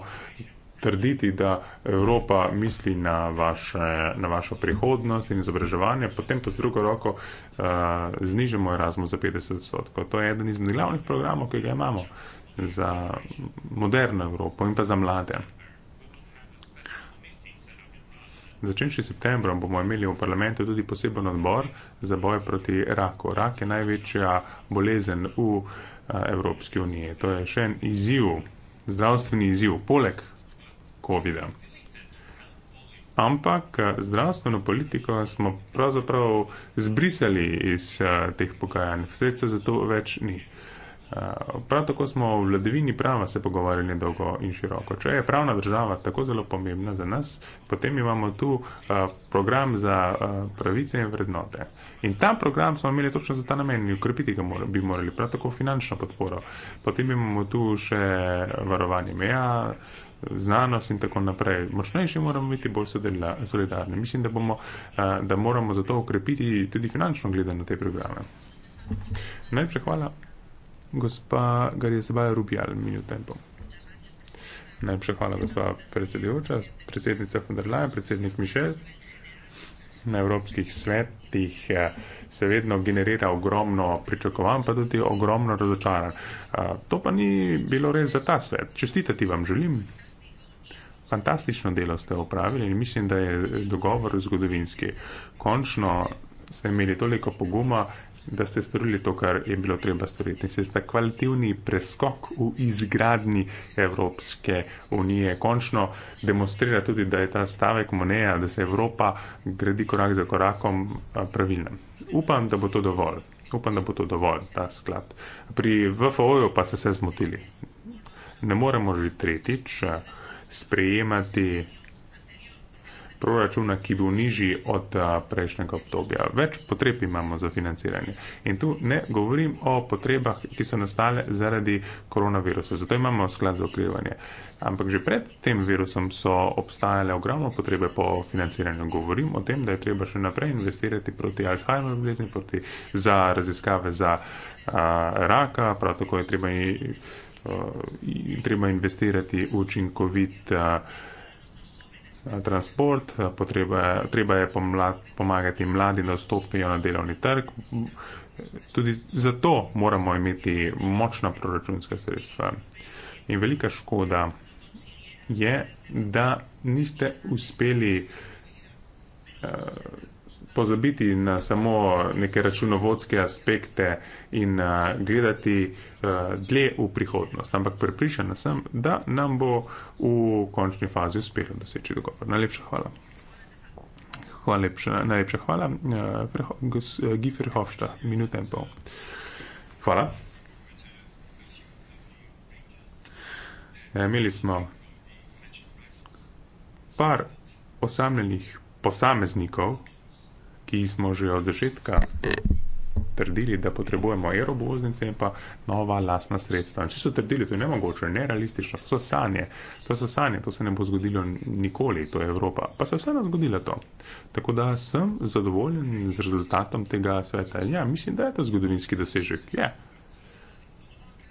Speaker 2: trditi, da Evropa misli na, vaše, na vašo prihodnost in izobraževanje, potem pa z drugo roko uh, znižamo Erasmus za 50 odstotkov. To je eden izmed glavnih programov, ki ga imamo za moderno Evropo in pa za mlade. Začenši septembrom bomo imeli v parlamentu tudi poseben odbor za boj proti raku. Rak je največja bolezen v eh, Evropski uniji. To je še en izziv, zdravstveni izziv, poleg COVID-a. Ampak eh, zdravstveno politiko smo pravzaprav zbrisali iz eh, teh pogajanj. Vse se zato več ni. Eh, prav tako smo o vladavini prava se pogovarjali dolgo in široko. Če je pravna država tako zelo pomembna za nas, potem imamo tu eh, program za eh, pravice in vrednote. In ta program smo imeli točno za ta namen in ukrepiti ga bi morali, prav tako finančno podporo. Potem imamo tu še varovanje meja, znanost in tako naprej. Močnejši moramo biti bolj solidarni. Mislim, da, bomo, da moramo zato ukrepiti tudi finančno gledanje na te programe. Najprej hvala gospa Garizba Rubijal, minil tempo. Najlepša hvala, gospa predsedujoča, predsednica von der Leyen, predsednik Mišel. Na evropskih svetih eh, se vedno generira ogromno pričakovanj, pa tudi ogromno razočaranj. Eh, to pa ni bilo res za ta svet. Čestitati vam želim. Fantastično delo ste opravili in mislim, da je dogovor zgodovinski. Končno ste imeli toliko poguma da ste storili to, kar je bilo treba storiti. Se je ta kvalitativni preskok v izgradni Evropske unije končno demonstrira tudi, da je ta stavek Moneja, da se Evropa gradi korak za korakom eh, pravilno. Upam, da bo to dovolj. Upam, da bo to dovolj, ta sklad. Pri VFO-ju pa ste se zmotili. Ne moremo že tretjič eh, sprejemati proračuna, ki bo nižji od prejšnjega obdobja. Več potreb imamo za financiranje. In tu ne govorim o potrebah, ki so nastale zaradi koronavirusa. Zato imamo sklad za okrevanje. Ampak že pred tem virusom so obstajale ogromno potrebe po financiranju. Govorim o tem, da je treba še naprej investirati proti Alzheimerju bolezni, proti za raziskave za a, raka, prav tako je treba, i, a, i, treba investirati v učinkovit. A, transport, potreba, treba je pomla, pomagati mladim, da vstopijo na delovni trg. Tudi zato moramo imeti močna proračunska sredstva. In velika škoda je, da niste uspeli. Uh, pozabiti na samo neke računovodske aspekte in uh, gledati uh, dlje v prihodnost. Ampak pripričan sem, da nam bo v končni fazi uspelo doseči dogovor. Najlepša hvala. hvala lepša, najlepša hvala. Uh, uh, Gifer Hofšta, minuta in pol. Hvala. Imeli smo par osamljenih posameznikov, ki smo že od začetka trdili, da potrebujemo aerobuznice in pa nova lasna sredstva. Če so trdili, to je nemogoče, nerealistično, to so sanje, to so sanje, to se ne bo zgodilo nikoli, to je Evropa. Pa se je vseeno zgodilo to. Tako da sem zadovoljen z rezultatom tega sveta. Ja, mislim, da je to zgodovinski dosežek. Je.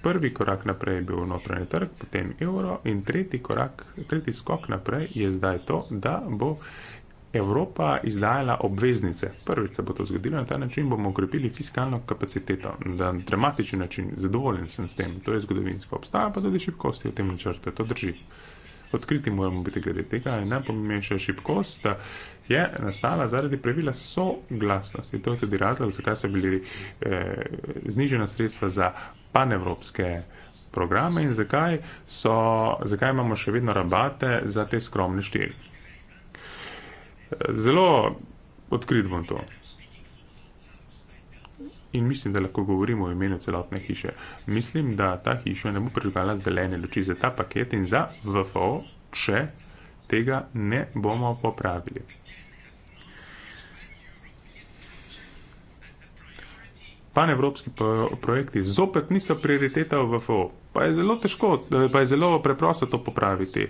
Speaker 2: Prvi korak naprej je bil notranji trg, potem evro in tretji korak, tretji skok naprej je zdaj to, da bo Evropa izdajala obveznice. Prvič se bo to zgodilo na ta način, bomo ukrepili fiskalno kapaciteto. Na dramatičen način, zadovoljen sem s tem, to je zgodovinsko. Obstaja pa tudi šibkosti v tem načrtu, to drži. Odkriti moramo biti glede tega in najpomembnejša šibkost je nastala zaradi pravila soglasnosti. To je tudi razlog, zakaj so bili eh, znižena sredstva za panevropske programe in zakaj, so, zakaj imamo še vedno rabate za te skromne štiri. Zelo odkrit bom to. In mislim, da lahko govorimo o imenu celotne hiše. Mislim, da ta hiša ne bo prižgala zelene luči za ta paket in za VFO, če tega ne bomo popravili. Panevropski projekti zopet niso prioriteta v VFO. Pa je zelo težko, pa je zelo preprosto to popraviti.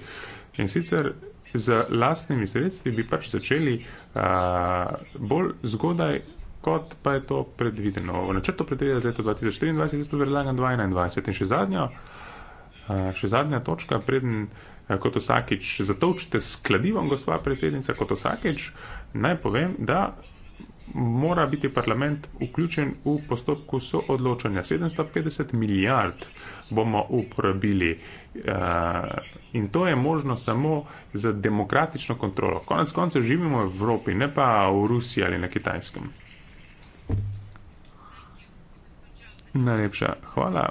Speaker 2: In sicer z lastnimi sredstvi bi pač začeli uh, bolj zgodaj, kot pa je to predvideno. V načrtu predvideno za leto 2024, zdaj pa predlagam 2021. In še zadnja, uh, še zadnja točka, preden uh, kot vsakič zatočite s kladivom, gospa predsednica, kot vsakič naj povem, da. Mora biti parlament vključen v postopku soodločanja. 750 milijard bomo uporabili uh, Eh, in to je možno samo z demokratično kontrolo. Konec koncev živimo v Evropi, ne pa v Rusiji ali na Kitajskem. Najlepša hvala.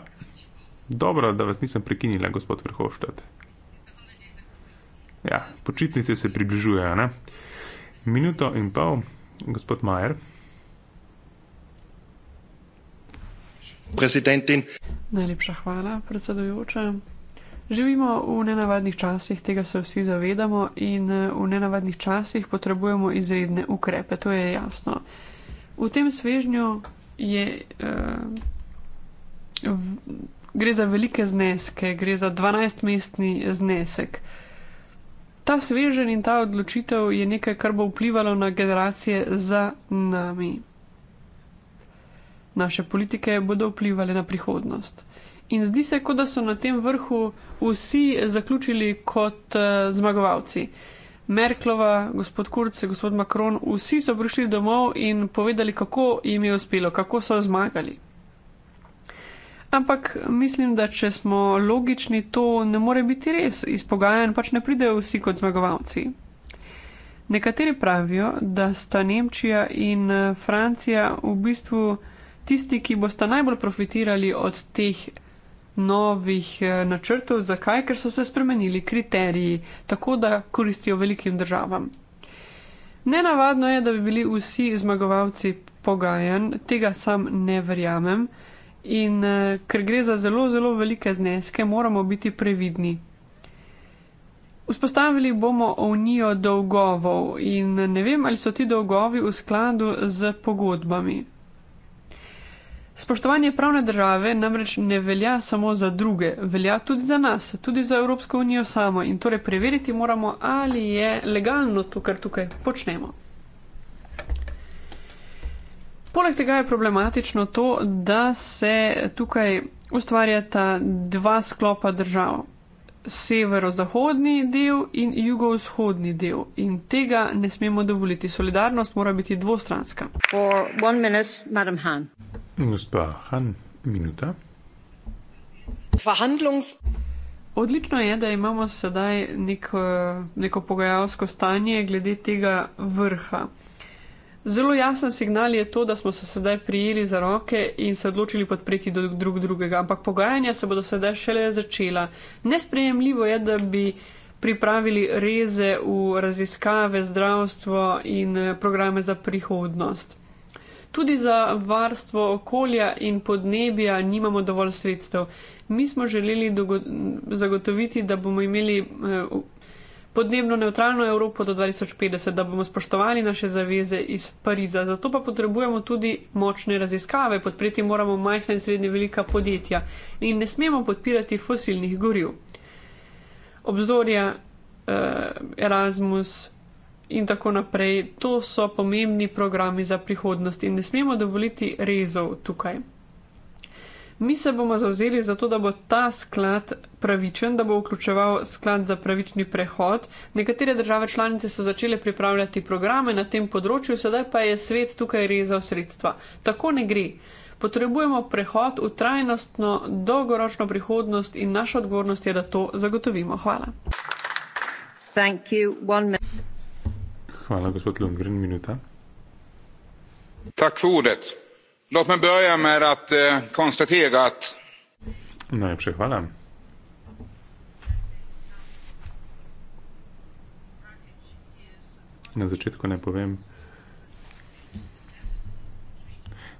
Speaker 2: Dobro, da vas nisem prekinila, gospod Vrhovštad. Ja, počitnice se približujejo, ne? Minuto in pol, gospod Majer.
Speaker 3: Najlepša hvala, predsedujoča. Živimo v nenavadnih časih, tega se vsi zavedamo in v nenavadnih časih potrebujemo izredne ukrepe, to je jasno. V tem svežnju je, uh, v, gre za velike zneske, gre za 12-mestni znesek. Ta svežen in ta odločitev je nekaj, kar bo vplivalo na generacije za nami. Naše politike bodo vplivali na prihodnost. In zdi se, kot da so na tem vrhu vsi zaključili kot uh, zmagovalci. Merklova, gospod Kurce, gospod Macron, vsi so prišli domov in povedali, kako jim je uspelo, kako so zmagali. Ampak mislim, da če smo logični, to ne more biti res. Iz pogajanj pač ne pridejo vsi kot zmagovalci. Nekateri pravijo, da sta Nemčija in eh, Francija v bistvu tisti, ki bosta najbolj profitirali od teh novih eh, načrtov. Zakaj? Ker so se spremenili kriteriji, tako da koristijo velikim državam. Nenavadno je, da bi bili vsi zmagovalci pogajanj, tega sam ne verjamem. In eh, ker gre za zelo, zelo velike zneske, moramo biti previdni. Vzpostavili bomo unijo dolgov in ne vem, ali so ti dolgovi v skladu z pogodbami. Spoštovanje pravne države namreč ne velja samo za druge, velja tudi za nas, tudi za Evropsko unijo samo in torej preveriti moramo, ali je legalno to, kar tukaj počnemo. Poleg tega je problematično to, da se tukaj ustvarjata dva sklopa držav. Severozahodni del in jugovzhodni del. In tega ne smemo dovoliti. Solidarnost mora biti dvostranska. For one minute, Madam Han.
Speaker 2: Gospa Han, minuta.
Speaker 3: Verhandlungs. Odlično je, da imamo sedaj neko, neko pogajalsko stanje glede tega vrha. Zelo jasen signal je to, da smo se sedaj prijeli za roke in se odločili podpreti drug drugega, ampak pogajanja se bodo sedaj šele začela. Nesprejemljivo je, da bi pripravili reze v raziskave, zdravstvo in programe za prihodnost. Tudi za varstvo okolja in podnebja nimamo dovolj sredstev. Mi smo želeli zagotoviti, da bomo imeli eh, podnebno neutralno Evropo do 2050, da bomo spoštovali naše zaveze iz Pariza. Zato pa potrebujemo tudi močne raziskave, podpreti moramo majhna in srednje velika podjetja in ne smemo podpirati fosilnih goriv. Obzorja eh, Erasmus in tako naprej. To so pomembni programi za prihodnost in ne smemo dovoliti rezov tukaj. Mi se bomo zauzeli za to, da bo ta sklad pravičen, da bo vključeval sklad za pravični prehod. Nekatere države članice so začele pripravljati programe na tem področju, sedaj pa je svet tukaj rezal sredstva. Tako ne gre. Potrebujemo prehod v trajnostno, dolgoročno prihodnost in naša odgovornost je, da to zagotovimo. Hvala.
Speaker 2: Hvala, gospod Lundgren, minuta.
Speaker 1: Tack för ordet. Låt mig börja med att eh, konstatera att...
Speaker 2: Najlepša hvala. Na začetku ne povem,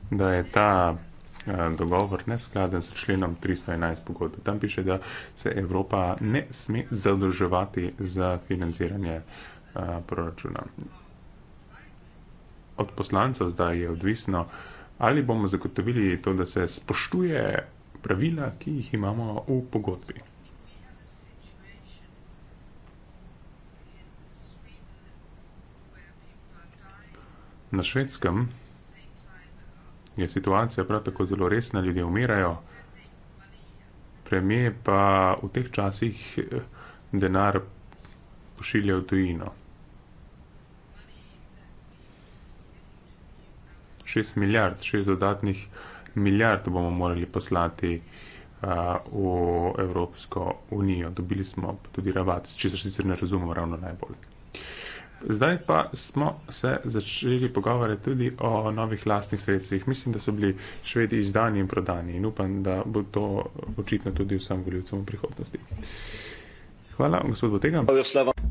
Speaker 2: da je ta e, dogovor neskladen s členom 311 pogodbe. Tam piše, da se Evropa ne sme zadrževati za financiranje uh, proračuna. Od poslancev zdaj je odvisno, ali bomo zagotovili to, da se spoštuje pravila, ki jih imamo v pogodbi. Na švedskem je situacija prav tako zelo resna, ljudje umirajo, premije pa v teh časih eh, denar pošilja v tujino. 6 milijard, 6 dodatnih milijard bomo morali poslati v Evropsko unijo. Dobili smo tudi rabat, česar sicer ne razumemo ravno najbolj. Zdaj pa smo se začeli pogovore tudi o novih lastnih sredstvih. Mislim, da so bili švedi izdani in prodani in upam, da bo to očitno tudi vsem voljivcem v prihodnosti. Hvala, gospod Botega.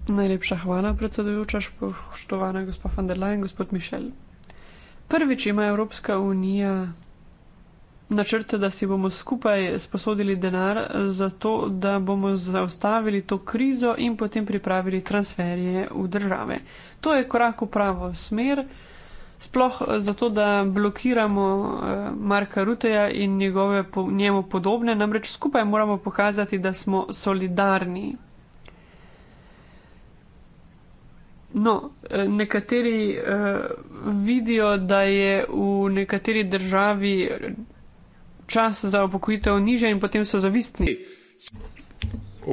Speaker 3: Najlepša hvala, predsedujoča, spoštovana gospod van der Leyen, gospod Mišel. Prvič ima Evropska unija načrte, da si bomo skupaj sposodili denar za to, da bomo zaustavili to krizo in potem pripravili transferje v države. To je korak v pravo smer, sploh zato, da blokiramo eh, Marka Ruteja in njegove po njemu podobne, namreč skupaj moramo pokazati, da smo solidarni. No, eh, nekateri uh, vidijo, da je v nekateri državi čas za upokojitev niže in potem so zavistni.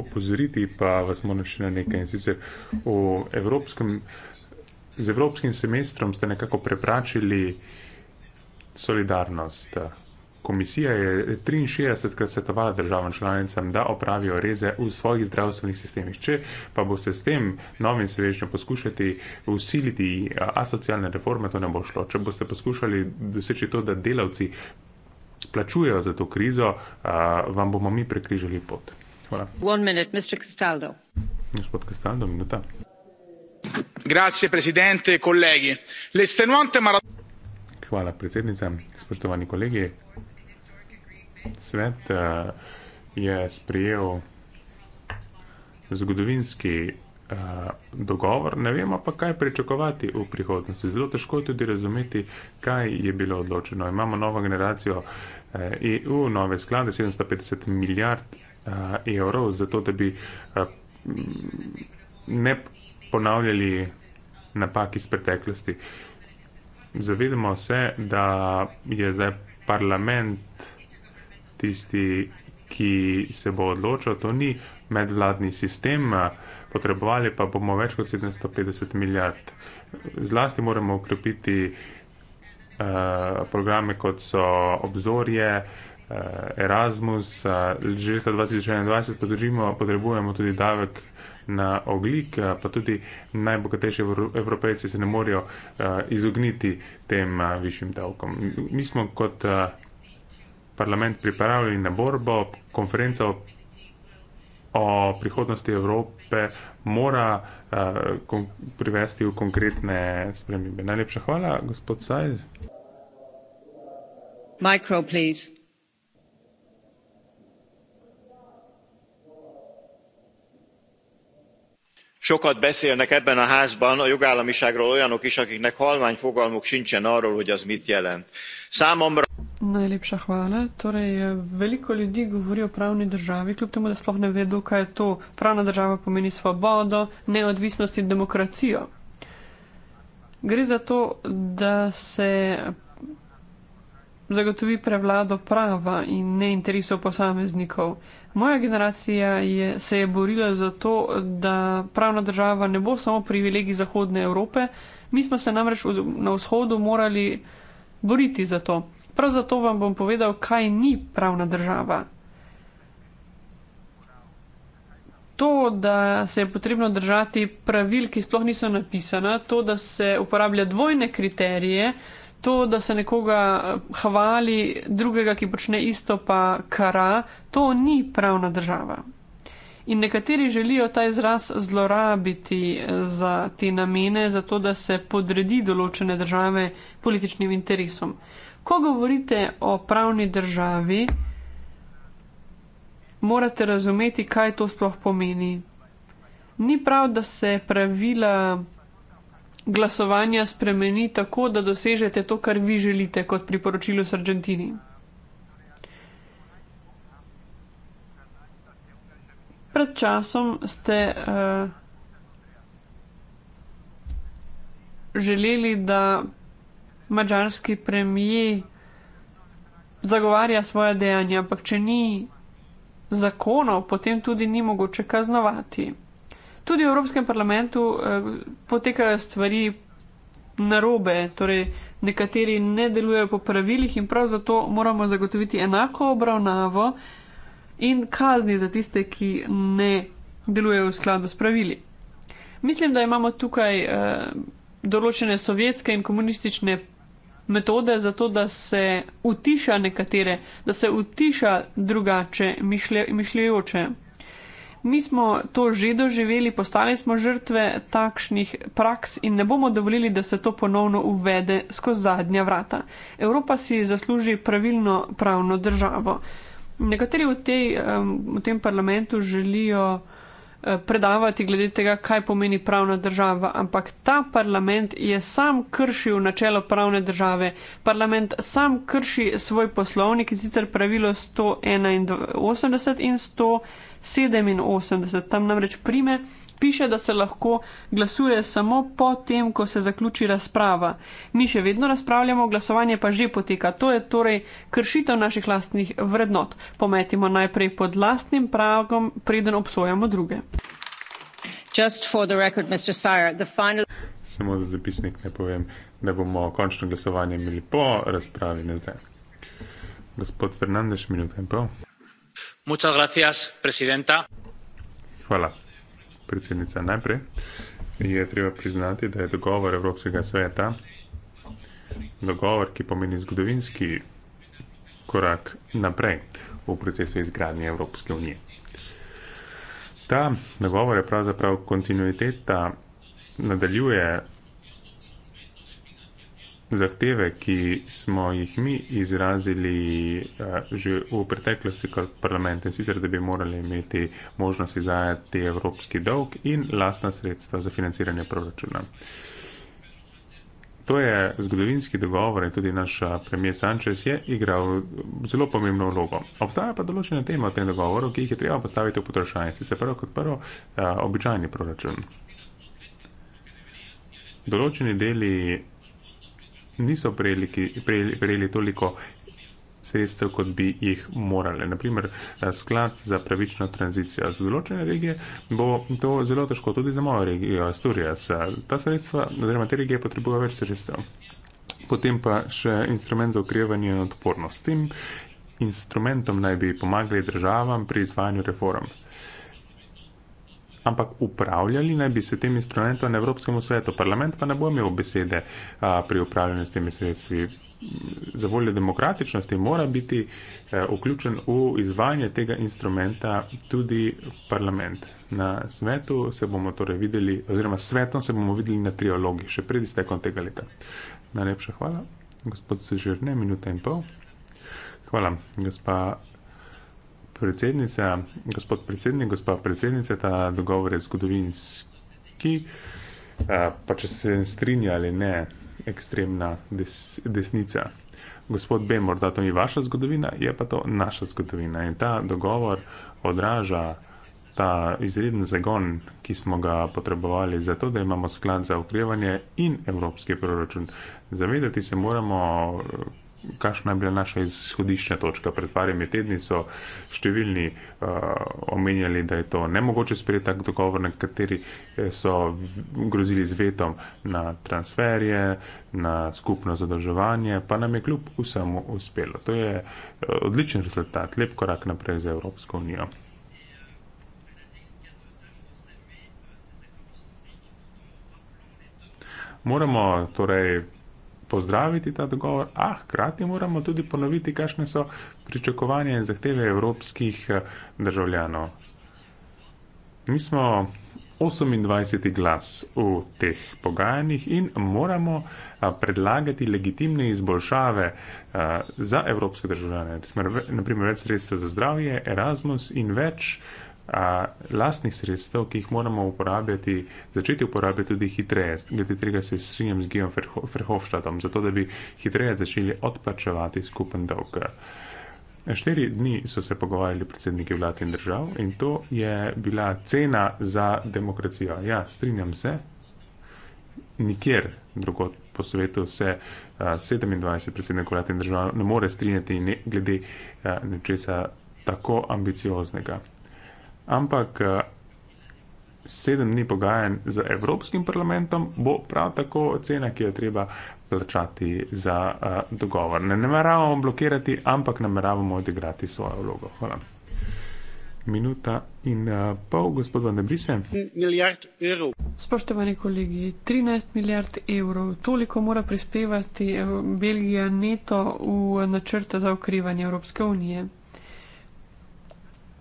Speaker 2: Opozoriti pa vas moram še na nekaj in sicer v evropskem, z evropskim semestrom ste nekako prepračili solidarnost. Uh, komisija je 63krat svetovala državam članicam, da opravijo reze v svojih zdravstvenih sistemih. Če pa bo se s tem novim svežnjem poskušati usiliti asocialne reforme, to ne bo šlo. Če boste poskušali doseči to, da delavci plačujejo za to krizo, vam bomo mi prekrižali pot.
Speaker 4: Hvala. One
Speaker 3: minute, Mr. Castaldo.
Speaker 2: Gospod Castaldo, minuta. Grazie, presidente,
Speaker 1: kolegi. L'estenuante maratona.
Speaker 2: Hvala, predsednica. Spoštovani kolegi, svet eh, je sprejel zgodovinski eh, dogovor, ne vemo pa, kaj pričakovati v prihodnosti. Zelo težko je tudi razumeti, kaj je bilo odločeno. Imamo novo generacijo EU, eh, e nove sklade, 750 milijard evrov, zato da bi ne ponavljali napak iz preteklosti. Zavedamo se, da je zdaj parlament tisti, ki se bo odločil. To ni medvladni sistem, potrebovali pa bomo več kot 750 milijard. Zlasti moramo ukrepiti uh, eh, programe, kot so obzorje, uh, Erasmus, uh, že leta 2021 podržimo, potrebujemo tudi davek. Na oglik, pa tudi najbogatejši evropejci se ne morejo uh, izogniti tem uh, višjim davkom. Mi smo kot uh, parlament pripravljeni na borbo, konferenca o, o prihodnosti Evrope mora uh, privesti v konkretne spremembe. Najlepša hvala, gospod Sajl. Mikro, please.
Speaker 4: Sokat beszélnek ebben a házban a jogállamiságról olyanok is, akiknek halvány fogalmuk sincsen arról, hogy az mit jelent. Számomra. Najlepša
Speaker 3: hvala. Torej, veliko ljudi govori o pravni državi, kljub temu, da sploh ne vedo, kaj je to. Pravna država pomeni svobodo, neodvisnost in demokracijo. Gre za to, da se zagotovi prevlado prava in ne interesov posameznikov. Moja generacija je, se je borila za to, da pravna država ne bo samo privilegij Zahodne Evrope. Mi smo se namreč na vzhodu morali boriti za to prav zato vam bom povedal, kaj ni pravna država. To, da se je potrebno držati pravil, ki sploh niso napisana, to, da se uporablja dvojne kriterije, to, da se nekoga eh, hvali, drugega, ki počne isto, pa kara, to ni pravna država. In nekateri želijo ta izraz zlorabiti eh, za te namene, zato da se podredi določene države političnim interesom ko govorite o pravni državi, morate razumeti, kaj to sploh pomeni. Ni prav, da se pravila glasovanja spremeni tako, da dosežete to, kar vi želite, kot priporočilo s Argentini. Pred časom ste uh, želeli, da mačarski premijer zagovarja svoje dejanja, ampak če ni zakonov, potem tudi ni mogoče kaznovati. Tudi v Evropskem parlamentu eh, potekajo stvari narobe, torej nekateri ne delujejo po pravilih in prav zato moramo zagotoviti enako obravnavo in kazni za tiste, ki ne delujejo v skladu s pravili. Mislim, da imamo tukaj eh, določene sovjetske in komunistične metode za to, da se utiša nekatere, da se utiša drugače mišljajoče. Mi smo to že doživeli, postali smo žrtve takšnih praks in ne bomo dovolili, da se to ponovno uvede skozi zadnja vrata. Evropa si zasluži pravilno pravno državo. Nekateri v, tej, v tem parlamentu želijo Eh, predavati glede tega, kaj pomeni pravna država, ampak ta parlament je sam kršil načelo pravne države. Parlament sam krši svoj poslovnik in sicer pravilo 181 in 187, tam namreč prime piše, da se lahko glasuje samo po tem, ko se zaključi razprava. Mi še vedno razpravljamo, glasovanje pa že poteka. To je torej kršitev naših lastnih vrednot. Pometimo najprej pod lastnim pragom, preden obsojamo druge. Record, Sire, final...
Speaker 2: Samo za zapisnik ne povem, da bomo končno glasovanje imeli po razpravi, ne zdaj. Gospod Fernandez, minuto in pol.
Speaker 1: Muchas gracias, presidenta.
Speaker 2: Hvala, predsednica. Najprej je treba priznati, da je dogovor Evropskega sveta, dogovor, ki pomeni zgodovinski korak naprej v procesu izgradnje Evropske unije. Ta dogovor je pravzaprav kontinuiteta, nadaljuje zahteve, ki smo jih mi izrazili eh, že v preteklosti kot parlament in sicer, da bi morali imeti možnost izdajati evropski dolg in lastna sredstva za financiranje proračuna. To je zgodovinski dogovor in tudi naš eh, premijer Sanchez je igral zelo pomembno vlogo. Obstaja pa določena tema v tem dogovoru, ki jih je treba postaviti v potrošanje. Se prvo kot prvo, eh, običajni proračun. Določeni deli niso prejeli, prejeli, prejeli toliko sredstev, kot bi jih morali. Naprimer, eh, sklad za pravično tranzicijo z določene regije bo to zelo težko tudi za mojo regijo Asturias. Ta sredstva, oziroma te regije, potrebujejo več sredstev. Potem pa še instrument za okrevanje in odpornost. S tem instrumentom naj bi pomagali državam pri izvajanju reform ampak upravljali naj bi se tem instrumentom na Evropskem svetu. Parlament pa ne bo imel besede a, pri upravljanju s temi sredstvi. Za voljo demokratičnosti mora biti a, e, vključen v izvajanje tega instrumenta tudi parlament. Na svetu se bomo torej videli, oziroma svetom se bomo videli na triologi, še pred iztekom tega leta. Najlepša hvala, gospod Sežerne, minuta in pol. Hvala, gospa predsednica, gospod predsednik, gospa predsednica, ta dogovor je zgodovinski, pa če se strinja ali ne, ekstremna des, desnica. Gospod B, morda to ni vaša zgodovina, je pa to naša zgodovina. In ta dogovor odraža ta izreden zagon, ki smo ga potrebovali za to, da imamo sklad za okrevanje in evropski proračun. Zavedati se moramo, kakšna je bila naša izhodišnja točka. Pred parimi tedni so številni uh, omenjali, da je to nemogoče sprejeti tak dogovor, na kateri eh, so grozili z vetom na transferje, na skupno zadrževanje, pa nam je kljub vsemu uspelo. To je eh, odličen rezultat, lep korak naprej za Evropsko unijo. Moramo torej pozdraviti ta dogovor, a hkrati moramo tudi ponoviti, kakšne so pričakovanja in zahteve evropskih eh, državljanov. Mi smo 28. glas v teh pogajanjih in moramo eh, predlagati legitimne izboljšave eh, za evropske državljane. Naprimer, več sredstev za zdravje, Erasmus in več a, lastnih sredstev, ki jih moramo uporabljati, začeti uporabljati tudi hitreje. Glede tega se strinjam z Gijom Ferhofštatom, zato da bi hitreje začeli odplačevati skupen dolg. Štiri dni so se pogovarjali predsedniki vlad in držav in to je bila cena za demokracijo. Ja, strinjam se, nikjer drugot po svetu se a, 27 predsednikov vlad in držav ne more strinjati ne, glede nečesa tako ambicioznega ampak eh, sedem dni pogajanj z Evropskim parlamentom bo prav tako cena, ki jo treba plačati za uh, dogovor. Ne nameravamo blokirati, ampak nameravamo odigrati svojo vlogo. Hvala. Minuta in uh, pol, gospod Van de Brise.
Speaker 3: Milijard evrov. Spoštovani kolegi, 13 milijard evrov. Toliko mora prispevati Belgija neto v načrta za okrivanje Evropske unije.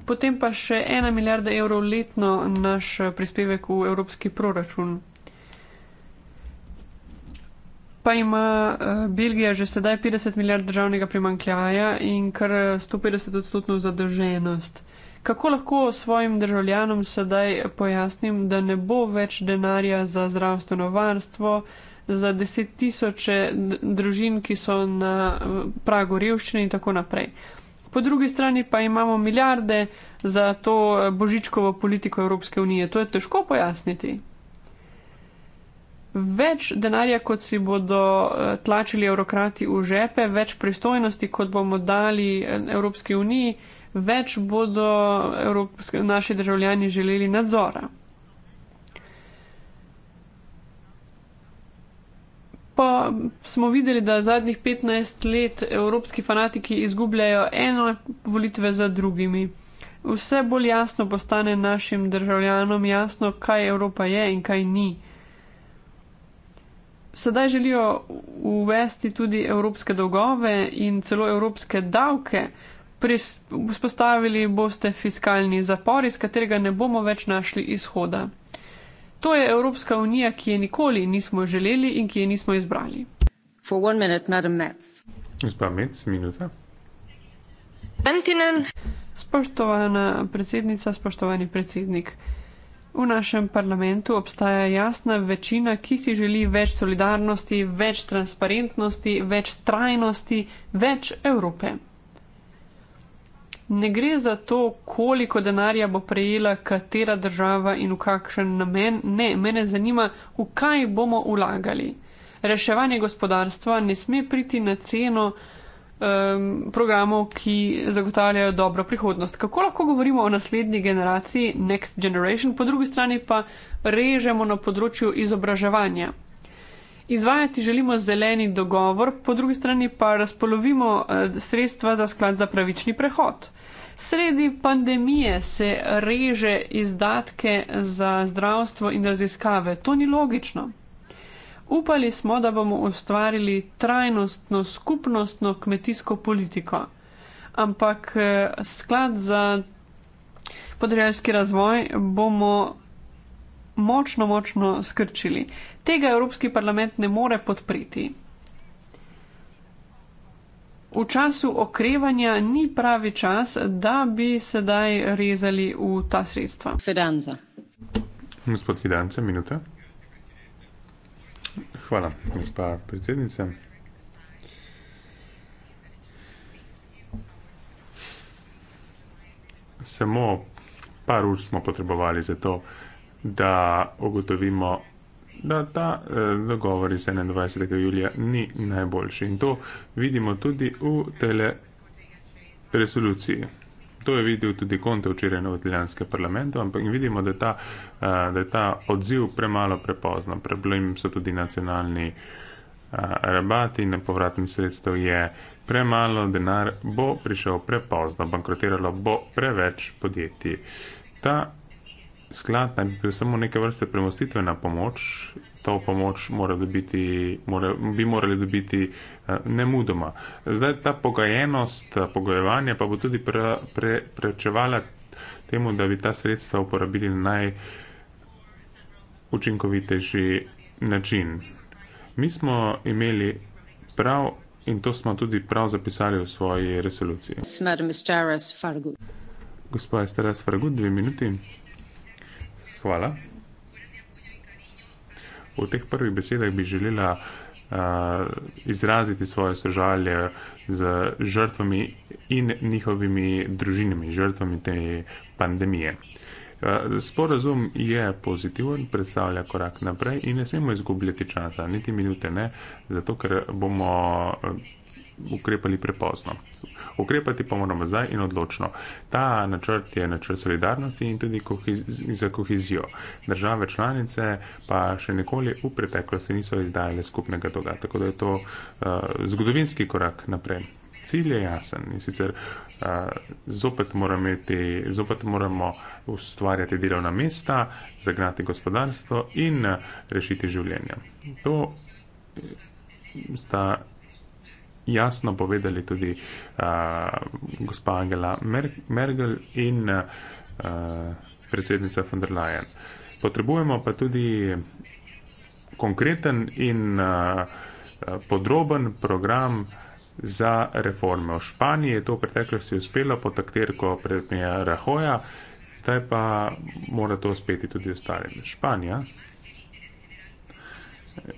Speaker 3: Potem pa še ena milijarda evrov letno naš prispevek v evropski proračun. Pa ima eh, Belgija že sedaj 50 milijard državnega primankljaja in kar 150 eh, odstotno zadrženost. Kako lahko svojim državljanom sedaj pojasnim, da ne bo več denarja za zdravstveno varstvo, za deset tisoče družin, ki so na pragu revščine in tako naprej? po drugi strani pa imamo milijarde za to eh, božičkovo politiko Evropske unije. To je težko pojasniti. Več denarja, kot si bodo eh, tlačili evrokrati v žepe, več pristojnosti, kot bomo dali eh, Evropski uniji, več bodo evropske, naši državljani želeli nadzora. Pa smo videli, da zadnjih 15 let evropski fanatiki izgubljajo eno volitve za drugimi. Vse bolj jasno postane našim državljanom jasno, kaj Evropa je in kaj ni. Sedaj želijo uvesti tudi evropske dolgove in celo evropske davke. Vzpostavili boste fiskalni zapor, iz katerega ne bomo več našli izhoda. To je Evropska unija, ki je nikoli nismo želeli in ki je nismo izbrali. Spoštovana predsednica, spoštovani predsednik. V našem parlamentu obstaja jasna večina, ki si želi več solidarnosti, več transparentnosti, več trajnosti, več Evrope. Ne gre za to, koliko denarja bo prejela katera država in v kakšen namen. Ne, mene zanima, v kaj bomo vlagali. Reševanje gospodarstva ne sme priti na ceno um, programov, ki zagotavljajo dobro prihodnost. Kako lahko govorimo o naslednji generaciji, next generation, po drugi strani pa režemo na področju izobraževanja, Izvajati želimo zeleni dogovor, po drugi strani pa razpolovimo eh, sredstva za sklad za pravični prehod. Sredi pandemije se reže izdatke za zdravstvo in raziskave. To ni logično. Upali smo, da bomo ustvarili trajnostno, skupnostno kmetijsko politiko. Ampak eh, sklad za podrejalski razvoj bomo močno, močno skrčili tega Evropski parlament ne more podpreti. V času okrevanja ni pravi čas, da bi sedaj rezali v ta sredstva. Fidanza.
Speaker 2: Gospod Fidanza, minuta. Hvala, gospa predsednica. Samo par ur smo potrebovali za to, da ugotovimo, da ta eh, dogovor iz 21. julija ni najboljši. In to vidimo tudi v tele resoluciji. To je videl tudi konte včeraj v italijanskem parlamentu, ampak vidimo, da je ta, eh, da je ta odziv premalo prepozno. Problem so tudi nacionalni eh, rabati in povratni sredstev je premalo, denar bo prišel prepozno, bankrotiralo bo preveč podjetij. Ta sklad naj bi bil samo neke vrste premostitvena pomoč, to pomoč mora dobiti, mora, bi morali dobiti eh, ne mudoma. Zdaj ta pogajenost, pogojevanje pa bo tudi pre, pre, prečevala temu, da bi ta sredstva uporabili na najučinkovitejši način. Mi smo imeli prav. In to smo tudi prav zapisali v svoji resoluciji. Gospod Esteras Fargud, dve minuti hvala. V teh prvih besedah bi želela uh, izraziti svoje sožalje z žrtvami in njihovimi družinami, žrtvami te pandemije. Sporazum je pozitiven, predstavlja korak naprej in ne smemo izgubljati časa, niti minute ne, zato ker bomo ukrepali prepozno ukrepati pa moramo zdaj in odločno. Ta načrt je načrt solidarnosti in tudi kohiz za kohezijo. Države članice pa še nikoli v preteklosti niso izdajale skupnega dolga, tako da je to uh, zgodovinski korak naprej. Cilj je jasen in sicer uh, zopet, imeti, zopet moramo ustvarjati delovna mesta, zagnati gospodarstvo in uh, rešiti življenja. To sta jasno povedali tudi uh, gospa Angela Mer Merkel in uh, predsednica von der Leyen. Potrebujemo pa tudi konkreten in uh, podroben program za reforme. V Španiji je to v preteklosti uspelo pod taktirko premija Rahoja, zdaj pa mora to uspeti tudi ostalim. Španija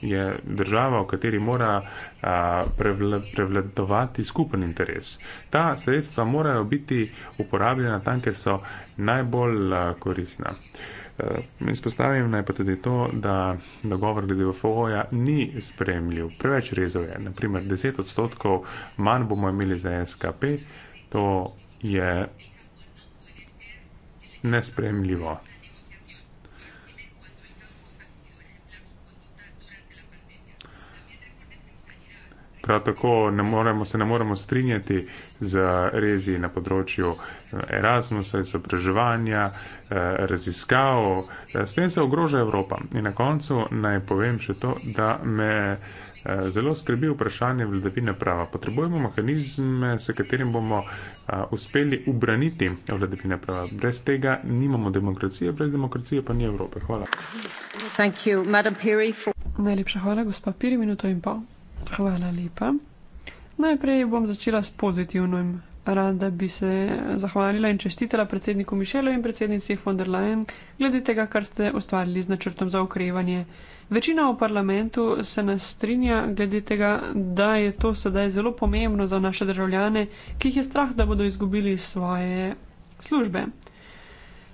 Speaker 2: je država, v kateri mora a, prevla, prevladovati skupen interes. Ta sredstva morajo biti uporabljena tam, ker so najbolj a, korisna. E, Izpostavim naj pa tudi to, da dogovor glede VFO-ja ni spremljiv. Preveč rezov je. Naprimer, 10 odstotkov manj bomo imeli za SKP, to je nespremljivo. Prav tako ne moremo, se ne moremo strinjati z rezi na področju eh, Erasmusa, izobraževanja, eh, raziskav. Eh, s tem se ogroža Evropa. In na koncu naj povem še to, da me zelo skrbi vprašanje vladavine prava. Potrebujemo mehanizme, s katerim bomo uspeli ubraniti vladavine prava. Brez tega nimamo demokracije, brez demokracije pa ni Evrope. Hvala.
Speaker 3: Najlepša hvala, gospod Piri, minuto in pol. Hvala lepa. Najprej bom začela s pozitivnim. Rada bi se zahvalila in čestitela predsedniku Mišelu in predsednici von der Leyen glede tega, kar ste ustvarili z načrtom za okrevanje. Večina v parlamentu se nas strinja glede tega, da je to sedaj zelo pomembno za naše državljane, ki jih je strah, da bodo izgubili svoje službe.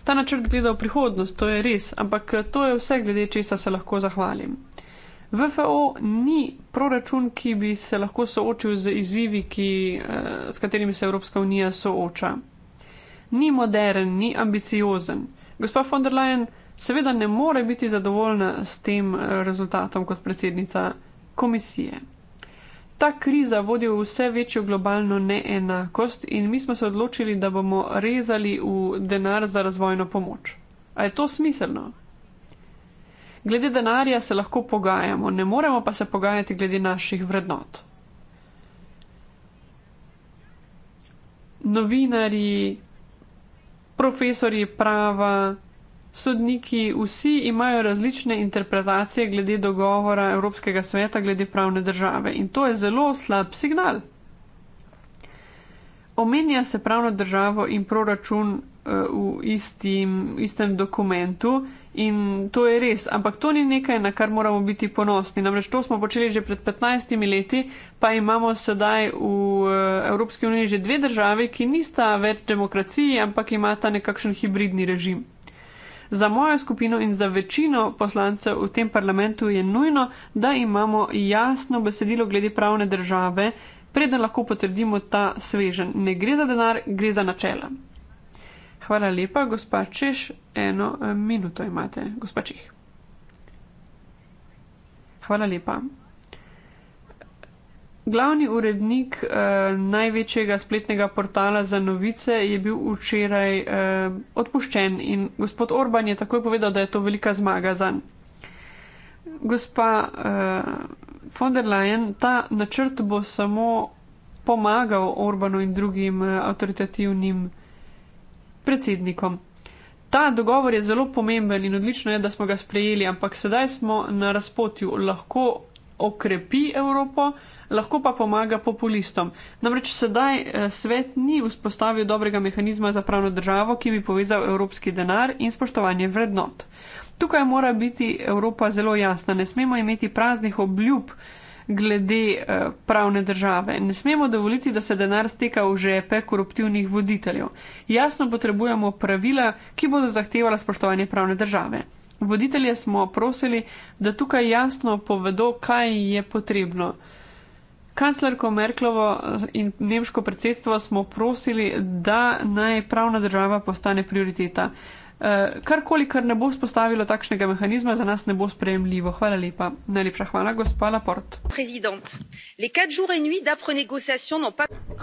Speaker 3: Ta načrt gleda v prihodnost, to je res, ampak to je vse, glede česa se lahko zahvalim. VFO ni proračun, ki bi se lahko soočil z izzivi, ki, eh, s katerimi se Evropska unija sooča. Ni modern, ni ambiciozen. Gospa von der Leyen seveda ne more biti zadovoljna s tem eh, rezultatom kot predsednica komisije. Ta kriza vodi v vse večjo globalno neenakost in mi smo se odločili, da bomo rezali v denar za razvojno pomoč. A je to smiselno? Glede denarja se lahko pogajamo, ne moremo pa se pogajati glede naših vrednot. Novinari, profesori prava, sodniki, vsi imajo različne interpretacije glede dogovora Evropskega sveta glede pravne države in to je zelo slab signal. Omenja se pravno državo in proračun uh, v istim, istem dokumentu in to je res, ampak to ni nekaj, na kar moramo biti ponosni. Namreč to smo počeli že pred 15 leti, pa imamo sedaj v uh, Evropski uniji že dve države, ki nista več demokraciji, ampak imata nekakšen hibridni režim. Za mojo skupino in za večino poslancev v tem parlamentu je nujno, da imamo jasno besedilo glede pravne države preden lahko potrdimo ta svežen. Ne gre za denar, gre za načela. Hvala lepa, gospa Češ, eno eh, minuto imate, gospa Čih. Hvala lepa. Glavni urednik eh, največjega spletnega portala za novice je bil včeraj eh, odpuščen in gospod Orban je takoj povedal, da je to velika zmaga za njega. Gospa eh, von der Leyen, ta načrt bo samo pomagal Orbanu in drugim eh, avtoritativnim predsednikom. Ta dogovor je zelo pomemben in odlično je, da smo ga sprejeli, ampak sedaj smo na razpotju. Lahko okrepi Evropo, lahko pa pomaga populistom. Namreč sedaj eh, svet ni vzpostavil dobrega mehanizma za pravno državo, ki bi povezal evropski denar in spoštovanje vrednot. Tukaj mora biti Evropa zelo jasna. Ne smemo imeti praznih obljub glede eh, pravne države. Ne smemo dovoliti, da se denar steka v žepe koruptivnih voditeljev. Jasno potrebujemo pravila, ki bodo zahtevala spoštovanje pravne države. Voditelje smo prosili, da tukaj jasno povedo, kaj je potrebno. Kanclerko Merklovo eh, in nemško predsedstvo smo prosili, da naj pravna država postane prioriteta. Uh, karkoli, kar ne bo spostavilo takšnega mehanizma, za nas ne bo sprejemljivo. Hvala lepa. Najlepša hvala, gospa Laporte.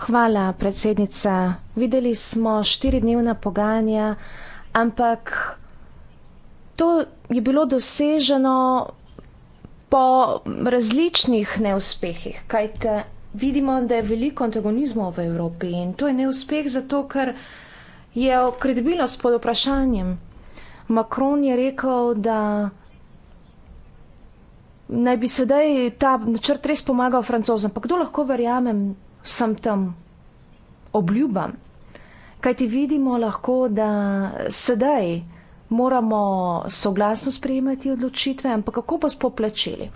Speaker 4: Hvala, predsednica. Videli smo štiridnevna pogajanja, ampak to je bilo doseženo po različnih neuspehih, kajte vidimo, da je veliko antagonizmov v Evropi in to je neuspeh zato, ker je kredibilnost pod vprašanjem. Macron je rekel, da naj bi sedaj ta načrt res pomagal francozem, pa kdo lahko verjamem vsem tam obljubam. Kaj ti vidimo lahko, da sedaj moramo soglasno sprejemati odločitve, ampak kako pa s poplačili?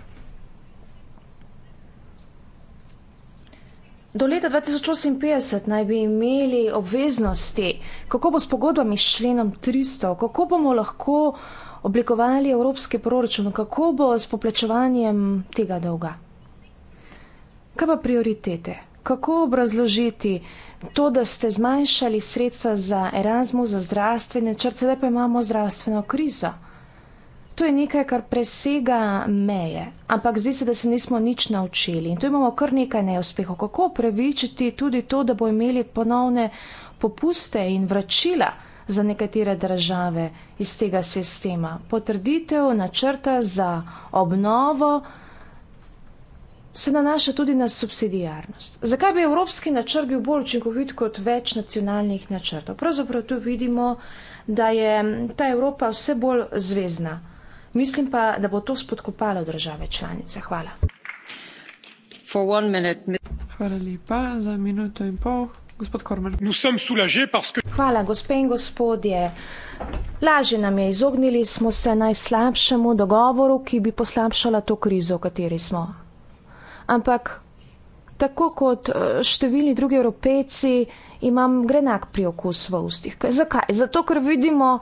Speaker 4: Do leta 2058 naj bi imeli obveznosti, kako bo s pogodbami s členom 300, kako bomo lahko oblikovali evropski proračun, kako bo s poplačevanjem tega dolga. Kaj pa prioritete? Kako obrazložiti to, da ste zmanjšali sredstva za Erasmus, za zdravstvene črce, zdaj pa imamo zdravstveno krizo? To je nekaj, kar presega meje, ampak zdi se, da se nismo nič naučili in tu imamo kar nekaj neuspehov. Kako prevečiti tudi to, da bo imeli ponovne popuste in vračila za nekatere države iz tega sistema? Potrditev načrta za obnovo se nanaša tudi na subsidijarnost. Zakaj bi evropski načrt bil bolj učinkovit kot več nacionalnih načrtov? Pravzaprav tu vidimo, da je ta Evropa vse bolj zvezna. Mislim pa, da bo to spodkopalo države članice. Hvala. Hvala lepa za minuto in pol. Gospod Korman. Hvala, gospe in gospodje. Lažje nam je izognili, smo se najslabšemu dogovoru, ki bi poslabšala to krizo, v kateri smo. Ampak tako kot eh, številni drugi evropejci imam grenak priokus v ustih. Zakaj? Zato, ker vidimo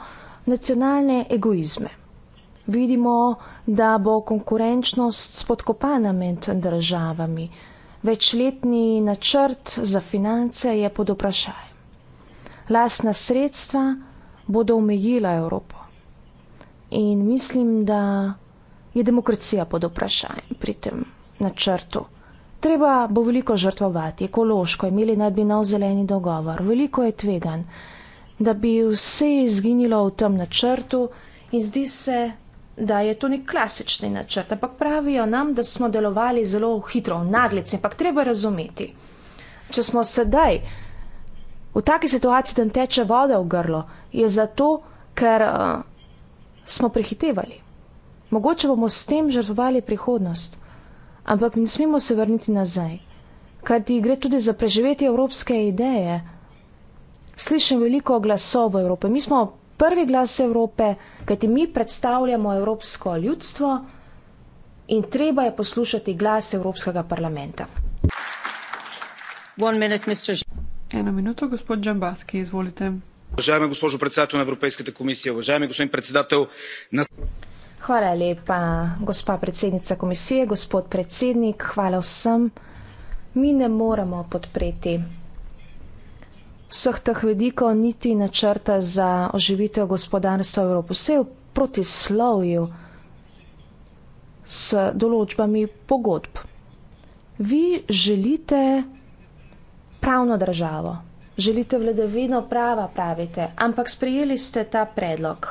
Speaker 4: nacionalne egoizme vidimo, da bo konkurenčnost spodkopana med državami. Večletni načrt za finance je pod vprašaj. Lastna sredstva bodo omejila Evropo. In mislim, da je demokracija pod vprašaj pri tem načrtu. Treba bo veliko žrtvovati, ekološko imeli naj bi nov zeleni dogovor. Veliko je tvegan, da bi vse izginilo v tem načrtu in zdi se, da je to nek klasični načrt, ampak pravijo nam, da smo delovali zelo hitro, v naglici, ampak treba razumeti. Če smo sedaj v taki situaciji, da teče voda v grlo, je zato, ker uh, smo prehitevali. Mogoče bomo s tem žrtvovali prihodnost, ampak ne smemo se vrniti nazaj, ker ti gre tudi za preživetje evropske ideje. Slišim veliko glasov v Evropi. Mi smo prvi glas Evrope, kajti mi predstavljamo evropsko ljudstvo in treba je poslušati glas Evropskega parlamenta. Eno minuto, gospod Džambaski, izvolite.
Speaker 1: Vžajme, gospodžu predsedatelju Evropejskega komisije, vžajme, gospod predsedatelj.
Speaker 4: Nas... Hvala lepa, gospa predsednica komisije, gospod predsednik, hvala vsem. Mi ne moremo podpreti vseh teh vedikov niti načrta za oživitev gospodarstva v Evropi. Vse v protislovju s določbami pogodb. Vi želite pravno državo, želite vladavino prava, pravite, ampak sprejeli ste ta predlog.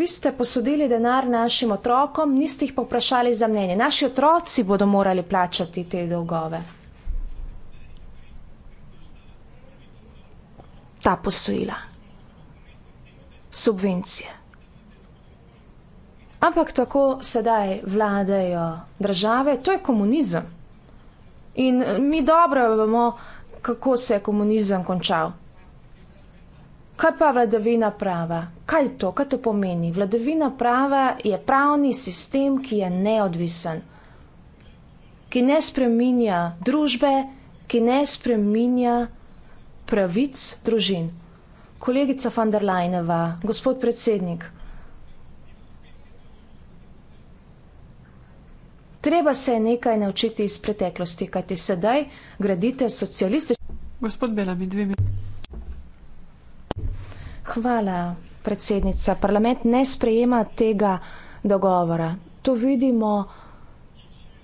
Speaker 4: Vi ste posodili denar našim otrokom, niste jih pa vprašali za mnenje. Naši otroci bodo morali plačati te dolgove. ta posojila, subvencije. Ampak tako sedaj vladajo države, to je komunizem. In eh, mi dobro vemo, kako se je komunizem končal. Kaj pa vladavina prava? Kaj to, kaj to pomeni? Vladavina prava je pravni sistem, ki je neodvisen, ki ne spreminja družbe, ki ne spreminja pravic družin. Kolegica van der Leineva, gospod predsednik. Treba se je nekaj naučiti iz preteklosti, kajti sedaj gradite socialistično. Gospod Belami, dve minuti. Hvala, predsednica. Parlament ne sprejema tega dogovora. To vidimo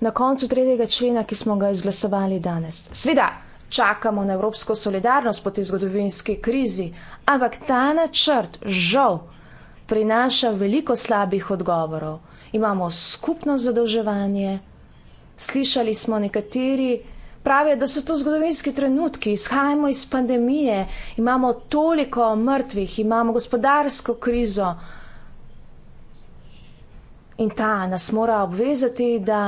Speaker 4: na koncu tretjega člena, ki smo ga izglasovali danes. Sveda, čakamo na evropsko solidarnost po tej zgodovinski krizi, ampak ta načrt žal prinaša veliko slabih odgovorov. Imamo skupno zadolževanje, slišali smo nekateri, pravijo, da so to zgodovinski trenutki, izhajamo iz pandemije, imamo toliko mrtvih, imamo gospodarsko krizo. In ta nas mora obvezati, da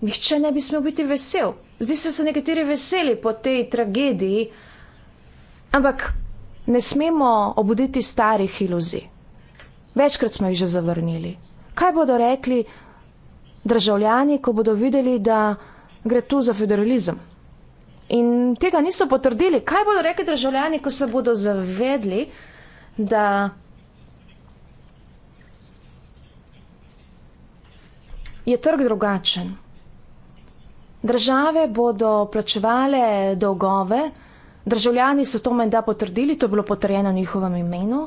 Speaker 4: nihče ne bi smel biti vesel, Zdi se, da so nekateri veseli po tej tragediji, ampak ne smemo obuditi starih iluzij. Večkrat smo jih že zavrnili. Kaj bodo rekli državljani, ko bodo videli, da gre tu za federalizem? In tega niso potrdili. Kaj bodo rekli državljani, ko se bodo zavedli, da je trg drugačen? Države bodo plačevale dolgove, državljani so to menda potrdili, to je bilo potrjeno v njihovem imenu.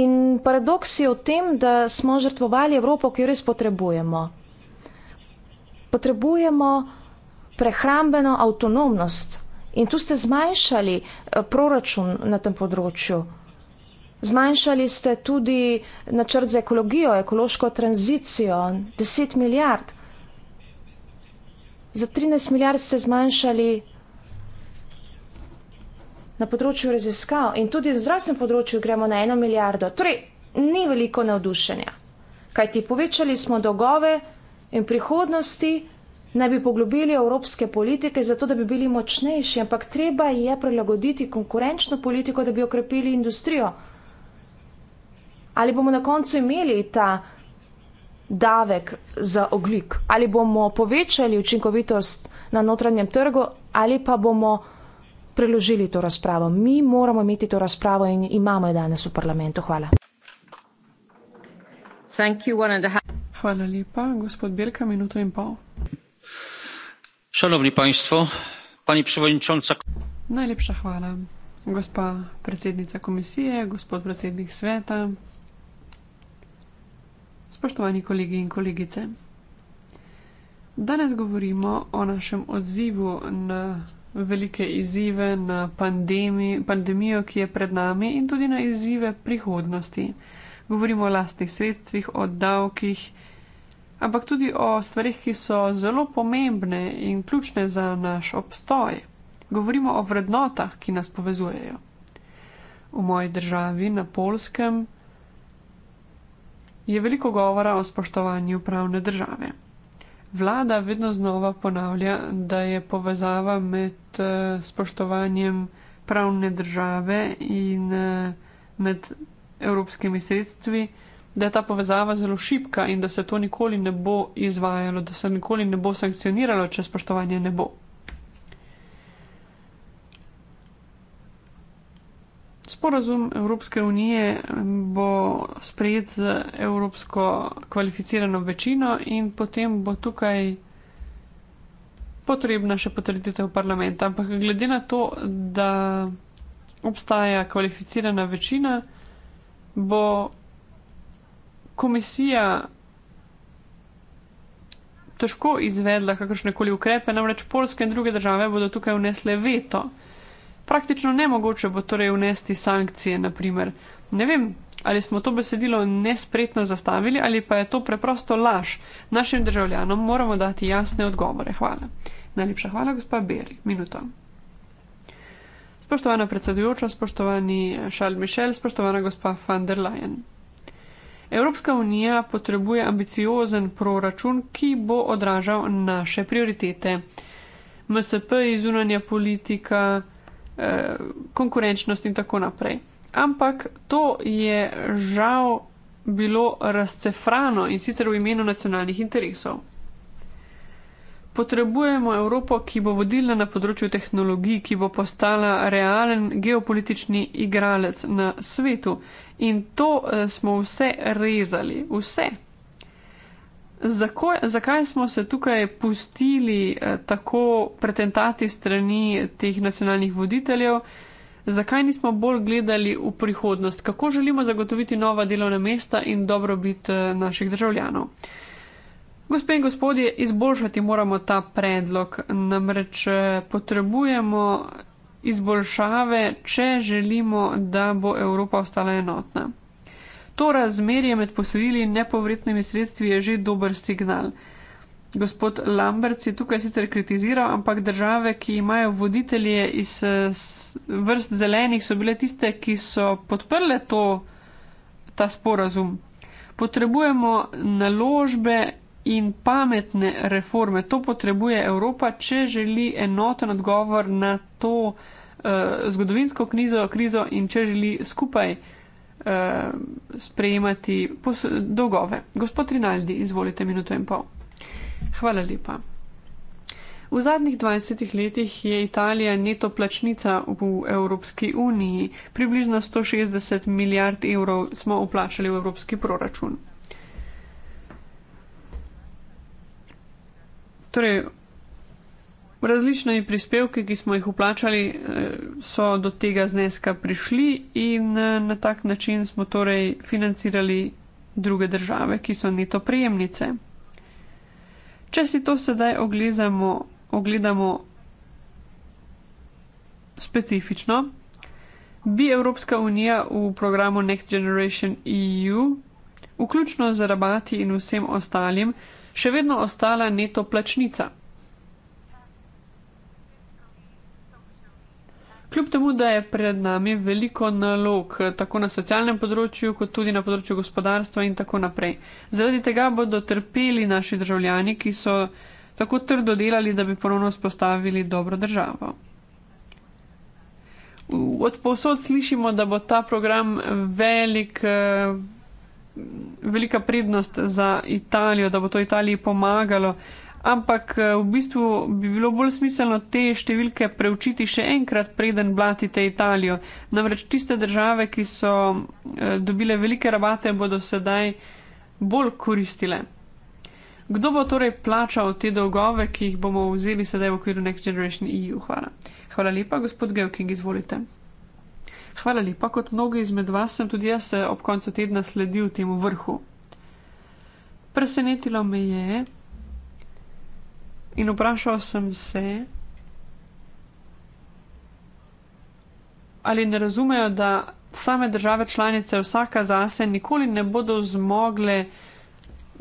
Speaker 4: In paradoks je v tem, da smo žrtvovali Evropo, ki jo res potrebujemo. Potrebujemo prehrambeno avtonomnost in tu ste zmanjšali eh, proračun na tem področju. Zmanjšali ste tudi načrt za ekologijo, ekološko tranzicijo, 10 milijard. Za 13 milijard ste zmanjšali na področju raziskav in tudi na zdravstvenem področju gremo na eno milijardo. Torej, ni veliko navdušenja. Kaj ti povečali smo dolgove in prihodnosti, naj bi poglobili evropske politike, zato da bi bili močnejši, ampak treba je prilagoditi konkurenčno politiko, da bi okrepili industrijo. Ali bomo na koncu imeli ta davek za oglik? Ali bomo povečali učinkovitost na notranjem trgu ali pa bomo preložili to razpravo? Mi moramo imeti to razpravo in imamo jo danes v parlamentu. Hvala.
Speaker 3: Hvala lepa, gospod Belka, minuto in pol.
Speaker 1: Šalovni panjstvo, pani predsednica.
Speaker 3: Najlepša hvala, gospa predsednica komisije, gospod predsednik sveta, spoštovani kolegi in kolegice. Danes govorimo o našem odzivu na velike izzive, na pandemi, pandemijo, ki je pred nami in tudi na izzive prihodnosti. Govorimo o lastnih sredstvih, o davkih, ampak tudi o stvarih, ki so zelo pomembne in ključne za naš obstoj. Govorimo o vrednotah, ki nas povezujejo. V moji državi, na polskem, je veliko govora o spoštovanju pravne države. Vlada vedno znova ponavlja, da je povezava med eh, spoštovanjem pravne države in eh, med evropskimi sredstvi, da je ta povezava zelo šipka in da se to nikoli ne bo izvajalo, da se nikoli ne bo sankcioniralo, če spoštovanje ne bo. Sporazum Evropske unije bo sprejet z evropsko kvalificirano večino in potem bo tukaj potrebna še potrditev parlamenta. Ampak glede na to, da obstaja kvalificirana večina, bo komisija težko izvedla kakršne koli ukrepe, namreč Polska in druge države bodo tukaj vnesle veto praktično nemogoče bo torej unesti sankcije, naprimer. Ne vem, ali smo to besedilo nespretno zastavili ali pa je to preprosto laž. Našim državljanom moramo dati jasne odgovore. Hvala. Najlepša hvala, gospa Beri. Minuto. Spoštovana predsedujoča, spoštovani eh, Charles Michel, spoštovana gospa van der Leyen. Evropska unija potrebuje ambiciozen proračun, ki bo odražal naše prioritete. MSP, izunanja politika, Eh, konkurenčnost in tako naprej. Ampak to je žal bilo razcefrano in sicer v imenu nacionalnih interesov. Potrebujemo Evropo, ki bo vodila na področju tehnologij, ki bo postala realen geopolitični igralec na svetu. In to eh, smo vse rezali, vse. Zako, zakaj smo se tukaj pustili eh, tako pretentati strani teh nacionalnih voditeljev? Zakaj nismo bolj gledali v prihodnost? Kako želimo zagotoviti nova delovna mesta in dobrobit eh, naših državljanov? Gospe in gospodje, izboljšati moramo ta predlog. Namreč eh, potrebujemo izboljšave, če želimo, da bo Evropa ostala enotna. To razmerje med posojili in nepovratnimi sredstvi je že dober signal. Gospod Lambert je tukaj sicer kritiziral, ampak države, ki imajo voditelje iz vrst zelenih, so bile tiste, ki so podprle to, ta sporazum. Potrebujemo naložbe in pametne reforme. To potrebuje Evropa, če želi enoten odgovor na to uh, zgodovinsko knizo, krizo in če želi skupaj. Eh, sprejemati dolgove. Gospod Rinaldi, izvolite minuto in pol. Hvala lepa. V zadnjih 20 letih je Italija neto plačnica v Evropski uniji. Približno 160 milijard evrov smo uplačali v evropski proračun. Torej, Različni prispevki, ki smo jih uplačali, eh, so do tega zneska prišli in eh, na tak način smo torej financirali druge države, ki so neto prejemnice. Če si to sedaj ogledamo, ogledamo specifično, bi Evropska unija v programu Next Generation EU, vključno z rabati in vsem ostalim, še vedno ostala neto plačnica. Kljub temu, da je pred nami veliko nalog, tako na socialnem področju, kot tudi na področju gospodarstva in tako naprej. Zaradi tega bodo trpeli naši državljani, ki so tako trdo delali, da bi ponovno spostavili dobro državo. Od posod slišimo, da bo ta program velik, eh, velika prednost za Italijo, da bo to Italiji pomagalo ampak eh, v bistvu bi bilo bolj smiselno te številke preučiti še enkrat, preden blatite Italijo. Namreč tiste države, ki so eh, dobile velike rabate, bodo sedaj bolj koristile. Kdo bo torej plačal te dolgove, ki jih bomo vzeli sedaj v okviru Next Generation EU? Hvala. Hvala lepa, gospod Gelking, izvolite. Hvala lepa, kot mnogi izmed vas sem tudi jaz eh, ob koncu tedna sledil temu vrhu. Presenetilo me je, In vprašal sem se, ali ne razumejo, da same države članice, vsaka zase, nikoli ne bodo zmogle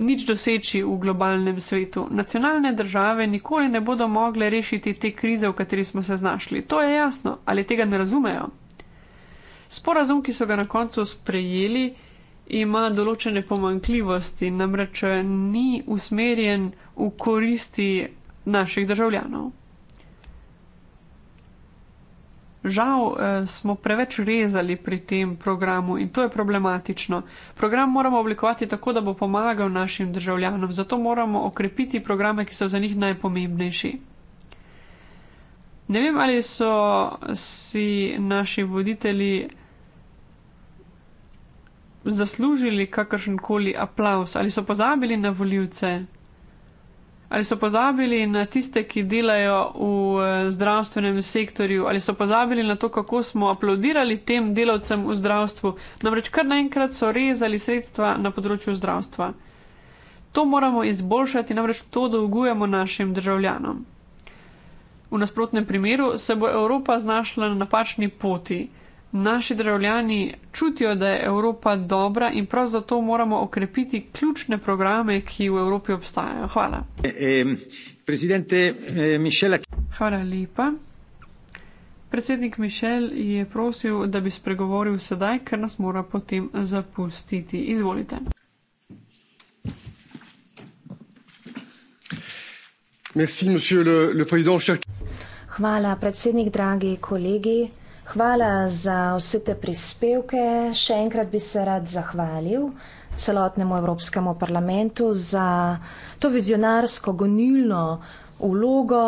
Speaker 3: nič doseči v globalnem svetu. Nacionalne države nikoli ne bodo mogle rešiti te krize, v kateri smo se znašli. To je jasno, ali tega ne razumejo. Sporazum, ki so ga na koncu sprejeli, ima določene pomankljivosti, namreč eh, ni usmerjen v koristi naših državljanov. Žal eh, smo preveč rezali pri tem programu in to je problematično. Program moramo oblikovati tako, da bo pomagal našim državljanom, zato moramo okrepiti programe, ki so za njih najpomembnejši. Ne vem, ali so si naši voditelji zaslužili kakršen koli aplaus ali so pozabili na voljivce. Ali so pozabili na tiste, ki delajo v eh, zdravstvenem sektorju, ali so pozabili na to, kako smo aplaudirali tem delavcem v zdravstvu? Namreč kar naenkrat so rezali sredstva na področju zdravstva. To moramo izboljšati, namreč to dolgujemo našim državljanom. V nasprotnem primeru se bo Evropa znašla na napačni poti naši državljani čutijo, da je Evropa dobra in prav zato moramo okrepiti ključne programe, ki v Evropi obstajajo. Hvala.
Speaker 1: E, e, e,
Speaker 3: Hvala lepa. Predsednik Mišel je prosil, da bi spregovoril sedaj, ker nas mora potem zapustiti. Izvolite. Merci, le, le
Speaker 4: Hvala, predsednik, dragi kolegi. Hvala za vse te prispevke. Še enkrat bi se rad zahvalil celotnemu Evropskemu parlamentu za to vizionarsko gonilno ulogo.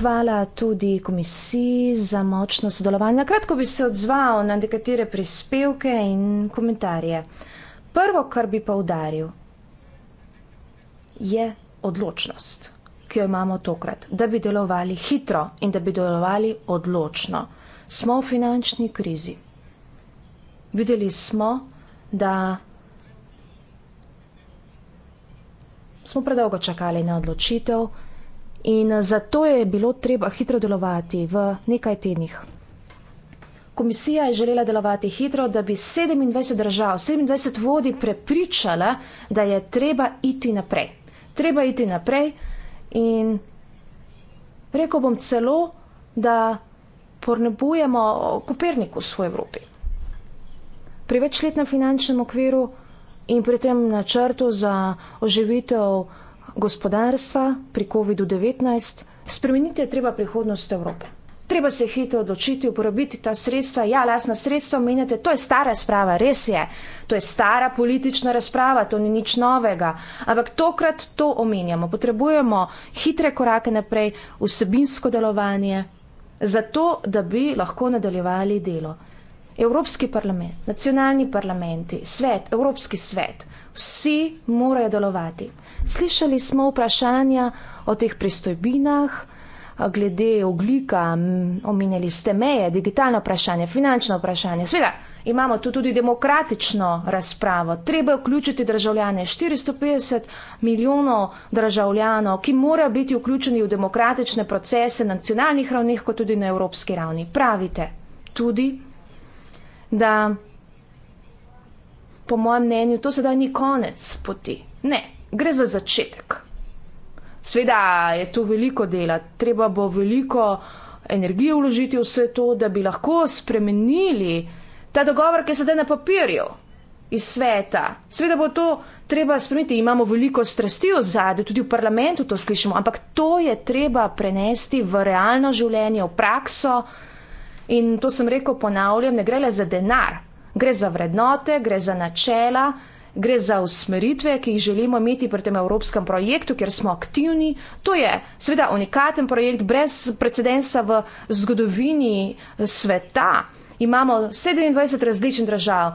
Speaker 4: Hvala tudi komisiji za močno sodelovanje. Kratko bi se odzval na nekatere prispevke in komentarje. Prvo, kar bi poudaril, je odločnost, ki jo imamo tokrat, da bi delovali hitro in da bi delovali odločno smo v finančni krizi. Videli smo, da smo predolgo čakali na odločitev in zato je bilo treba hitro delovati v nekaj tednih. Komisija je želela delovati hitro, da bi 27 držav, 27 vodi prepričala, da je treba iti naprej. Treba iti naprej in rekel bom celo, da ponebujemo Kopernikus v Evropi. Pri večletnem finančnem okviru in pri tem načrtu za oživitev gospodarstva pri COVID-19 spremeniti je treba prihodnost Evrope. Treba se hitro odločiti, uporabiti ta sredstva. Ja, lasna sredstva menjate, to je stara sprava, res je. To je stara politična razprava, to ni nič novega. Ampak tokrat to omenjamo. Potrebujemo hitre korake naprej, vsebinsko delovanje, zato, da bi lahko nadaljevali delo. Evropski parlament, nacionalni parlamenti, svet, Evropski svet, vsi morajo delovati. Slišali smo vprašanja o teh pristojbinah, glede oglika, omenjali ste meje, digitalno vprašanje, finančno vprašanje, sveda imamo tu tudi demokratično razpravo. Treba je vključiti državljane, 450 milijonov državljanov, ki morajo biti vključeni v demokratične procese na nacionalnih ravnih, kot tudi na evropski ravni. Pravite tudi, da po mojem mnenju to sedaj ni konec poti. Ne, gre za začetek. Sveda je tu veliko dela, treba bo veliko energije vložiti v vse to, da bi lahko spremenili ta dogovor, ki je sedaj na papirju iz sveta. Sveda bo to treba spremeniti, imamo veliko strasti v zadju, tudi v parlamentu to slišimo, ampak to je treba prenesti v realno življenje, v prakso. In to sem rekel, ponavljam, ne gre le za denar, gre za vrednote, gre za načela, gre za usmeritve, ki jih želimo imeti pri tem evropskem projektu, ker smo aktivni. To je seveda unikaten projekt brez precedensa v zgodovini sveta imamo 27 različnih držav,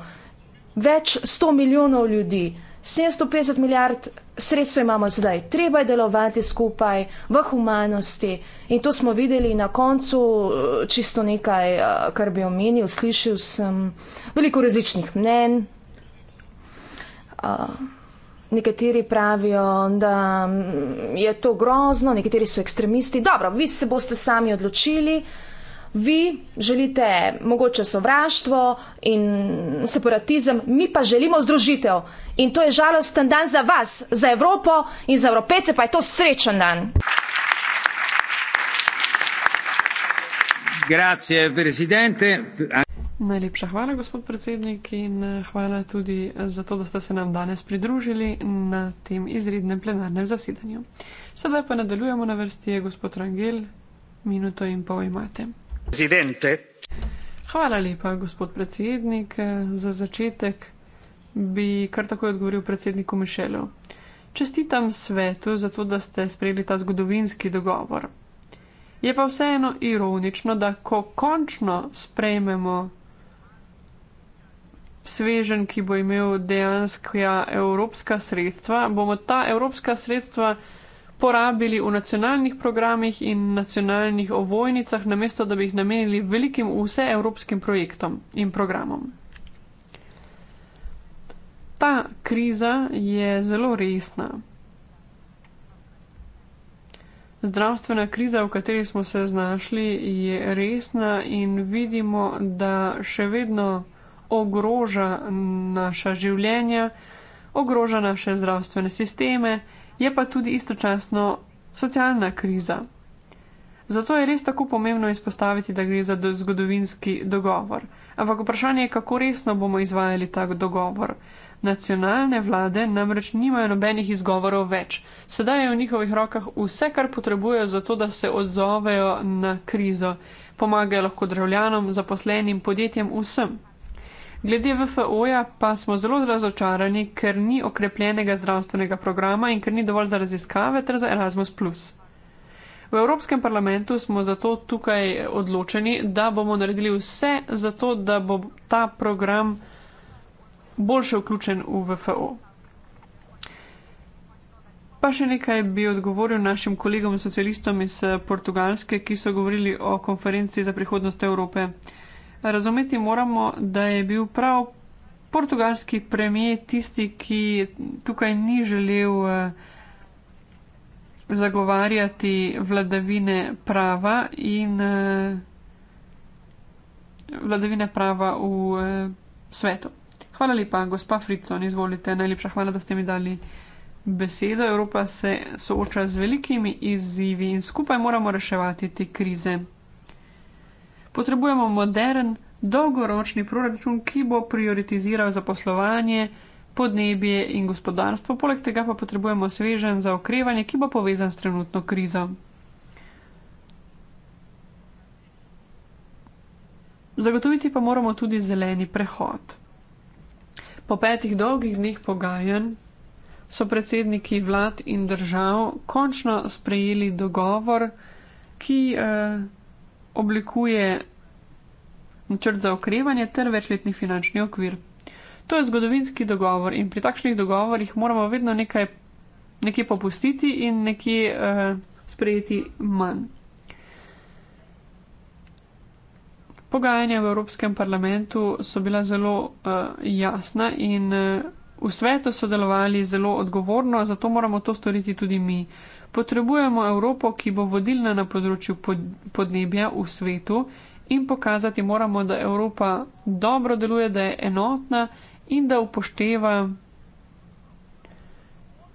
Speaker 4: več 100 milijonov ljudi, 750 milijard sredstv imamo zdaj. Treba je delovati skupaj v humanosti in to smo videli na koncu, eh, čisto nekaj, eh, kar bi omenil, slišal sem veliko različnih mnen. Uh, eh, nekateri pravijo, da mm, je to grozno, nekateri so ekstremisti. Dobro, vi se boste sami odločili, uh, vi želite mogoče sovraštvo in separatizem, mi pa želimo združitev. In to je žalosten dan za vas, za Evropo in za Evropejce, pa je to srečen dan. Najlepša hvala, gospod predsednik, in
Speaker 3: eh, hvala tudi eh, za to, da ste se nam danes pridružili na tem izrednem plenarnem zasedanju. Sedaj pa nadaljujemo na vrsti, gospod Rangel, minuto in pol imate.
Speaker 1: Presidente.
Speaker 3: Hvala lepa, gospod predsednik. Za začetek bi kar takoj odgovoril predsedniku Mišelu. Čestitam svetu za to, da ste sprejeli ta zgodovinski dogovor. Je pa vseeno ironično, da ko končno sprejmemo svežen, ki bo imel dejansko evropska sredstva, bomo ta evropska sredstva porabili v nacionalnih programih in nacionalnih ovojnicah, namesto da bi jih namenili velikim vseevropskim projektom in programom. Ta kriza je zelo resna. Zdravstvena kriza, v kateri smo se znašli, je resna in vidimo, da še vedno ogroža naša življenja, ogroža naše zdravstvene sisteme je pa tudi istočasno socialna kriza. Zato je res tako pomembno izpostaviti, da gre za do zgodovinski dogovor. Ampak vprašanje je, kako resno bomo izvajali ta dogovor. Nacionalne vlade namreč nimajo nobenih izgovorov več. Sedaj je v njihovih rokah vse, kar potrebujejo za to, da se odzovejo na krizo. Pomagajo lahko državljanom, zaposlenim, podjetjem, vsem. Glede VFO-ja pa smo zelo razočarani, ker ni okrepljenega zdravstvenega programa in ker ni dovolj za raziskave ter za Erasmus. V Evropskem parlamentu smo zato tukaj odločeni, da bomo naredili vse za to, da bo ta program boljše vključen v VFO. Pa še nekaj bi odgovoril našim kolegom socialistom iz Portugalske, ki so govorili o konferenci za prihodnost Evrope razumeti moramo, da je bil prav portugalski premijer tisti, ki tukaj ni želel eh, zagovarjati vladavine prava in eh, vladavine prava v eh, svetu. Hvala lepa, gospa Fritson, izvolite. Najlepša hvala, da ste mi dali besedo. Evropa se sooča z velikimi izzivi in skupaj moramo reševati te krize. Potrebujemo modern, dolgoročni proračun, ki bo prioritiziral zaposlovanje, podnebje in gospodarstvo, poleg tega pa potrebujemo svežen za okrevanje, ki bo povezan s trenutno krizo. Zagotoviti pa moramo tudi zeleni prehod. Po petih dolgih dneh pogajanj so predsedniki vlad in držav končno sprejeli dogovor, ki eh, oblikuje načrt za okrevanje ter večletni finančni okvir. To je zgodovinski dogovor in pri takšnih dogovorjih moramo vedno nekaj, nekaj popustiti in nekaj uh, eh, sprejeti manj. Pogajanja v Evropskem parlamentu so bila zelo uh, jasna in uh, v svetu sodelovali zelo odgovorno, zato moramo to storiti tudi mi. Potrebujemo Evropo, ki bo vodilna na področju podnebja v svetu in pokazati moramo, da Evropa dobro deluje, da je enotna in da upošteva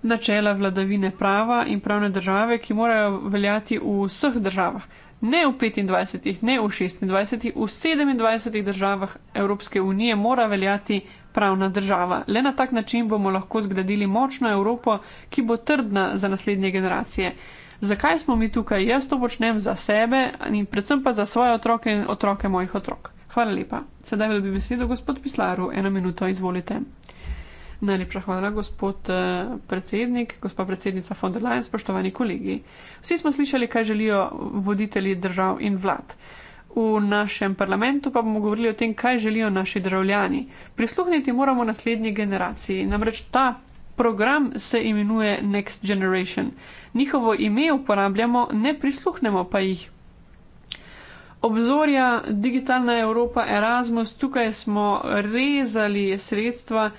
Speaker 3: načela vladavine prava in pravne države, ki morajo veljati v vseh državah. Ne v 25, ne v 26, v 27 državah Evropske unije mora veljati pravna država. Le na tak način bomo lahko zgradili močno Evropo, ki bo trdna za naslednje generacije. Zakaj smo mi tukaj? Jaz to počnem za sebe in predvsem pa za svoje otroke in otroke mojih otrok. Hvala lepa. Sedaj dobi besedo gospod Pislaru. Eno minuto, izvolite. Najlepša hvala, gospod eh, predsednik, gospa predsednica von der Leyen, spoštovani kolegi. Vsi smo slišali, kaj želijo voditelji držav in vlad v našem parlamentu pa bomo govorili o tem, kaj želijo naši državljani. Prisluhniti moramo naslednji generaciji. Namreč ta program se imenuje Next Generation. Njihovo ime uporabljamo, ne prisluhnemo pa jih. Obzorja Digitalna Evropa Erasmus, tukaj smo rezali sredstva,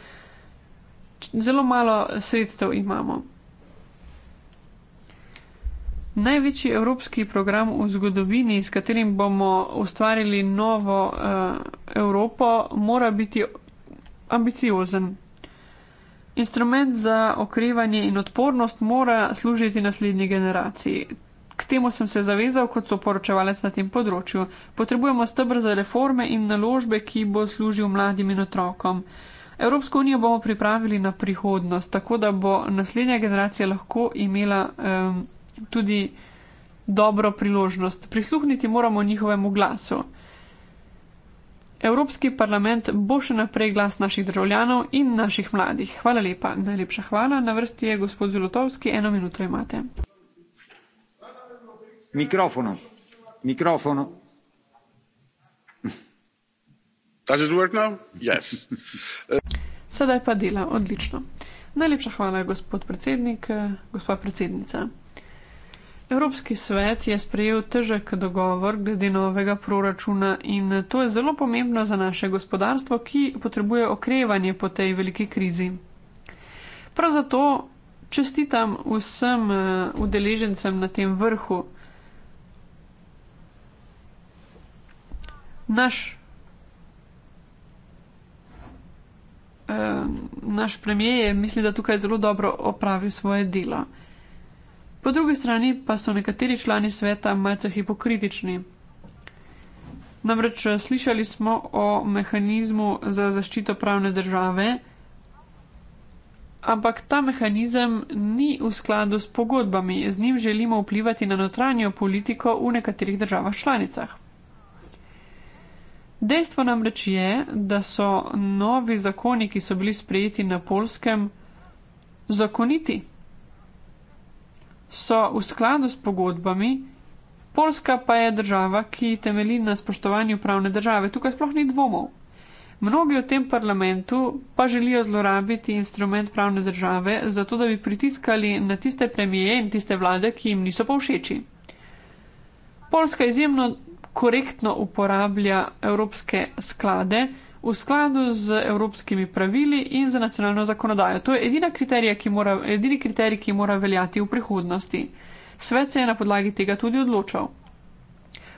Speaker 3: zelo malo sredstev imamo. Največji evropski program v zgodovini, s katerim bomo ustvarili novo uh, Evropo, mora biti ambiciozen. Instrument za okrevanje in odpornost mora služiti naslednji generaciji. K temu sem se zavezal kot soporočevalec na tem področju. Potrebujemo stebr za reforme in naložbe, ki bo služil mladim in otrokom. Evropsko unijo bomo pripravili na prihodnost, tako da bo naslednja generacija lahko imela. Um, tudi dobro priložnost. Prisluhniti moramo njihovemu glasu. Evropski parlament bo še naprej glas naših državljanov in naših mladih. Hvala lepa. Najlepša hvala. Na vrsti je gospod Zulotovski. Eno minuto imate.
Speaker 1: Mikrofono. Mikrofono.
Speaker 2: Does it work now? Yes.
Speaker 3: Sedaj pa dela. Odlično. Najlepša hvala, gospod predsednik, gospod predsednica. Evropski svet je sprejel težek dogovor glede novega proračuna in to je zelo pomembno za naše gospodarstvo, ki potrebuje okrevanje po tej veliki krizi. Prav zato čestitam vsem eh, udeležencem na tem vrhu. Naš, eh, naš premije misli, da tukaj zelo dobro opravi svoje delo. Po drugi strani pa so nekateri člani sveta malce hipokritični. Namreč slišali smo o mehanizmu za zaščito pravne države, ampak ta mehanizem ni v skladu s pogodbami, z njim želimo vplivati na notranjo politiko v nekaterih državah članicah. Dejstvo namreč je, da so novi zakoni, ki so bili sprejeti na polskem, zakoniti so v skladu s pogodbami, Poljska pa je država, ki temelji na spoštovanju pravne države. Tukaj sploh ni dvomov. Mnogi v tem parlamentu pa želijo zlorabiti instrument pravne države, zato da bi pritiskali na tiste premije in tiste vlade, ki jim niso pa všeči. Poljska izjemno korektno uporablja evropske sklade v skladu z evropskimi pravili in z nacionalno zakonodajo. To je kriterija, mora, edini kriterij, ki mora veljati v prihodnosti. Svet se je na podlagi tega tudi odločal.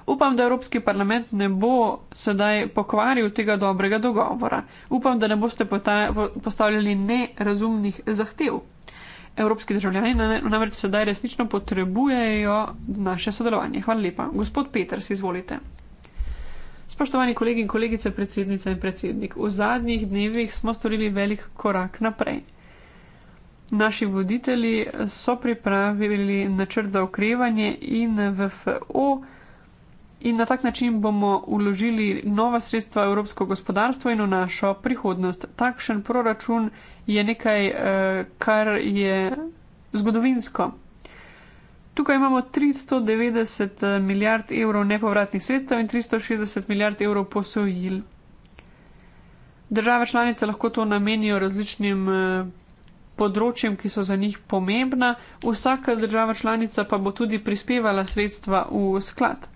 Speaker 3: Upam, da Evropski parlament ne bo sedaj pokvaril tega dobrega dogovora. Upam, da ne boste postavljali nerazumnih zahtev. Evropski državljani namreč sedaj resnično potrebujejo naše sodelovanje. Hvala lepa. Gospod Peter, si izvolite. Spoštovani kolegi in kolegice, predsednica in predsednik, v zadnjih dnevih smo storili velik korak naprej. Naši voditelji so pripravili načrt za okrevanje in VFO in na tak način bomo uložili nova sredstva v evropsko gospodarstvo in v našo prihodnost. Takšen proračun je nekaj, eh, kar je zgodovinsko. Tukaj imamo 390 eh, milijard evrov nepovratnih sredstev in 360 milijard evrov posojil. Države članice lahko to namenijo različnim eh, področjem, ki so za njih pomembna, vsaka država članica pa bo tudi prispevala sredstva v sklad.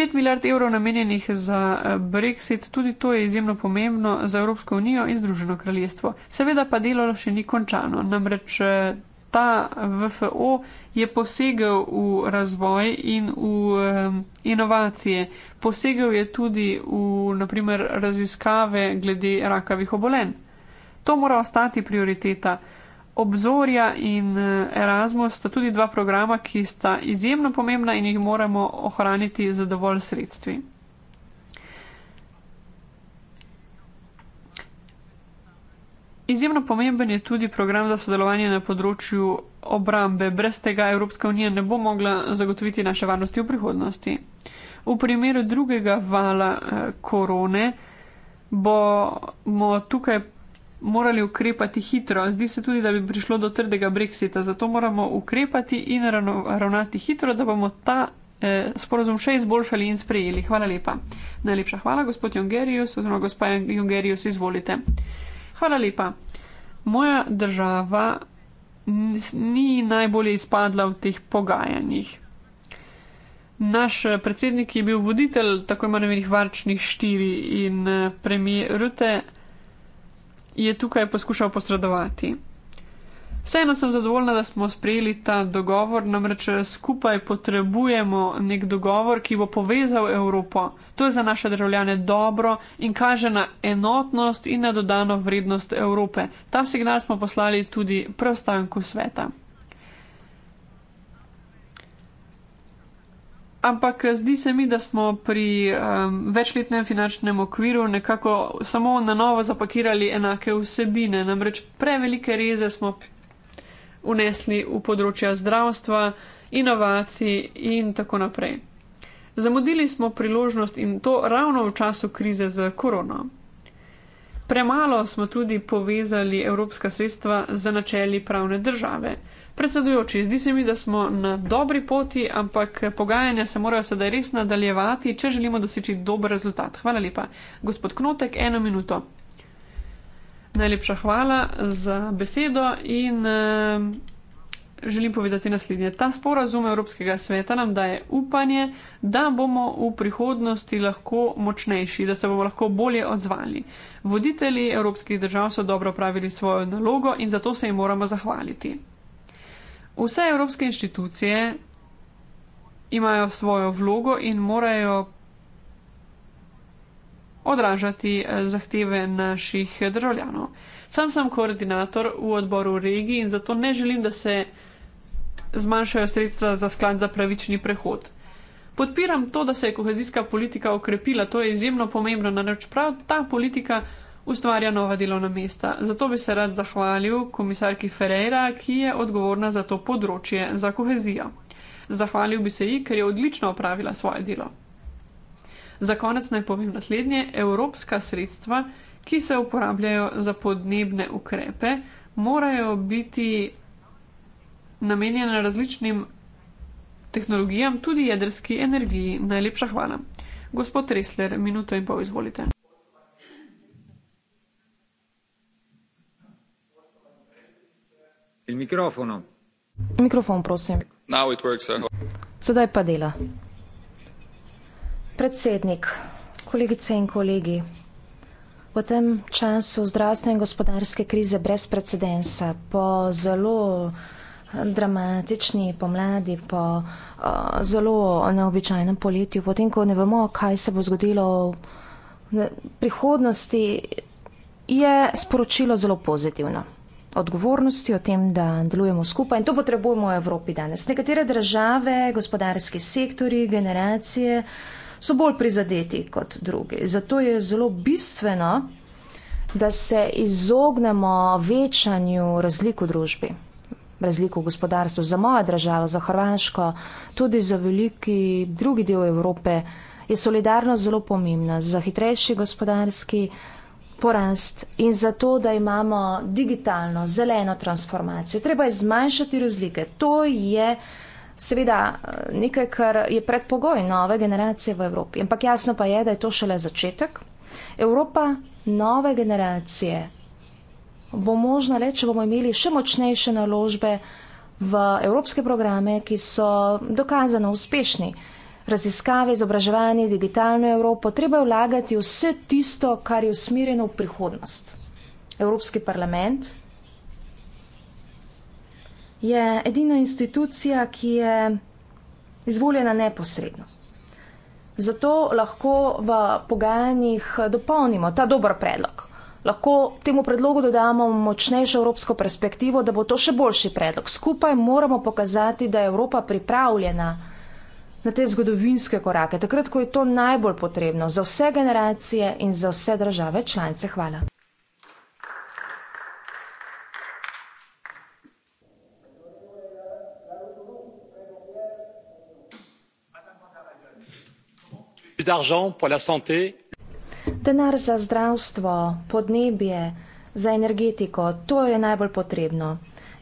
Speaker 3: 5 milijard evrov namenjenih za eh, Brexit, tudi to je izjemno pomembno za Evropsko unijo in Združeno kraljestvo. Seveda pa delo še ni končano, namreč ta VFO je posegel v razvoj in v um, inovacije. Posegel je tudi v naprimer, raziskave glede rakavih obolenj. To mora ostati prioriteta. Obzorja in e, Erasmus sta tudi dva programa, ki sta izjemno pomembna in jih moramo ohraniti za dovolj sredstvi. Izjemno pomemben je tudi program za sodelovanje na področju obrambe. Brez tega Evropska unija ne bo mogla zagotoviti naše varnosti v prihodnosti. V primeru drugega vala eh, korone bomo tukaj morali ukrepati hitro. Zdi se tudi, da bi prišlo do trdega brexita, zato moramo ukrepati in ravnati hitro, da bomo ta eh, sporozum še izboljšali in sprejeli. Hvala lepa. Najlepša hvala, gospod Jungerius, oziroma gospa Jungerius, izvolite. Hvala lepa. Moja država ni najbolje izpadla v teh pogajanjih. Naš predsednik je bil voditelj tako imenovanih varčnih štiri in eh, premijer Rute je tukaj poskušal posredovati. Vseeno sem zadovoljna, da smo sprejeli ta dogovor, namreč eh, skupaj potrebujemo nek dogovor, ki bo povezal Evropo. To je za naše državljane dobro in kaže na enotnost in na dodano vrednost Evrope. Ta signal smo poslali tudi preostanku sveta. Ampak eh, zdi se mi, da smo pri um, večletnem finančnem okviru nekako samo na novo zapakirali enake vsebine, namreč prevelike reze smo vnesli v področja zdravstva, inovacij in tako naprej. Zamudili smo priložnost in to ravno v času krize z korono. Premalo smo tudi povezali evropska sredstva za načeli pravne države. Predsedujoči, zdi se mi, da smo na dobri poti, ampak pogajanja se morajo sedaj res nadaljevati, če želimo doseči dober rezultat. Hvala lepa. Gospod Knotek, eno minuto. Najlepša hvala za besedo in uh, želim povedati naslednje. Ta sporazum Evropskega sveta nam daje upanje, da bomo v prihodnosti lahko močnejši, da se bomo lahko bolje odzvali. Voditelji evropskih držav so dobro pravili svojo nalogo in zato se jim moramo zahvaliti. Vse evropske inštitucije imajo svojo vlogo in morajo odražati eh, zahteve naših državljanov. Sam sem koordinator v odboru regij in zato ne želim, da se zmanjšajo sredstva za sklad za pravični prehod. Podpiram to, da se je kohezijska politika okrepila, to je izjemno pomembno, namreč prav ta politika ustvarja nova delovna mesta. Zato bi se rad zahvalil komisarki Ferreira, ki je odgovorna za to področje, za kohezijo. Zahvalil bi se ji, ker je odlično opravila svoje delo. Za konec naj povem naslednje: evropska sredstva, ki se uporabljajo za podnebne ukrepe, morajo biti namenjena različnim tehnologijam, tudi jedrski energiji. Najlepša hvala. Gospod Resler, minuto in pol izvolite.
Speaker 4: Mikrofon, prosim. Sedaj pa dela predsednik, kolegice in kolegi, v tem času zdravstvene in gospodarske krize brez precedensa, po zelo eh, dramatični pomladi, po uh, zelo eh, neobičajnem poletju, potem, ko ne vemo, kaj se bo zgodilo v prihodnosti, je sporočilo zelo pozitivno. Odgovornosti o tem, da delujemo skupaj in to potrebujemo v Evropi danes. Nekatere države, gospodarski sektori, generacije so bolj prizadeti kot drugi. Zato je zelo bistveno, da se izognemo večanju razliku družbi, razliku gospodarstva za mojo državo, za Hrvaško, tudi za veliki drugi del Evrope. Je solidarnost zelo pomembna za hitrejši gospodarski porast in za to, da imamo digitalno, zeleno transformacijo. Treba je zmanjšati razlike. To je seveda eh, nekaj, kar je predpogoj nove generacije v Evropi. Ampak jasno pa je, da je to šele začetek. Evropa nove generacije bo možna le, če bomo imeli še močnejše naložbe v evropske programe, ki so dokazano uspešni. Raziskave, izobraževanje, digitalno Evropo, treba je vlagati vse tisto, kar je usmirjeno v prihodnost. Evropski parlament, je edina institucija, ki je izvoljena neposredno. Zato lahko v pogajanjih dopolnimo ta dober predlog. Lahko temu predlogu dodamo močnejšo evropsko perspektivo, da bo to še boljši predlog. Skupaj moramo pokazati, da je Evropa pripravljena na te zgodovinske korake, takrat, ko je to najbolj potrebno za vse generacije in za vse države članice. Hvala.
Speaker 3: plus d'argent pour la santé.
Speaker 4: Denar za zdravstvo, podnebje, za energetiko, to je najbolj potrebno.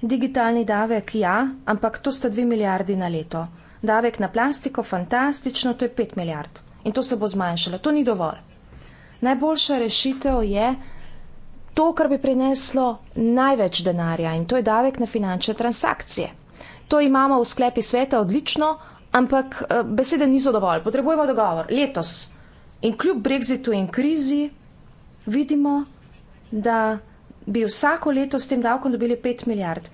Speaker 4: Digitalni davek, ja, ampak to sta dve milijardi na leto. Davek na plastiko, fantastično, to je pet milijard. In to se bo zmanjšalo, to ni dovolj. Najboljša rešitev je to, kar bi prineslo največ denarja in to je davek na finančne transakcije. To imamo v sklepi sveta odlično, Ampak eh, besede niso dovolj, potrebujemo dogovor. Letos in kljub brexitu in krizi vidimo, da bi vsako leto s tem davkom dobili 5 milijard.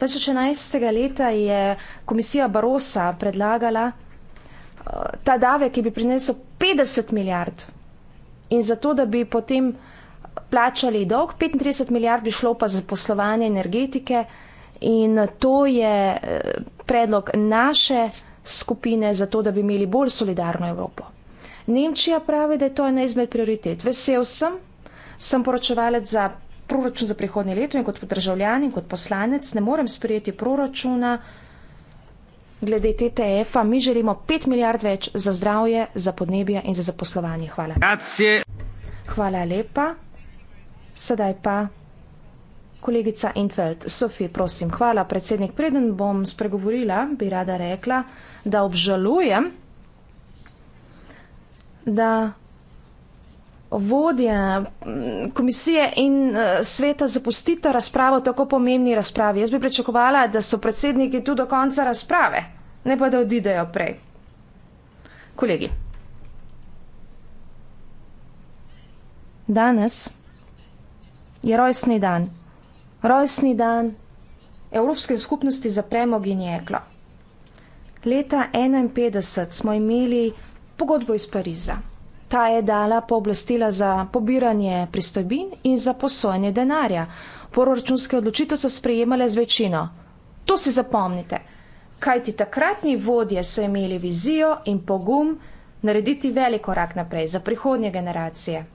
Speaker 4: 2011. leta je komisija Barosa predlagala eh, ta davek, ki bi prinesel 50 milijard in zato, da bi potem eh, plačali dolg, 35 milijard bi šlo pa za poslovanje energetike in to je predlog naše skupine, zato da bi imeli bolj solidarno Evropo. Nemčija pravi, da je to ena izmed prioritet. Vesel sem, sem poročevalec za proračun za prihodnje leto in kot državljan in kot poslanec ne morem sprejeti proračuna glede TTF-a. Mi želimo 5 milijard več za zdravje, za podnebje in za zaposlovanje. Hvala. Hvala lepa. Sedaj pa Kolegica Infeld, Sofi, prosim, hvala. Predsednik, preden bom spregovorila, bi rada rekla, da obžalujem, da vodje mm, komisije in eh, sveta zapustita razpravo tako pomembni razpravi. Jaz bi pričakovala, da so predsedniki tu do konca razprave, ne pa da odidejo prej. Kolegi. Danes je rojstni dan rojstni dan Evropske skupnosti za premog in jeklo. Leta 1951 smo imeli pogodbo iz Pariza. Ta je dala pooblastila za pobiranje pristojbin in za posojanje denarja. Proračunske odločitve so sprejemale z večino. To si zapomnite, kajti takratni vodje so imeli vizijo in pogum narediti velik korak naprej za prihodnje generacije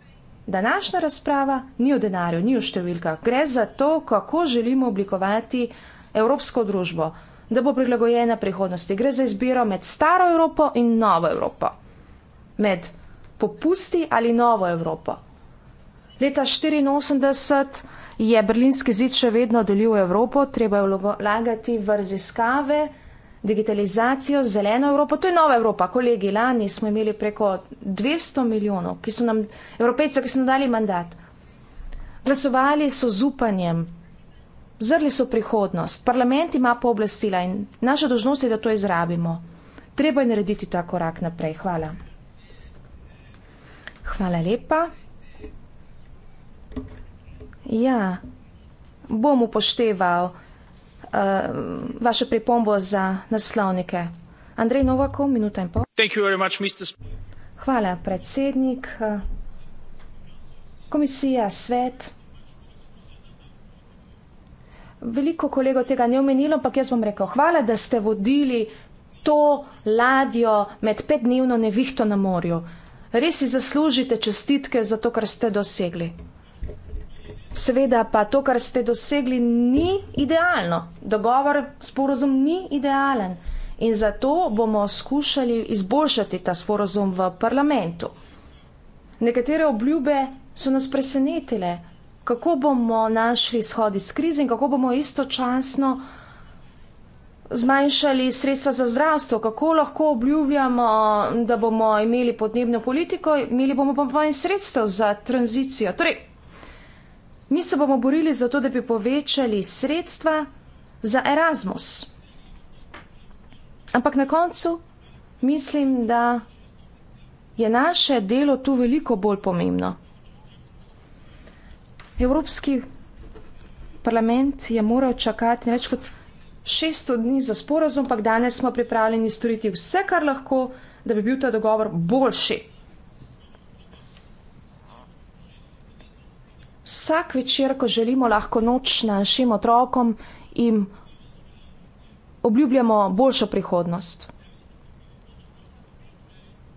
Speaker 4: današnja razprava ni o denarju, ni o številkah. Gre za to, kako želimo oblikovati evropsko družbo, da bo prilagojena prihodnosti. Gre za izbiro med staro Evropo in novo Evropo. Med popusti ali novo Evropo. Leta 1984 je Berlinski zid še vedno delil Evropo, treba je vlagati v raziskave digitalizacijo, zeleno Evropo. To je nova Evropa. Kolegi, lani smo imeli preko 200 milijonov evropejcev, ki so nam dali mandat. Glasovali so z upanjem, zrli so prihodnost. Parlament ima pooblastila in naša dožnost je, da to izrabimo. Treba je narediti ta korak naprej. Hvala. Hvala lepa. Ja, bom upošteval uh, vašo pripombo za naslovnike. Andrej Novakov, minuta in pol. Much, Hvala, predsednik. Komisija, svet. Veliko kolegov tega ni omenilo, ampak jaz bom rekel, hvala, da ste vodili to ladjo med petdnevno nevihto na morju. Res si zaslužite čestitke za to, kar ste dosegli. Seveda pa to, kar ste dosegli, ni idealno. Dogovor, sporozum ni idealen. In zato bomo skušali izboljšati ta sporozum v parlamentu. Nekatere obljube so nas presenetile, kako bomo našli izhod iz krize in kako bomo istočasno zmanjšali sredstva za zdravstvo, kako lahko obljubljamo, da bomo imeli podnebno politiko, imeli bomo pa manj sredstev za tranzicijo. Torej, Mi se bomo borili za to, da bi povečali sredstva za Erasmus. Ampak na koncu mislim, da je naše delo tu veliko bolj pomembno. Evropski parlament je moral čakati več kot 600 dni za sporozum, ampak danes smo pripravljeni storiti vse, kar lahko, da bi bil ta dogovor boljši. vsak večer, ko želimo lahko noč našim otrokom, jim obljubljamo boljšo prihodnost.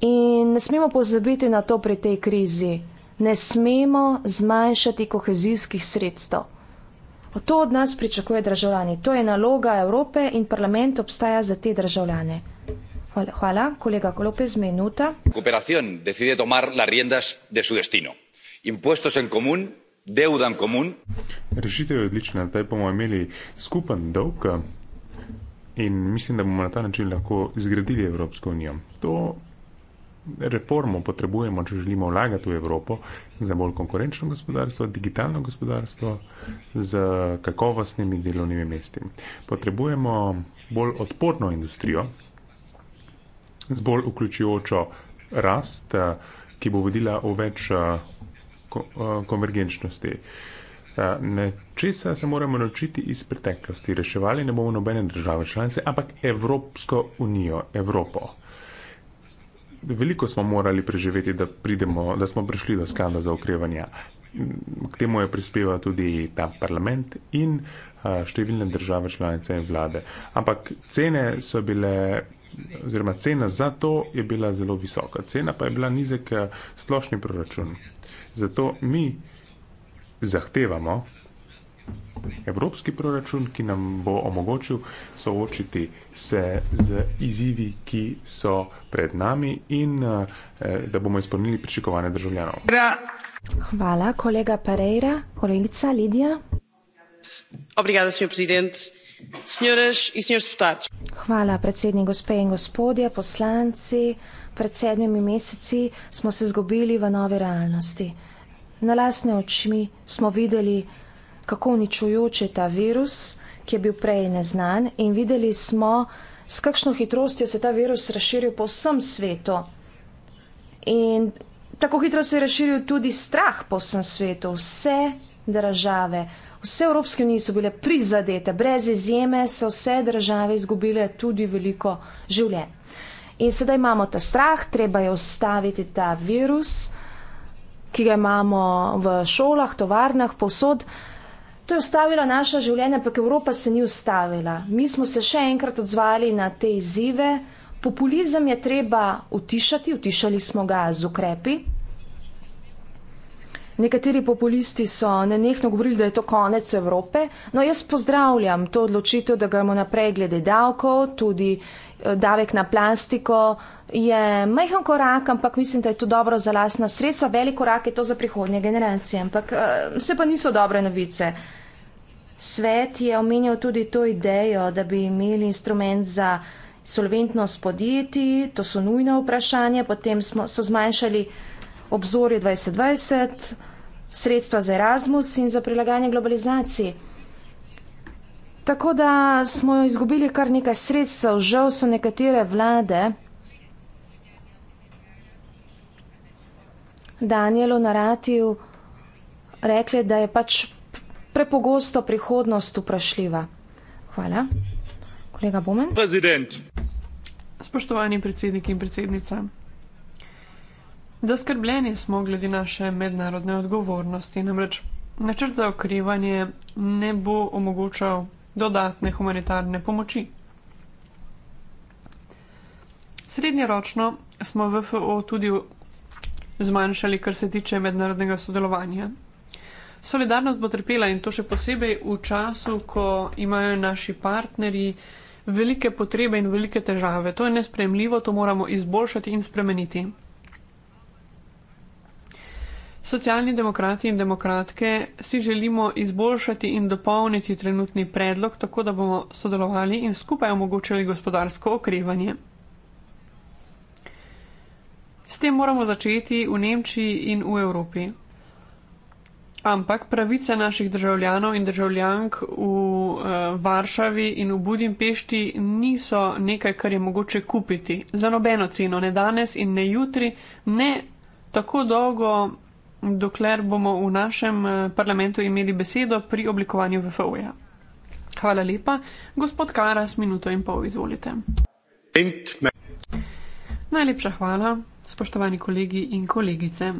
Speaker 4: In ne smemo pozabiti na to pri tej krizi. Ne smemo zmanjšati kohezijskih sredstev. To od nas pričakuje državljani. To je naloga Evrope in parlament obstaja za te državljane. Hvala, hvala. kolega Kolopez, minuta.
Speaker 1: Kooperacija decide tomar las riendas de su destino. Impuestos en común deudan komun.
Speaker 2: Rešitev je odlična, zdaj bomo imeli skupen dolg eh, in mislim, da bomo na ta način lahko zgradili Evropsko unijo. To reformo potrebujemo, če želimo vlagati v Evropo za bolj konkurenčno gospodarstvo, digitalno gospodarstvo z kakovostnimi delovnimi mesti. Potrebujemo bolj odporno industrijo z bolj vključujočo rast, eh, ki bo vodila v več eh, Eh, konvergenčnosti. Eh, Nečesa se moramo naučiti iz preteklosti. Reševali ne bomo nobene države članice, ampak Evropsko unijo, Evropo. Veliko smo morali preživeti, da, pridemo, da smo prišli do sklada za okrevanje. K temu je prispeval tudi ta parlament in eh, številne države članice in vlade. Ampak cene so bile, oziroma cena za to je bila zelo visoka. Cena pa je bila nizek splošni proračun. Zato mi zahtevamo evropski proračun, ki nam bo omogočil soočiti se z izzivi, ki so pred nami in eh, da bomo izpolnili pričakovanja državljanov.
Speaker 4: Hvala, kolega Pereira, kolegica Lidija.
Speaker 3: Obrigada, senjor prezident. E
Speaker 4: Hvala, predsednik, gospe in gospodje, poslanci. Pred sedmimi meseci smo se zgubili v nove realnosti. Na lasne očmi smo videli, kako uničujoč je ta virus, ki je bil prej neznan, in videli smo, s kakšno hitrostjo se ta virus razširil po vsem svetu. In tako hitro se je razširil tudi strah po vsem svetu. Vse države, vse Evropske unije so bile prizadete, brez izjeme so vse države izgubile tudi veliko življenj. In sedaj imamo ta strah, treba je ustaviti ta virus ki ga imamo v šolah, tovarnah, povsod. To je ustavilo naša življenja, ampak Evropa se ni ustavila. Mi smo se še enkrat odzvali na te izzive. Populizem je treba utišati, utišali smo ga z ukrepi. Nekateri populisti so nenehno govorili, da je to konec Evrope. No, jaz pozdravljam to odločitev, da gremo naprej glede davkov, tudi eh, davek na plastiko, uh, je majhen korak, ampak mislim, da je to dobro za lasna sredstva, velik korak je to za prihodnje generacije. Ampak vse eh, pa niso dobre novice. Svet je omenjal tudi to idejo, da bi imeli instrument za solventnost podjetij, to so nujne vprašanje, potem smo, so zmanjšali obzorje 2020, sredstva za Erasmus in za prilagajanje globalizaciji. Tako da smo izgubili kar nekaj sredstev, žal so nekatere vlade Danielu Naratiju rekli, da je pač prepogosto prihodnost vprašljiva. Hvala. Kolega Bomen. Prezident. Spoštovani predsednik in predsednica.
Speaker 3: Zaskrbljeni smo glede naše mednarodne odgovornosti, namreč načrt za okrevanje ne bo omogočal dodatne humanitarne pomoči. Srednjeročno smo VFO tudi zmanjšali, kar se tiče mednarodnega sodelovanja. Solidarnost bo trpela in to še posebej v času, ko imajo naši partnerji velike potrebe in velike težave. To je nespremljivo, to moramo izboljšati in spremeniti. Socialni demokrati in demokratke si želimo izboljšati in dopolniti trenutni predlog, tako da bomo sodelovali in skupaj omogočili gospodarsko okrevanje. S tem moramo začeti v Nemčiji in v Evropi. Ampak pravice naših državljanov in državljank v uh, Varšavi in v Budimpešti niso nekaj, kar je mogoče kupiti za nobeno ceno, ne danes in ne jutri, ne tako dolgo, dokler bomo v našem eh, parlamentu imeli besedo pri oblikovanju VFO-ja. Hvala lepa. Gospod Karas, minuto in pol, izvolite. Najlepša hvala spoštovani kolegi in kolegice.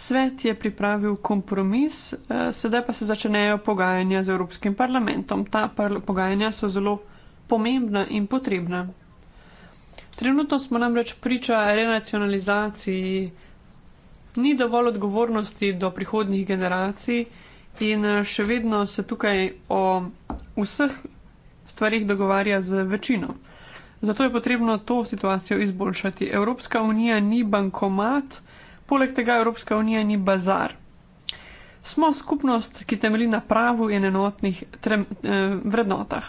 Speaker 3: Svet je pripravil kompromis, eh, sedaj pa se začnejo pogajanja z Evropskim parlamentom. Ta pogajanja so zelo pomembna in potrebna. Trenutno smo namreč priča renacionalizaciji, ni dovolj odgovornosti do prihodnjih generacij in eh, še vedno se tukaj o vseh stvarih dogovarja z večino. Zato je potrebno to situacijo izboljšati. Evropska unija ni bankomat, poleg tega Evropska unija ni bazar. Smo skupnost, ki temelji na pravu in enotnih trem, eh, vrednotah.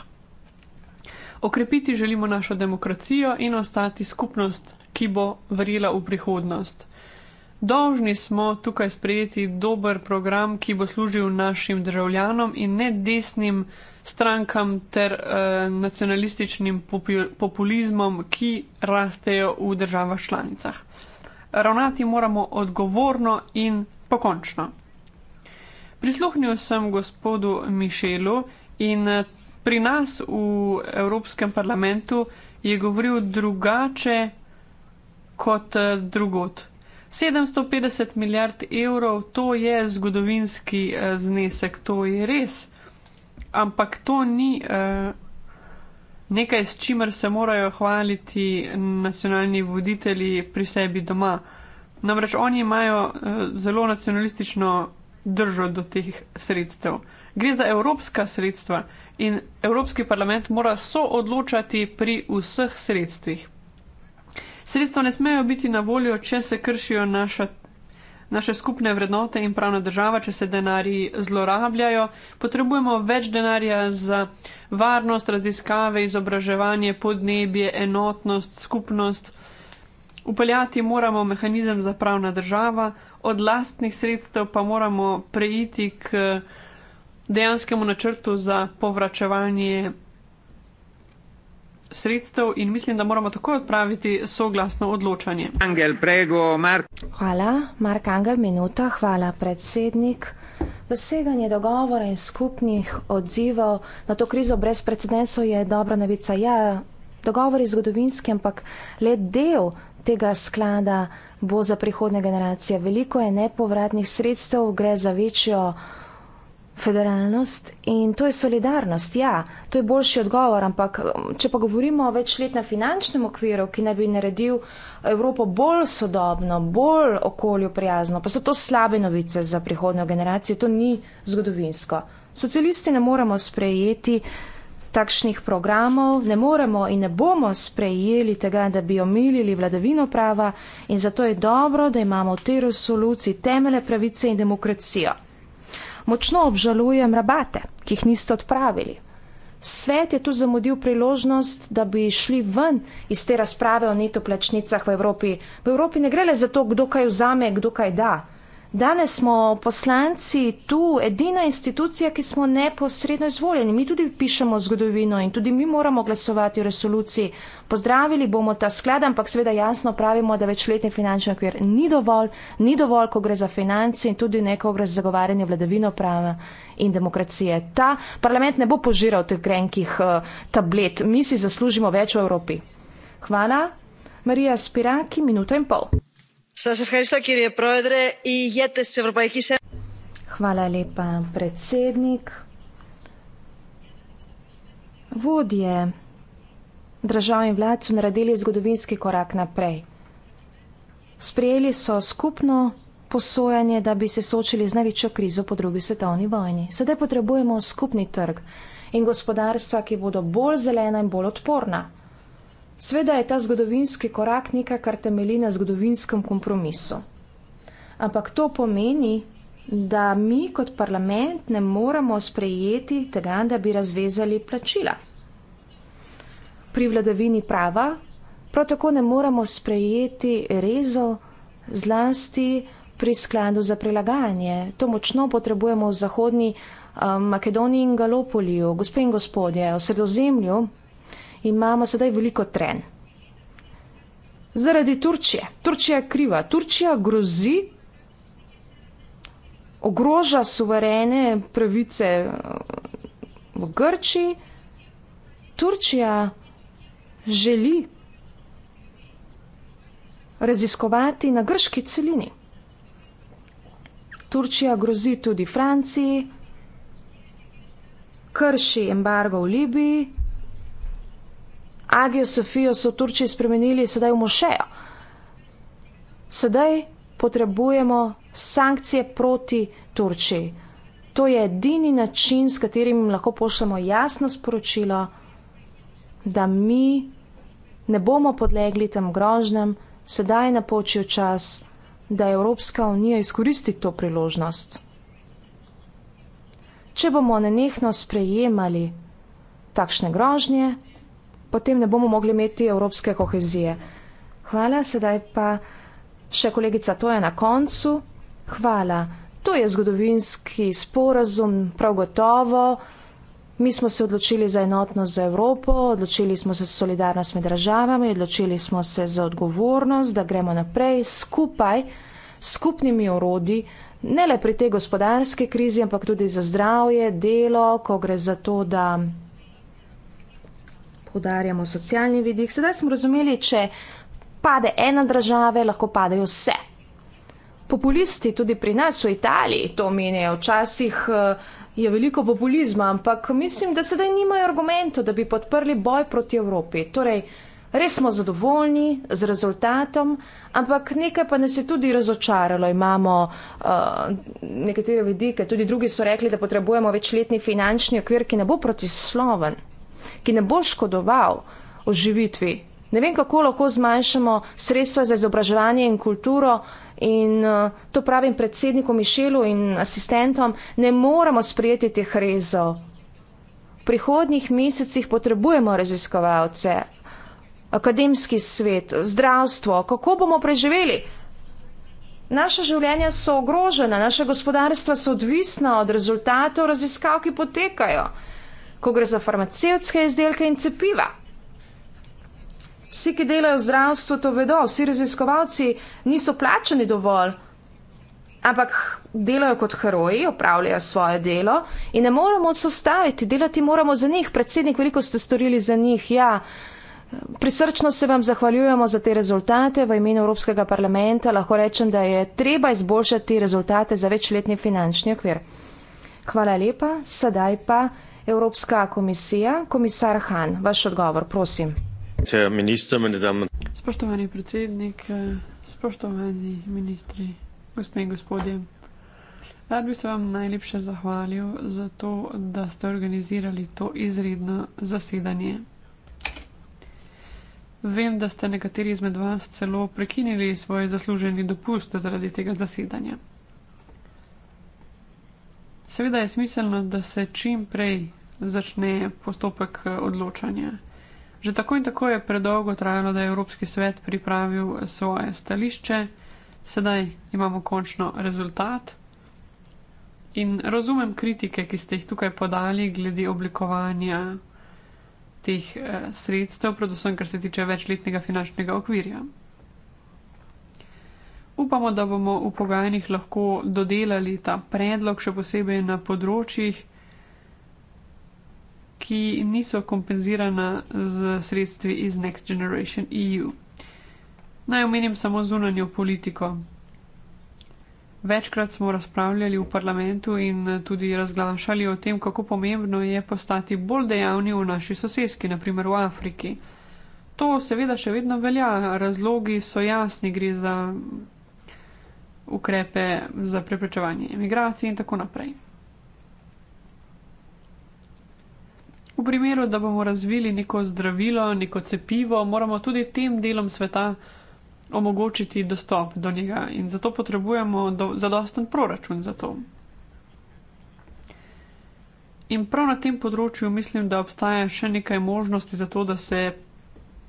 Speaker 3: Okrepiti želimo našo demokracijo in ostati skupnost, ki bo verjela v prihodnost. Dolžni smo tukaj sprejeti dober program, ki bo služil našim državljanom in ne desnim državljanom strankam ter eh, nacionalističnim populizmom, ki rastejo v državah članicah. Ravnati moramo odgovorno in pokončno. Prisluhnil sem gospodu Mišelu in eh, pri nas v Evropskem parlamentu je govoril drugače kot eh, drugot. 750 milijard evrov, to je zgodovinski eh, znesek, to je res ampak to ni uh, nekaj, s čimer se morajo hvaliti nacionalni voditelji pri sebi doma. Namreč oni imajo uh, zelo nacionalistično držo do teh sredstev. Gre za evropska sredstva in Evropski parlament mora soodločati pri vseh sredstvih. Sredstva ne smejo biti na voljo, če se kršijo naša naše skupne vrednote in pravna država, če se denarji zlorabljajo. Potrebujemo več denarja za varnost, raziskave, izobraževanje, podnebje, enotnost, skupnost. Upeljati moramo mehanizem za pravna država, od lastnih sredstev pa moramo preiti k dejanskemu načrtu za povračevanje sredstev in mislim, da moramo takoj odpraviti soglasno odločanje. Angel, prego, Mark.
Speaker 4: Hvala, Mark Angel, minuta, hvala, predsednik. Doseganje dogovora in skupnih odzivov na to krizo brez precedensov je dobra novica. Ja, dogovor je zgodovinski, ampak le del tega sklada bo za prihodne generacije. Veliko je nepovratnih sredstev, gre za večjo federalnost in to je solidarnost, ja, to je boljši odgovor, ampak um, če pa govorimo o večletnem finančnem okviru, ki naj bi naredil uh, Evropo bolj sodobno, bolj okolju prijazno, pa so to slabe novice za prihodnjo generacijo, to ni zgodovinsko. Socialisti ne moremo sprejeti takšnih programov, ne moremo in ne bomo sprejeli tega, da bi omilili vladavino prava in zato je dobro, da imamo v tej resoluciji temele pravice in demokracijo. Močno obžalujem rabate, ki jih niste odpravili. Svet je tu zamudil priložnost, da bi šli ven iz te razprave o netoplačnicah v Evropi. V Evropi ne gre le za to, kdo kaj vzame, kdo kaj da. Danes smo poslanci tu edina institucija, ki smo neposredno izvoljeni. Mi tudi pišemo zgodovino in tudi mi moramo glasovati v resoluciji. Pozdravili bomo ta sklad, ampak seveda jasno pravimo, da večletni finančni okvir ni dovolj, ni dovolj, ko gre za finance in tudi neko gre za zagovarjanje vladavino prava in demokracije. Ta parlament ne bo požiral teh grenkih uh, tablet. Mi si zaslužimo več v Evropi. Hvala. Marija Spiraki, minuto in pol. Hvala lepa, predsednik. Vodje držav in vlad so naredili zgodovinski korak naprej. Sprejeli so skupno posojanje, da bi se soočili z največjo krizo po drugi svetovni vojni. Sedaj potrebujemo skupni trg in gospodarstva, ki bodo bolj zelena in bolj odporna. Sveda je ta zgodovinski korak nekaj, kar temelji na zgodovinskem kompromisu. Ampak to pomeni, da mi kot parlament ne moremo sprejeti tega, da bi razvezali plačila. Pri vladavini prava prav tako ne moremo sprejeti rezo zlasti pri skladu za prilagajanje. To močno potrebujemo v Zahodni um, Makedoniji in Galopoliju, gospe in gospodje, v sredozemlju, imamo sedaj veliko tren. Zaradi Turčije. Turčija je kriva. Turčija grozi, ogroža suverene pravice v Grčiji. Turčija želi raziskovati na grški celini. Turčija grozi tudi Franciji, krši embargo v Libiji. Agijo Sofijo so v Turčiji spremenili sedaj v mošejo. Sedaj potrebujemo sankcije proti Turčiji. To je edini način, s katerim lahko pošljemo jasno sporočilo, da mi ne bomo podlegli tem grožnjam, sedaj je napočil čas, da Evropska unija izkoristi to priložnost. Če bomo nenehno sprejemali takšne grožnje, potem ne bomo mogli imeti evropske kohezije. Hvala, sedaj pa še kolegica, to je na koncu. Hvala. To je zgodovinski sporazum, prav gotovo. Mi smo se odločili za enotnost za Evropo, odločili smo se za solidarnost med državami, odločili smo se za odgovornost, da gremo naprej skupaj s skupnimi orodi, ne le pri tej gospodarske krizi, ampak tudi za zdravje, delo, ko gre za to, da podarjamo socialni vidik. Sedaj smo razumeli, če pade ena država, lahko padejo vse. Populisti tudi pri nas v Italiji to menijo. Včasih eh, je veliko populizma, ampak mislim, da sedaj nimajo argumentov, da bi podprli boj proti Evropi. Torej, res smo zadovoljni z rezultatom, ampak nekaj pa nas je tudi razočaralo. Imamo uh, nekatere vidike, tudi drugi so rekli, da potrebujemo večletni finančni okvir, ki ne bo protisloven ki ne bo škodoval oživitvi. Ne vem, kako lahko zmanjšamo sredstva za izobraževanje in kulturo. In eh, to pravim predsedniku Mišelu in asistentom, ne moremo sprijeti teh rezov. V prihodnjih mesecih potrebujemo raziskovalce, akademski svet, zdravstvo, kako bomo preživeli. Naša življenja so ogrožena, naše gospodarstva so odvisna od rezultatov raziskav, ki potekajo ko gre za farmacevtske izdelke in cepiva. Vsi, ki delajo v zdravstvu, to vedo, vsi raziskovalci niso plačani dovolj, ampak delajo kot heroji, opravljajo svoje delo in ne moramo se ustaviti, delati moramo za njih. Predsednik, veliko ste storili za njih, ja. Prisrčno se vam zahvaljujemo za te rezultate v imenu Evropskega parlamenta. Lahko rečem, da je treba izboljšati rezultate za večletni finančni okvir. Hvala lepa, sedaj pa. Evropska komisija. Komisar Han, vaš odgovor, prosim. Spoštovani predsednik,
Speaker 3: eh, spoštovani ministri, gospe in gospodje. Rad bi se vam najlepše zahvalil za to, da ste organizirali to izredno zasedanje. Vem, da ste nekateri izmed vas celo prekinili svoj zasluženi dopust zaradi tega zasedanja seveda je smiselno, da se čim prej začne postopek eh, odločanja. Že tako in tako je predolgo trajalo, da je Evropski svet pripravil svoje stališče, sedaj imamo končno rezultat. In razumem kritike, ki ste jih tukaj podali glede oblikovanja teh eh, sredstev, predvsem kar se tiče večletnega finančnega okvirja upamo, da bomo v pogajanjih lahko dodelali ta predlog, še posebej na področjih, ki niso kompenzirana z sredstvi iz Next Generation EU. Naj omenim samo zunanjo politiko. Večkrat smo razpravljali v parlamentu in tudi razglašali o tem, kako pomembno je postati bolj dejavni v naši soseski, naprimer v Afriki. To seveda še vedno velja, razlogi so jasni, gre za ukrepe za preprečevanje emigracij in tako naprej. V primeru, da bomo razvili neko zdravilo, neko cepivo, moramo tudi tem delom sveta omogočiti dostop do njega in zato potrebujemo do, zadosten proračun za to. In prav na tem področju mislim, da obstaja še nekaj možnosti za to, da se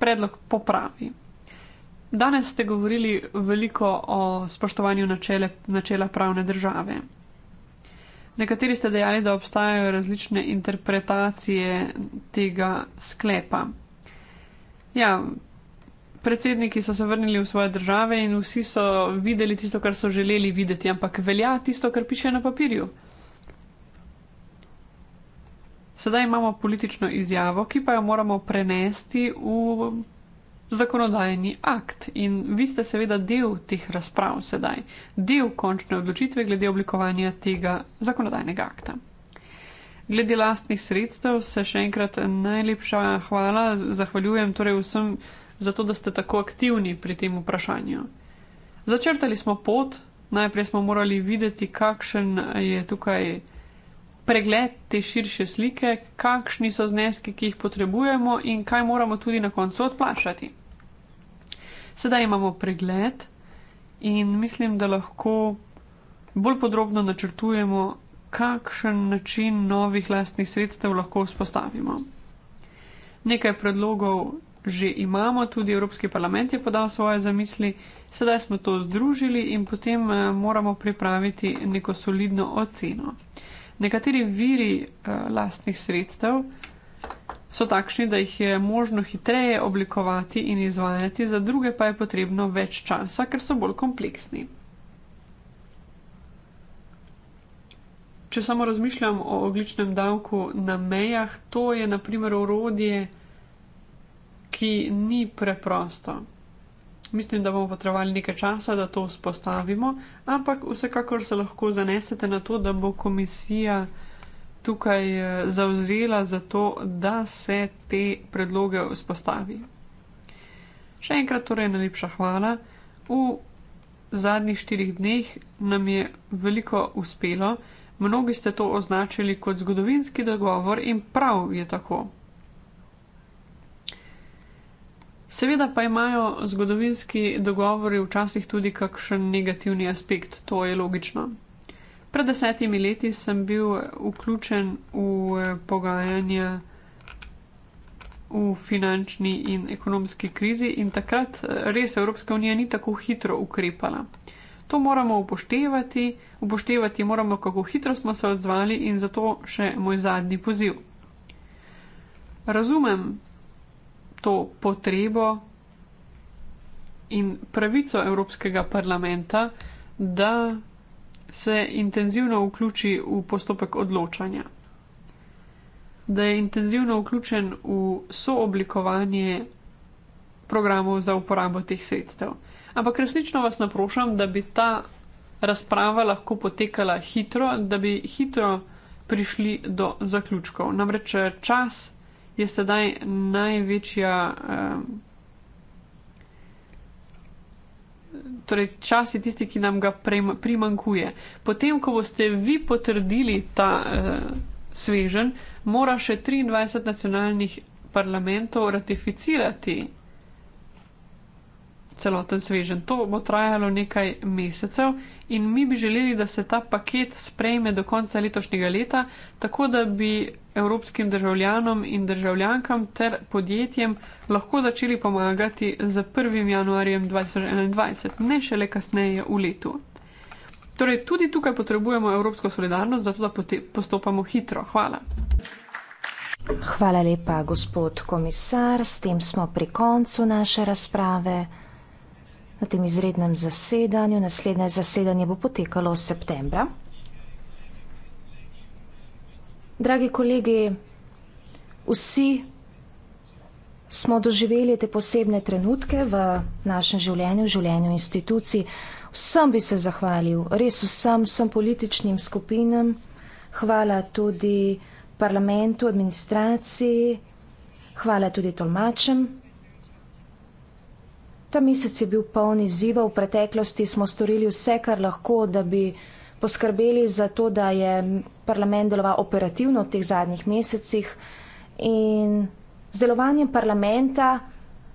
Speaker 3: predlog popravi. Danes ste govorili veliko o spoštovanju načele, načela pravne države. Nekateri ste dejali, da obstajajo različne interpretacije tega sklepa. Ja, predsedniki so se vrnili v svoje države in vsi so videli tisto, kar so želeli videti, ampak velja tisto, kar piše na papirju. Sedaj imamo politično izjavo, ki pa jo moramo prenesti v zakonodajni akt in vi ste seveda del teh razprav sedaj, del končne odločitve glede oblikovanja tega zakonodajnega akta. Glede lastnih sredstev se še enkrat najlepša hvala, zahvaljujem torej vsem za to, da ste tako aktivni pri tem vprašanju. Začrtali smo pot, najprej smo morali videti, kakšen je tukaj pregled te širše slike, kakšni so zneski, ki jih potrebujemo in kaj moramo tudi na koncu odplašati. Sedaj imamo pregled in mislim, da lahko bolj podrobno načrtujemo, kakšen način novih lastnih sredstev lahko vzpostavimo. Nekaj predlogov že imamo, tudi Evropski parlament je podal svoje zamisli, sedaj smo to združili in potem eh, moramo pripraviti neko solidno oceno. Nekateri viri uh, lastnih sredstev so takšni, da jih je možno hitreje oblikovati in izvajati, za druge pa je potrebno več časa, ker so bolj kompleksni. Če samo razmišljam o ogličnem davku na mejah, to je naprimer orodje, ki ni preprosto. Mislim, da bomo potrebovali nekaj časa, da to vzpostavimo, ampak vsekakor se lahko zanesete na to, da bo komisija tukaj eh, zauzela za to, da se te predloge vzpostavi. Še enkrat torej najlepša hvala. V zadnjih štirih dneh nam je veliko uspelo. Mnogi ste to označili kot zgodovinski dogovor in prav je tako. Seveda pa imajo zgodovinski dogovori včasih tudi kakšen negativni aspekt, to je logično pred desetimi leti sem bil vključen v eh, pogajanja v finančni in ekonomski krizi in takrat eh, res Evropska unija ni tako hitro ukrepala. To moramo upoštevati, upoštevati moramo, kako hitro smo se odzvali in zato še moj zadnji poziv. Razumem to potrebo in pravico Evropskega parlamenta, da se intenzivno vključi v postopek odločanja. Da je intenzivno vključen v sooblikovanje programov za uporabo teh sredstev. Ampak resnično vas naprošam, da bi ta razprava lahko potekala hitro, da bi hitro prišli do zaključkov. Namreč čas je sedaj največja. Eh, torej čas je tisti, ki nam ga primankuje. Potem, ko boste vi potrdili ta uh, eh, svežen, mora še 23 nacionalnih parlamentov ratificirati celoten svežen. To bo trajalo nekaj mesecev in mi bi želeli, da se ta paket sprejme do konca letošnjega leta, tako da bi evropskim državljanom in državljankam ter podjetjem lahko začeli pomagati z 1. januarjem 2021, ne šele kasneje v letu. Torej, tudi tukaj potrebujemo evropsko solidarnost, zato da postopamo hitro. Hvala.
Speaker 4: Hvala lepa, gospod komisar. S tem smo pri koncu naše razprave na tem izrednem zasedanju. Naslednje zasedanje bo potekalo v septembra. Dragi kolegi, vsi smo doživeli te posebne trenutke v našem življenju, v življenju institucij. Vsem bi se zahvalil, res vsem, vsem političnim skupinam. Hvala tudi parlamentu, administraciji, hvala tudi tolmačem, Ta mesec je bil poln izzivov. V preteklosti smo storili vse, kar lahko, da bi poskrbeli za to, da je parlament deloval operativno v teh zadnjih mesecih. In z delovanjem parlamenta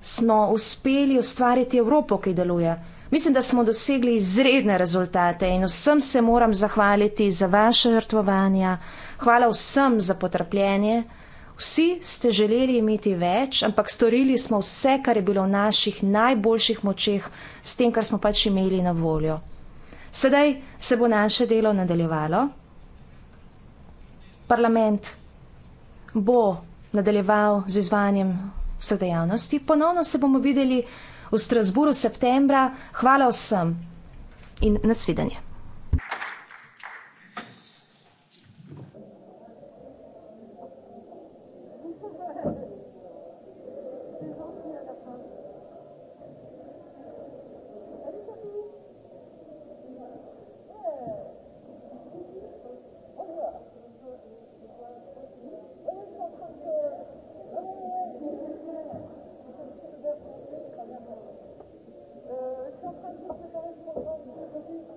Speaker 4: smo uspeli ustvariti Evropo, ki deluje. Mislim, da smo dosegli izredne rezultate in vsem se moram zahvaliti za vaše žrtvovanja. Hvala vsem za potrpljenje. Vsi ste želeli imeti več, ampak storili smo vse, kar je bilo v naših najboljših močeh, s tem, kar smo pač imeli na voljo. Sedaj se bo naše delo nadaljevalo. Parlament bo nadaljeval z izvanjem vse dejavnosti. Ponovno se bomo videli v Strasburu septembra. Hvala vsem in nasvidenje.
Speaker 6: Thank you.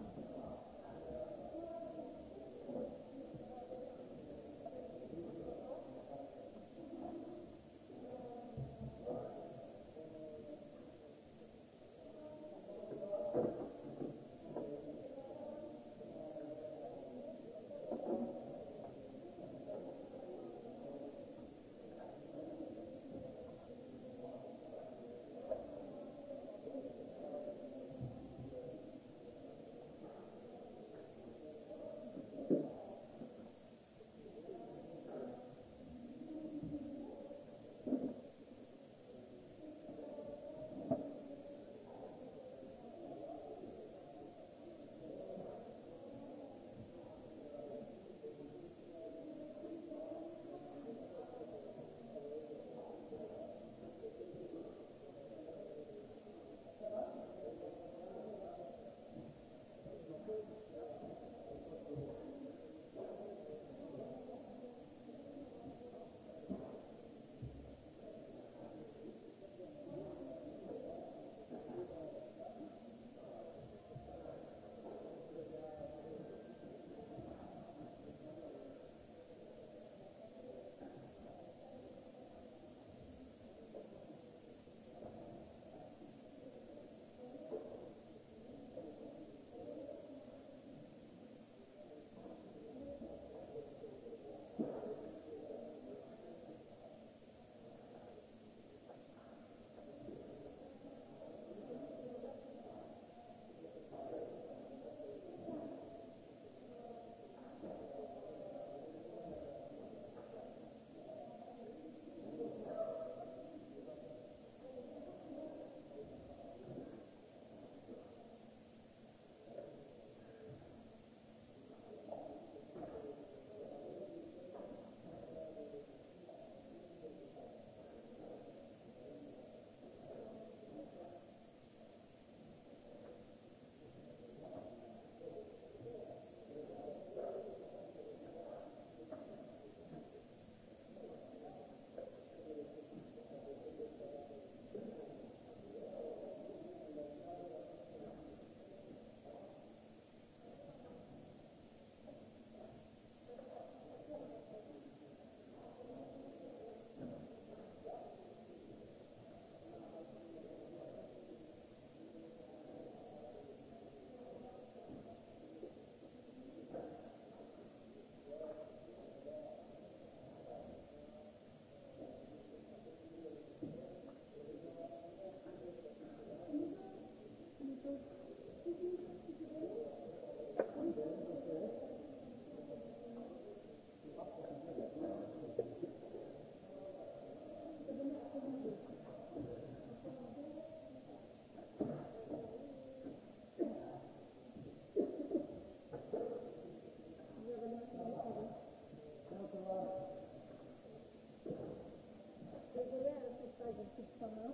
Speaker 6: Samo.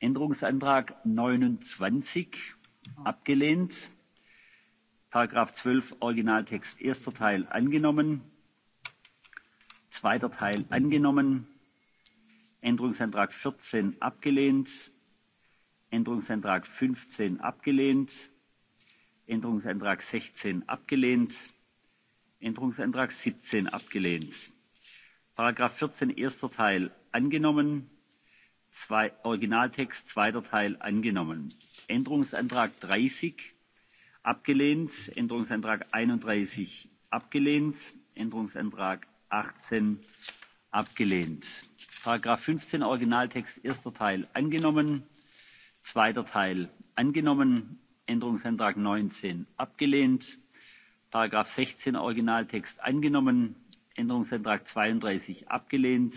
Speaker 5: änderungsantrag neunundzwanzig abgelehnt; paragraph zwölf originaltext erster teil angenommen; zweiter teil angenommen; änderungsantrag vierzehn abgelehnt; änderungsantrag fünfzehn abgelehnt; änderungsantrag sechzehn abgelehnt; änderungsantrag siebzehn abgelehnt; paragraph vierzehn erster teil angenommen; originaltext zweiter teil angenommen; änderungsantrag dreißig abgelehnt; änderungsantrag einunddreißig abgelehnt; änderungsantrag achtzehn abgelehnt; paragraph fünfzehn originaltext erster teil angenommen; zweiter teil angenommen; änderungsantrag neunzehn abgelehnt; paragraph sechzehn originaltext angenommen; änderungsantrag zweiunddreißig abgelehnt;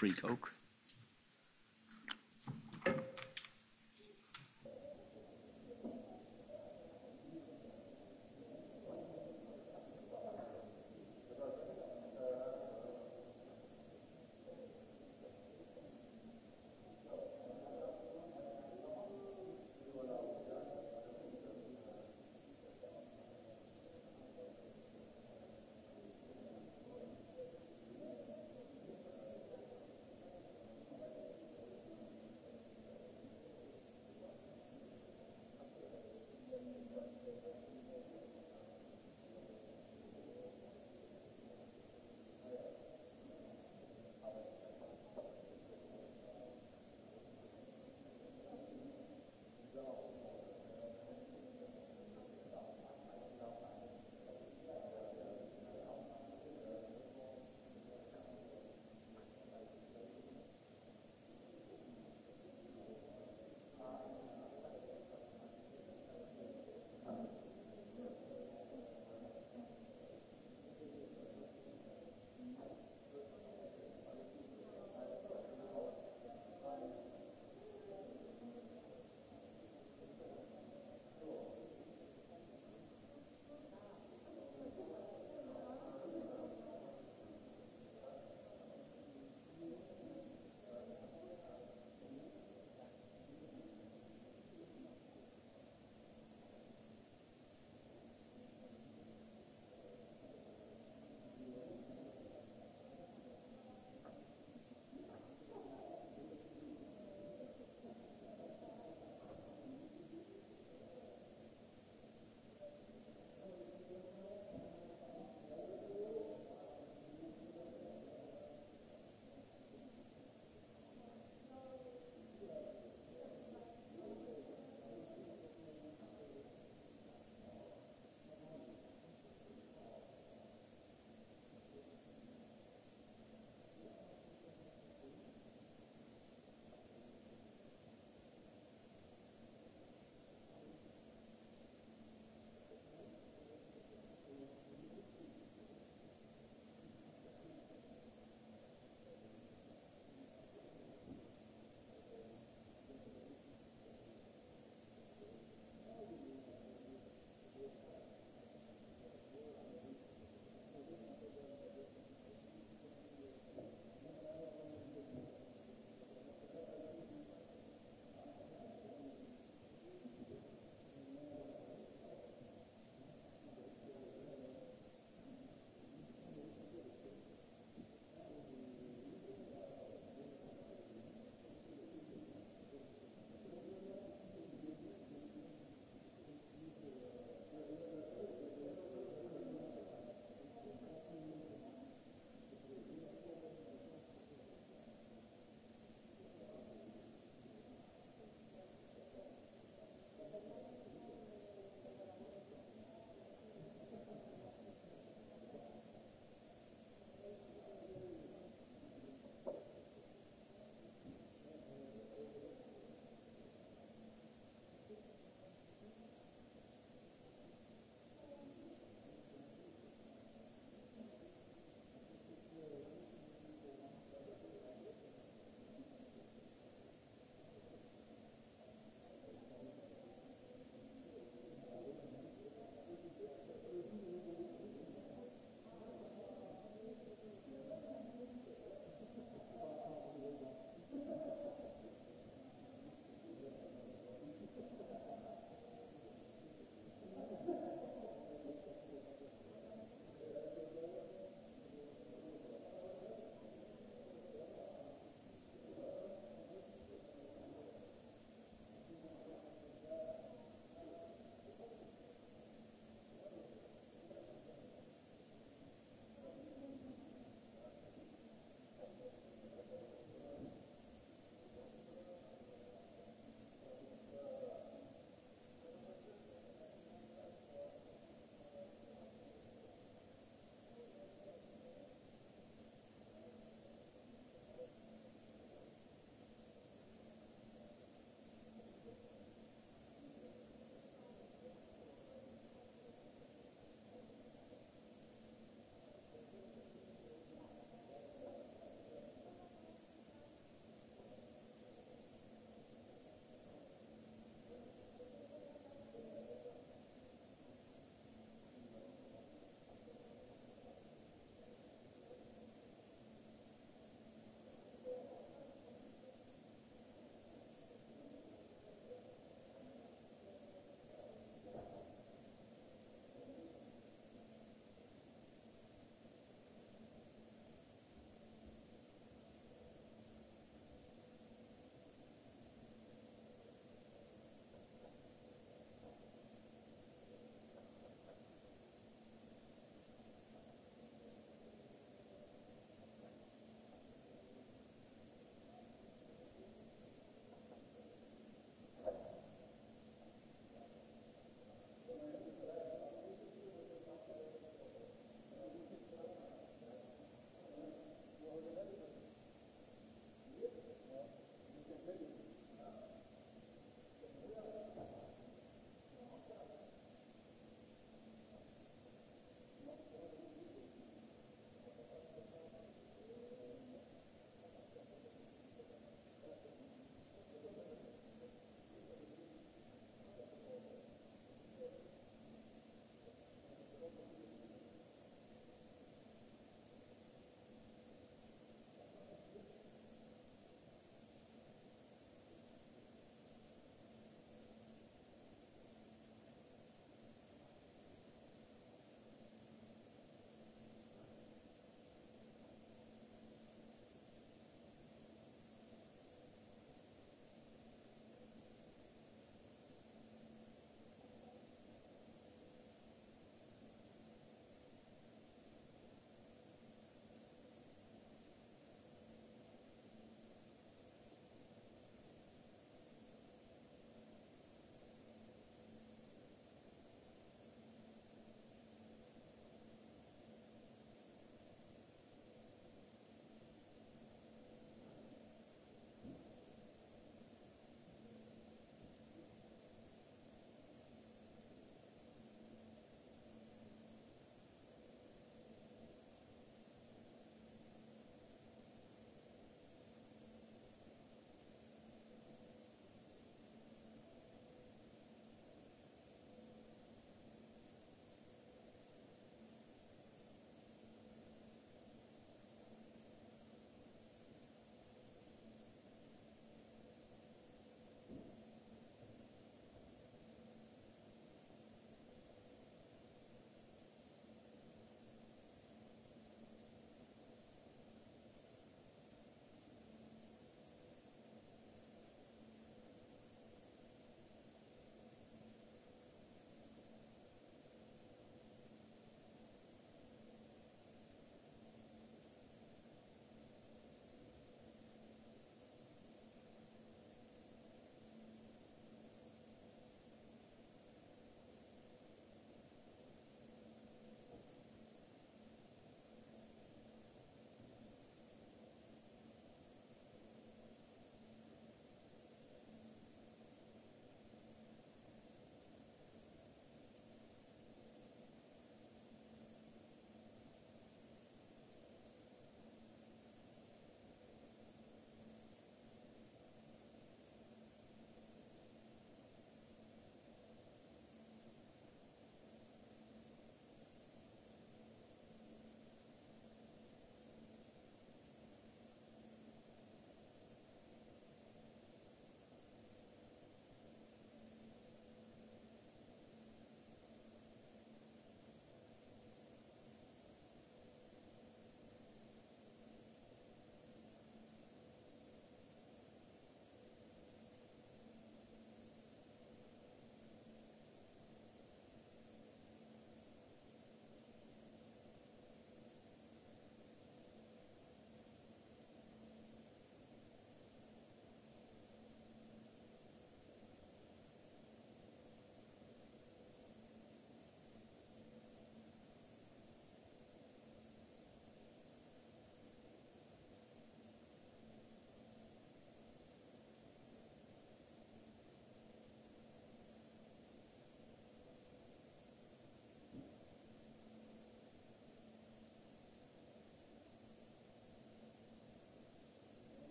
Speaker 5: free coke.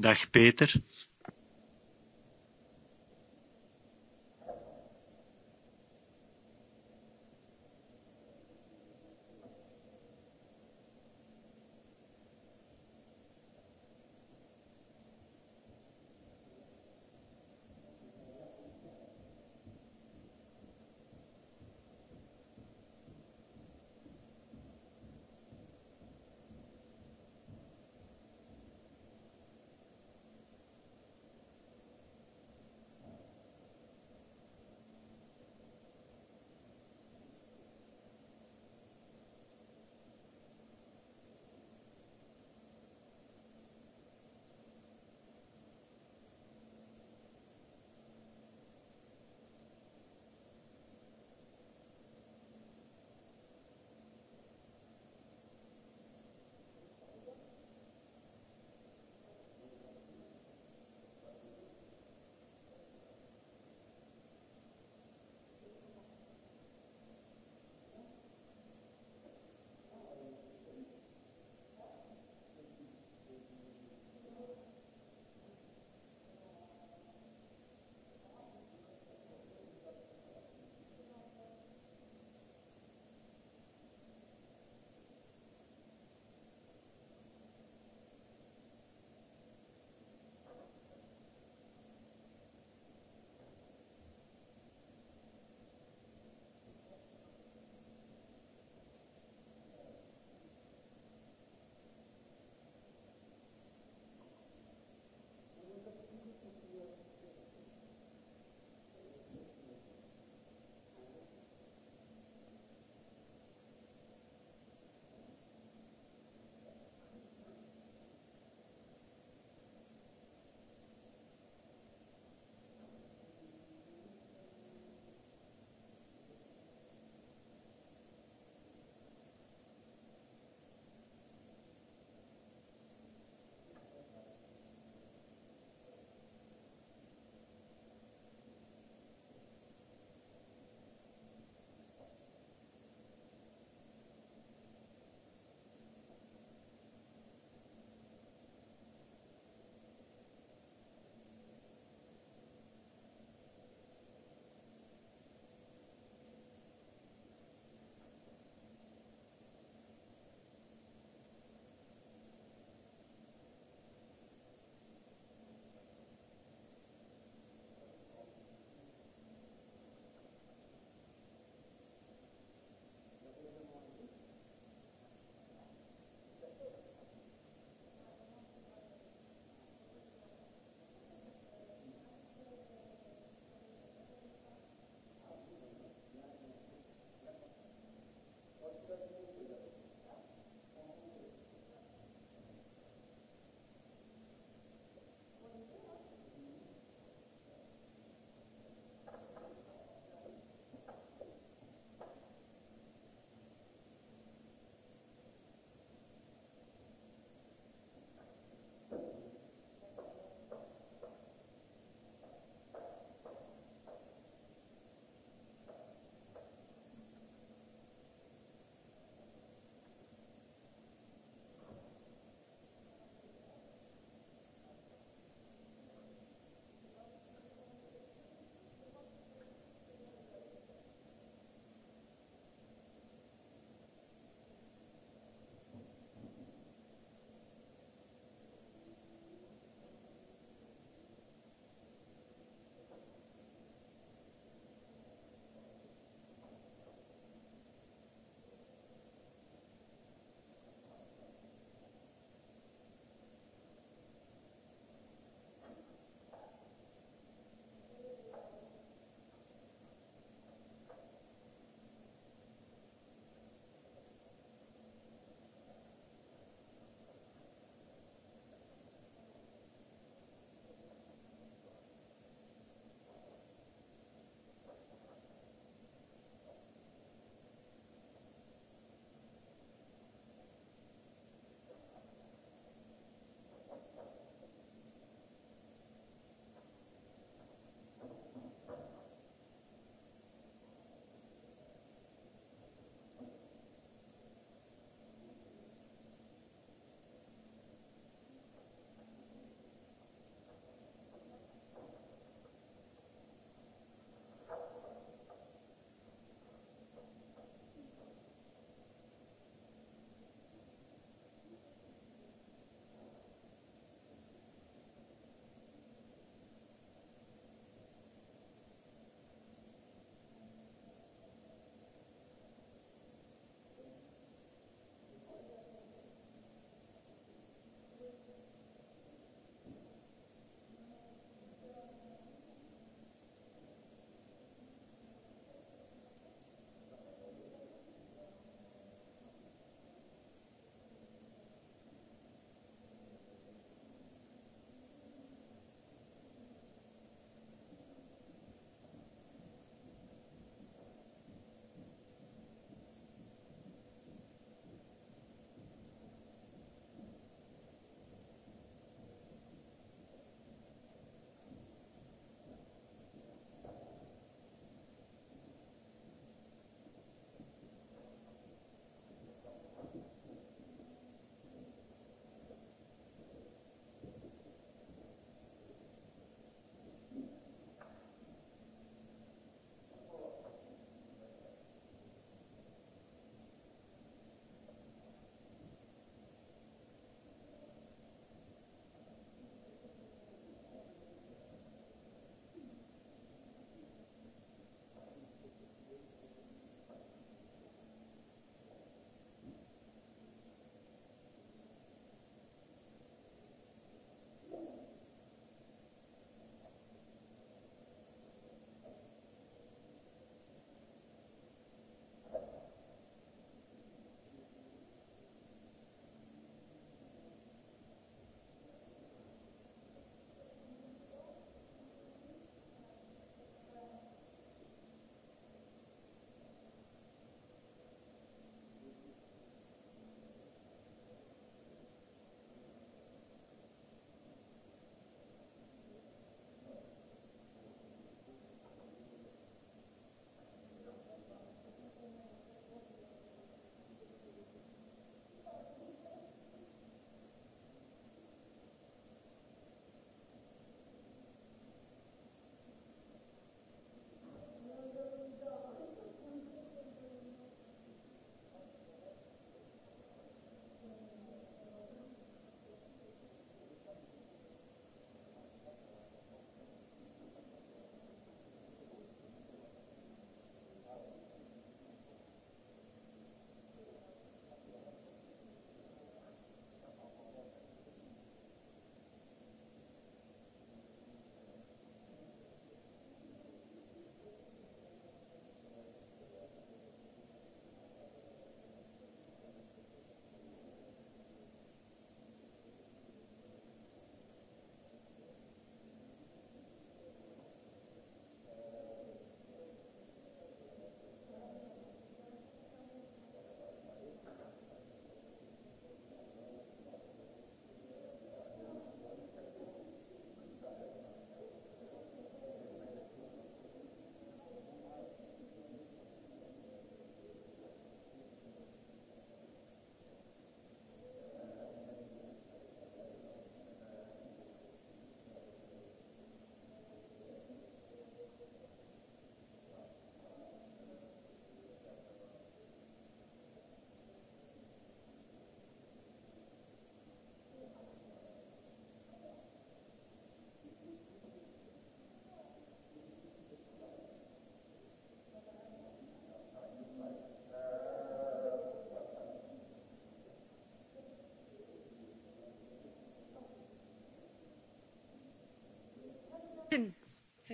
Speaker 5: dag peter.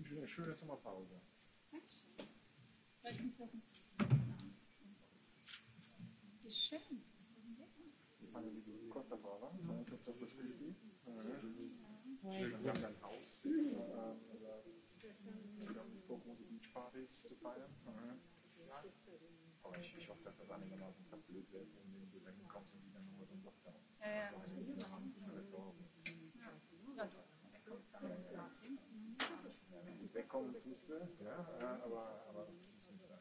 Speaker 2: Entschuldigung, schön, dass wir Pause haben.
Speaker 5: Wie schön. Ich meine, wie gut die Kostet war, das Spiel geht. Wir haben dein Haus. Wir haben die Pokémon
Speaker 2: Beach Party zu feiern. Aber ich hoffe, dass das einigermaßen kaputt wird, indem du dann kommst und wieder nochmal so ein Lockdown.
Speaker 6: Ja, ja
Speaker 1: kommen Füße, ja, ja, aber, aber das muss nicht sein.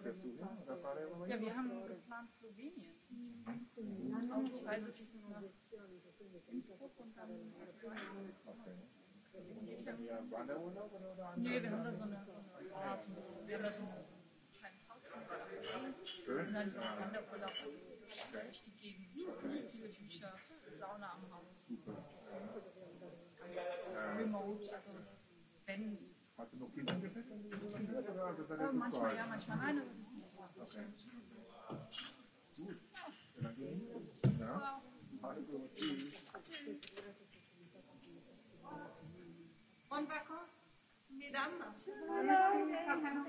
Speaker 1: Fährst du hin oder fahr der immer Ja, wir haben
Speaker 6: geplant Slowenien. Mhm.
Speaker 4: Mhm. Auch Reise bis nach Innsbruck und dann Okay. Ich haben wir Wanderurlaub oder andere? Nee, wir haben da so eine, so eine ah, ja, so ein bisschen, wir haben da so ein kleines Haus mit der ja. Schön. Und dann ja. Wanderurlaub, also
Speaker 6: okay. richtig
Speaker 4: geben. Okay. Viele Bücher, Sauna am Haus. Super. Ja. Das ist ganz ja. remote, also
Speaker 6: wenn.
Speaker 2: Hast du noch viel ja, Manchmal ja, manchmal nein. Okay.
Speaker 6: Ja. Ja. Also, tschüss.
Speaker 4: Und Bacos, Medamba.
Speaker 3: Hallo,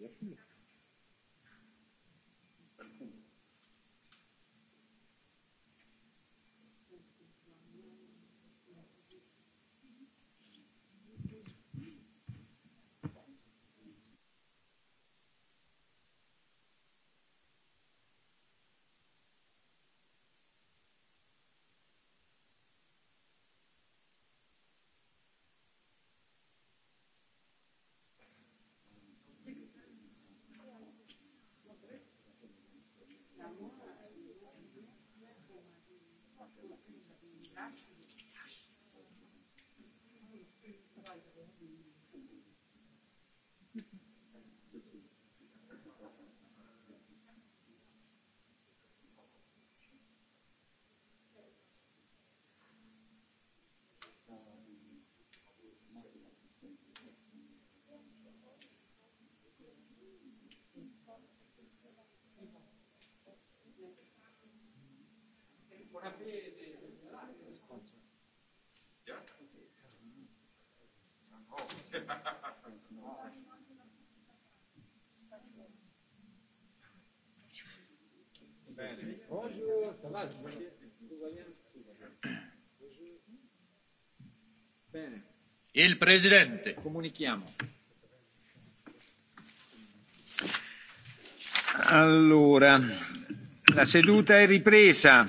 Speaker 1: Yapılmıyor. Il Presidente. Comunichiamo. Allora, la seduta è ripresa.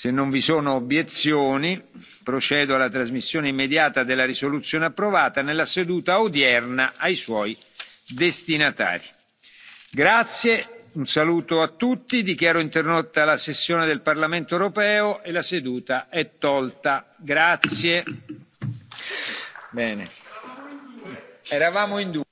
Speaker 1: se non vi sono obiezioni procedo alla trasmissione immediata della risoluzione approvata nella seduta odierna ai suoi destinatari. grazie un saluto a tutti dichiaro interrotta la sessione del parlamento europeo e la seduta è tolta grazie. bene eravamo in due.